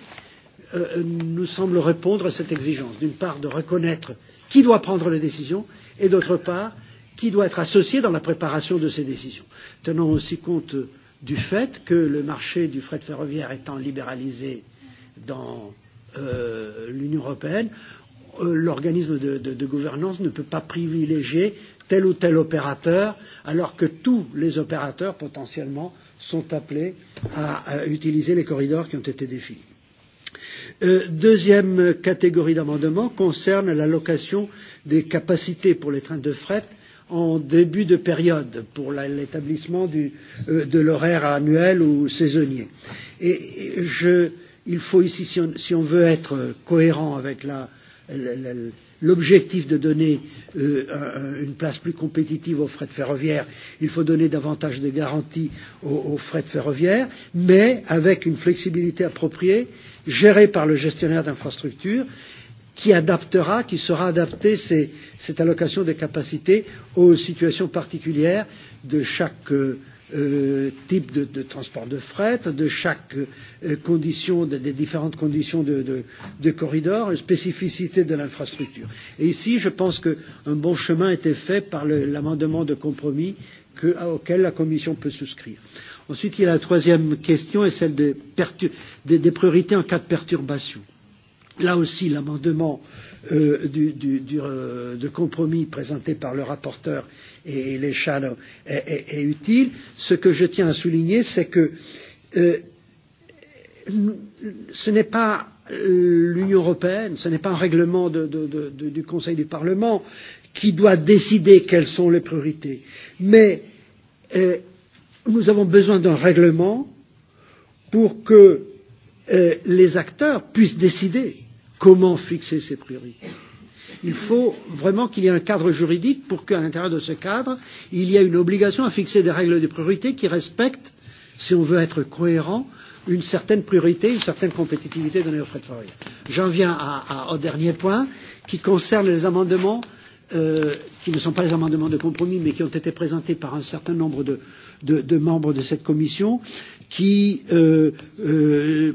euh, euh, nous semble répondre à cette exigence, d'une part de reconnaître qui doit prendre les décisions et d'autre part qui doit être associé dans la préparation de ces décisions. Tenons aussi compte du fait que le marché du fret ferroviaire étant libéralisé dans euh, l'Union européenne, euh, l'organisme de, de, de gouvernance ne peut pas privilégier tel ou tel opérateur, alors que tous les opérateurs potentiellement sont appelés à, à utiliser les corridors qui ont été définis. Euh, deuxième catégorie d'amendements concerne l'allocation des capacités pour les trains de fret en début de période pour l'établissement euh, de l'horaire annuel ou saisonnier. Et, et je, il faut ici, si on, si on veut être cohérent avec la, la, la, l'objectif de donner euh, une place plus compétitive aux frais de ferroviaire, il faut donner davantage de garanties aux, aux frais de ferroviaire, mais avec une flexibilité appropriée, gérée par le gestionnaire d'infrastructure qui adaptera, qui sera adapté ces, cette allocation des capacités aux situations particulières de chaque euh, euh, type de, de transport de fret, de chaque euh, condition, de, des différentes conditions de, de, de corridor, spécificité de l'infrastructure. Et ici, je pense qu'un bon chemin a été fait par l'amendement de compromis que, auquel la Commission peut souscrire. Ensuite, il y a la troisième question, et celle de pertu, de, des priorités en cas de perturbation. Là aussi, l'amendement euh, du, du, du, euh, de compromis présenté par le rapporteur et, et les shadows est, est, est utile. Ce que je tiens à souligner, c'est que euh, ce n'est pas l'Union européenne, ce n'est pas un règlement de, de, de, de, du Conseil du Parlement qui doit décider quelles sont les priorités. Mais euh, nous avons besoin d'un règlement pour que euh, les acteurs puissent décider comment fixer ces priorités. Il faut vraiment qu'il y ait un cadre juridique pour qu'à l'intérieur de ce cadre, il y ait une obligation à fixer des règles de priorité qui respectent, si on veut être cohérent, une certaine priorité, une certaine compétitivité donnée aux frais de fourrière. J'en viens à, à, au dernier point qui concerne les amendements euh, qui ne sont pas des amendements de compromis mais qui ont été présentés par un certain nombre de, de, de membres de cette commission qui euh, euh,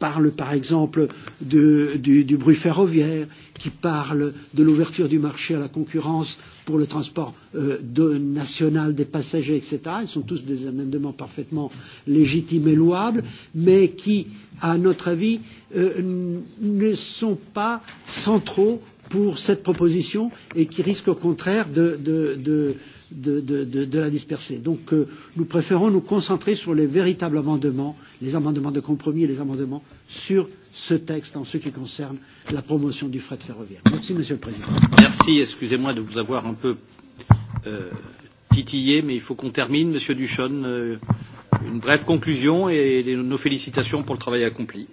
parle par exemple de, du, du bruit ferroviaire, qui parle de l'ouverture du marché à la concurrence pour le transport euh, de, national des passagers, etc. Ils sont tous des amendements parfaitement légitimes et louables, mais qui, à notre avis, euh, ne sont pas centraux pour cette proposition et qui risquent au contraire de, de, de, euh, de, de, de, de la disperser. Donc euh, nous préférons nous concentrer sur les véritables amendements, les amendements de compromis et les amendements sur ce texte en ce qui concerne la promotion du fret ferroviaire. Merci Monsieur le Président. Merci, excusez-moi de vous avoir un peu euh, titillé, mais il faut qu'on termine. Monsieur Duchon, euh, une brève conclusion et nos félicitations pour le travail accompli.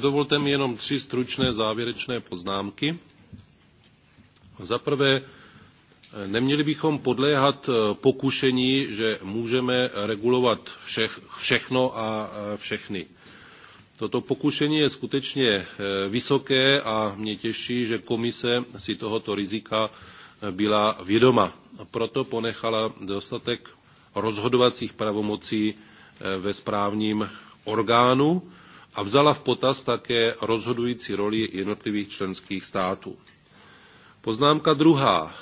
Dovolte mi jenom tři stručné závěrečné poznámky Za prvé, e, neměli bychom podléhat e, pokušení, že můžeme regulovat všech, všechno a e, všechny. Toto pokušení je skutečně vysoké a mě těší, že komise si tohoto rizika byla vědoma. Proto ponechala dostatek rozhodovacích pravomocí ve správním orgánu a vzala v potaz také rozhodující roli jednotlivých členských států. Poznámka druhá.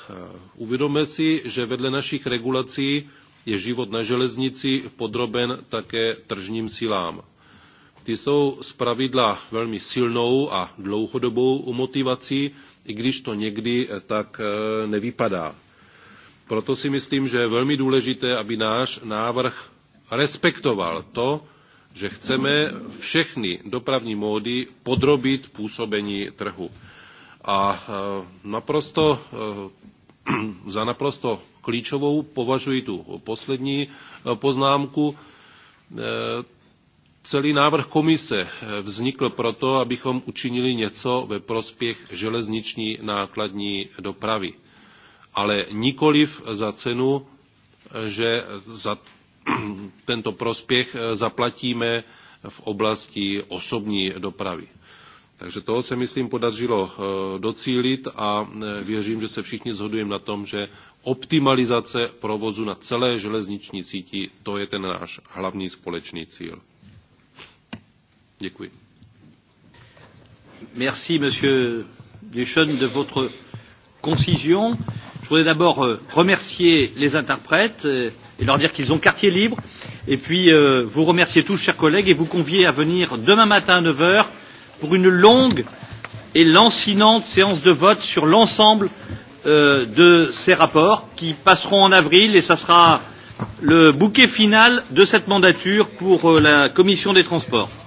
Uvědomme si, že vedle našich regulací je život na železnici podroben také tržním silám. Ty jsou zpravidla velmi silnou a dlouhodobou motivací, i když to někdy eh, tak eh, nevypadá. Proto si myslím, že je velmi důležité, aby náš návrh respektoval to, že chceme všechny dopravní módy podrobit působení trhu. A eh, naprosto, eh, za naprosto klíčovou považuji tu poslední eh, poznámku. Celý návrh komise vznikl proto, abychom učinili něco ve prospěch železniční nákladní dopravy. Ale nikoliv za cenu, že za tento prospěch zaplatíme v oblasti osobní dopravy. Takže toho se, myslím, podařilo eh, docílit a eh, věřím, že se všichni shodujeme na tom, že optimalizace provozu na celé železniční síti, to je ten náš hlavní společný cíl. Děkuji. Merci, monsieur Duchon, de votre concision. Je voudrais d'abord euh, remercier les interprètes euh, et leur dire qu'ils ont quartier libre. Et puis, euh, vous remercier tous, chers collègues, et vous convier à venir demain matin à 9 heures pour une longue et lancinante séance de vote sur l'ensemble euh, de ces rapports qui passeront en avril et ça sera le bouquet final de cette mandature pour euh, la commission des transports.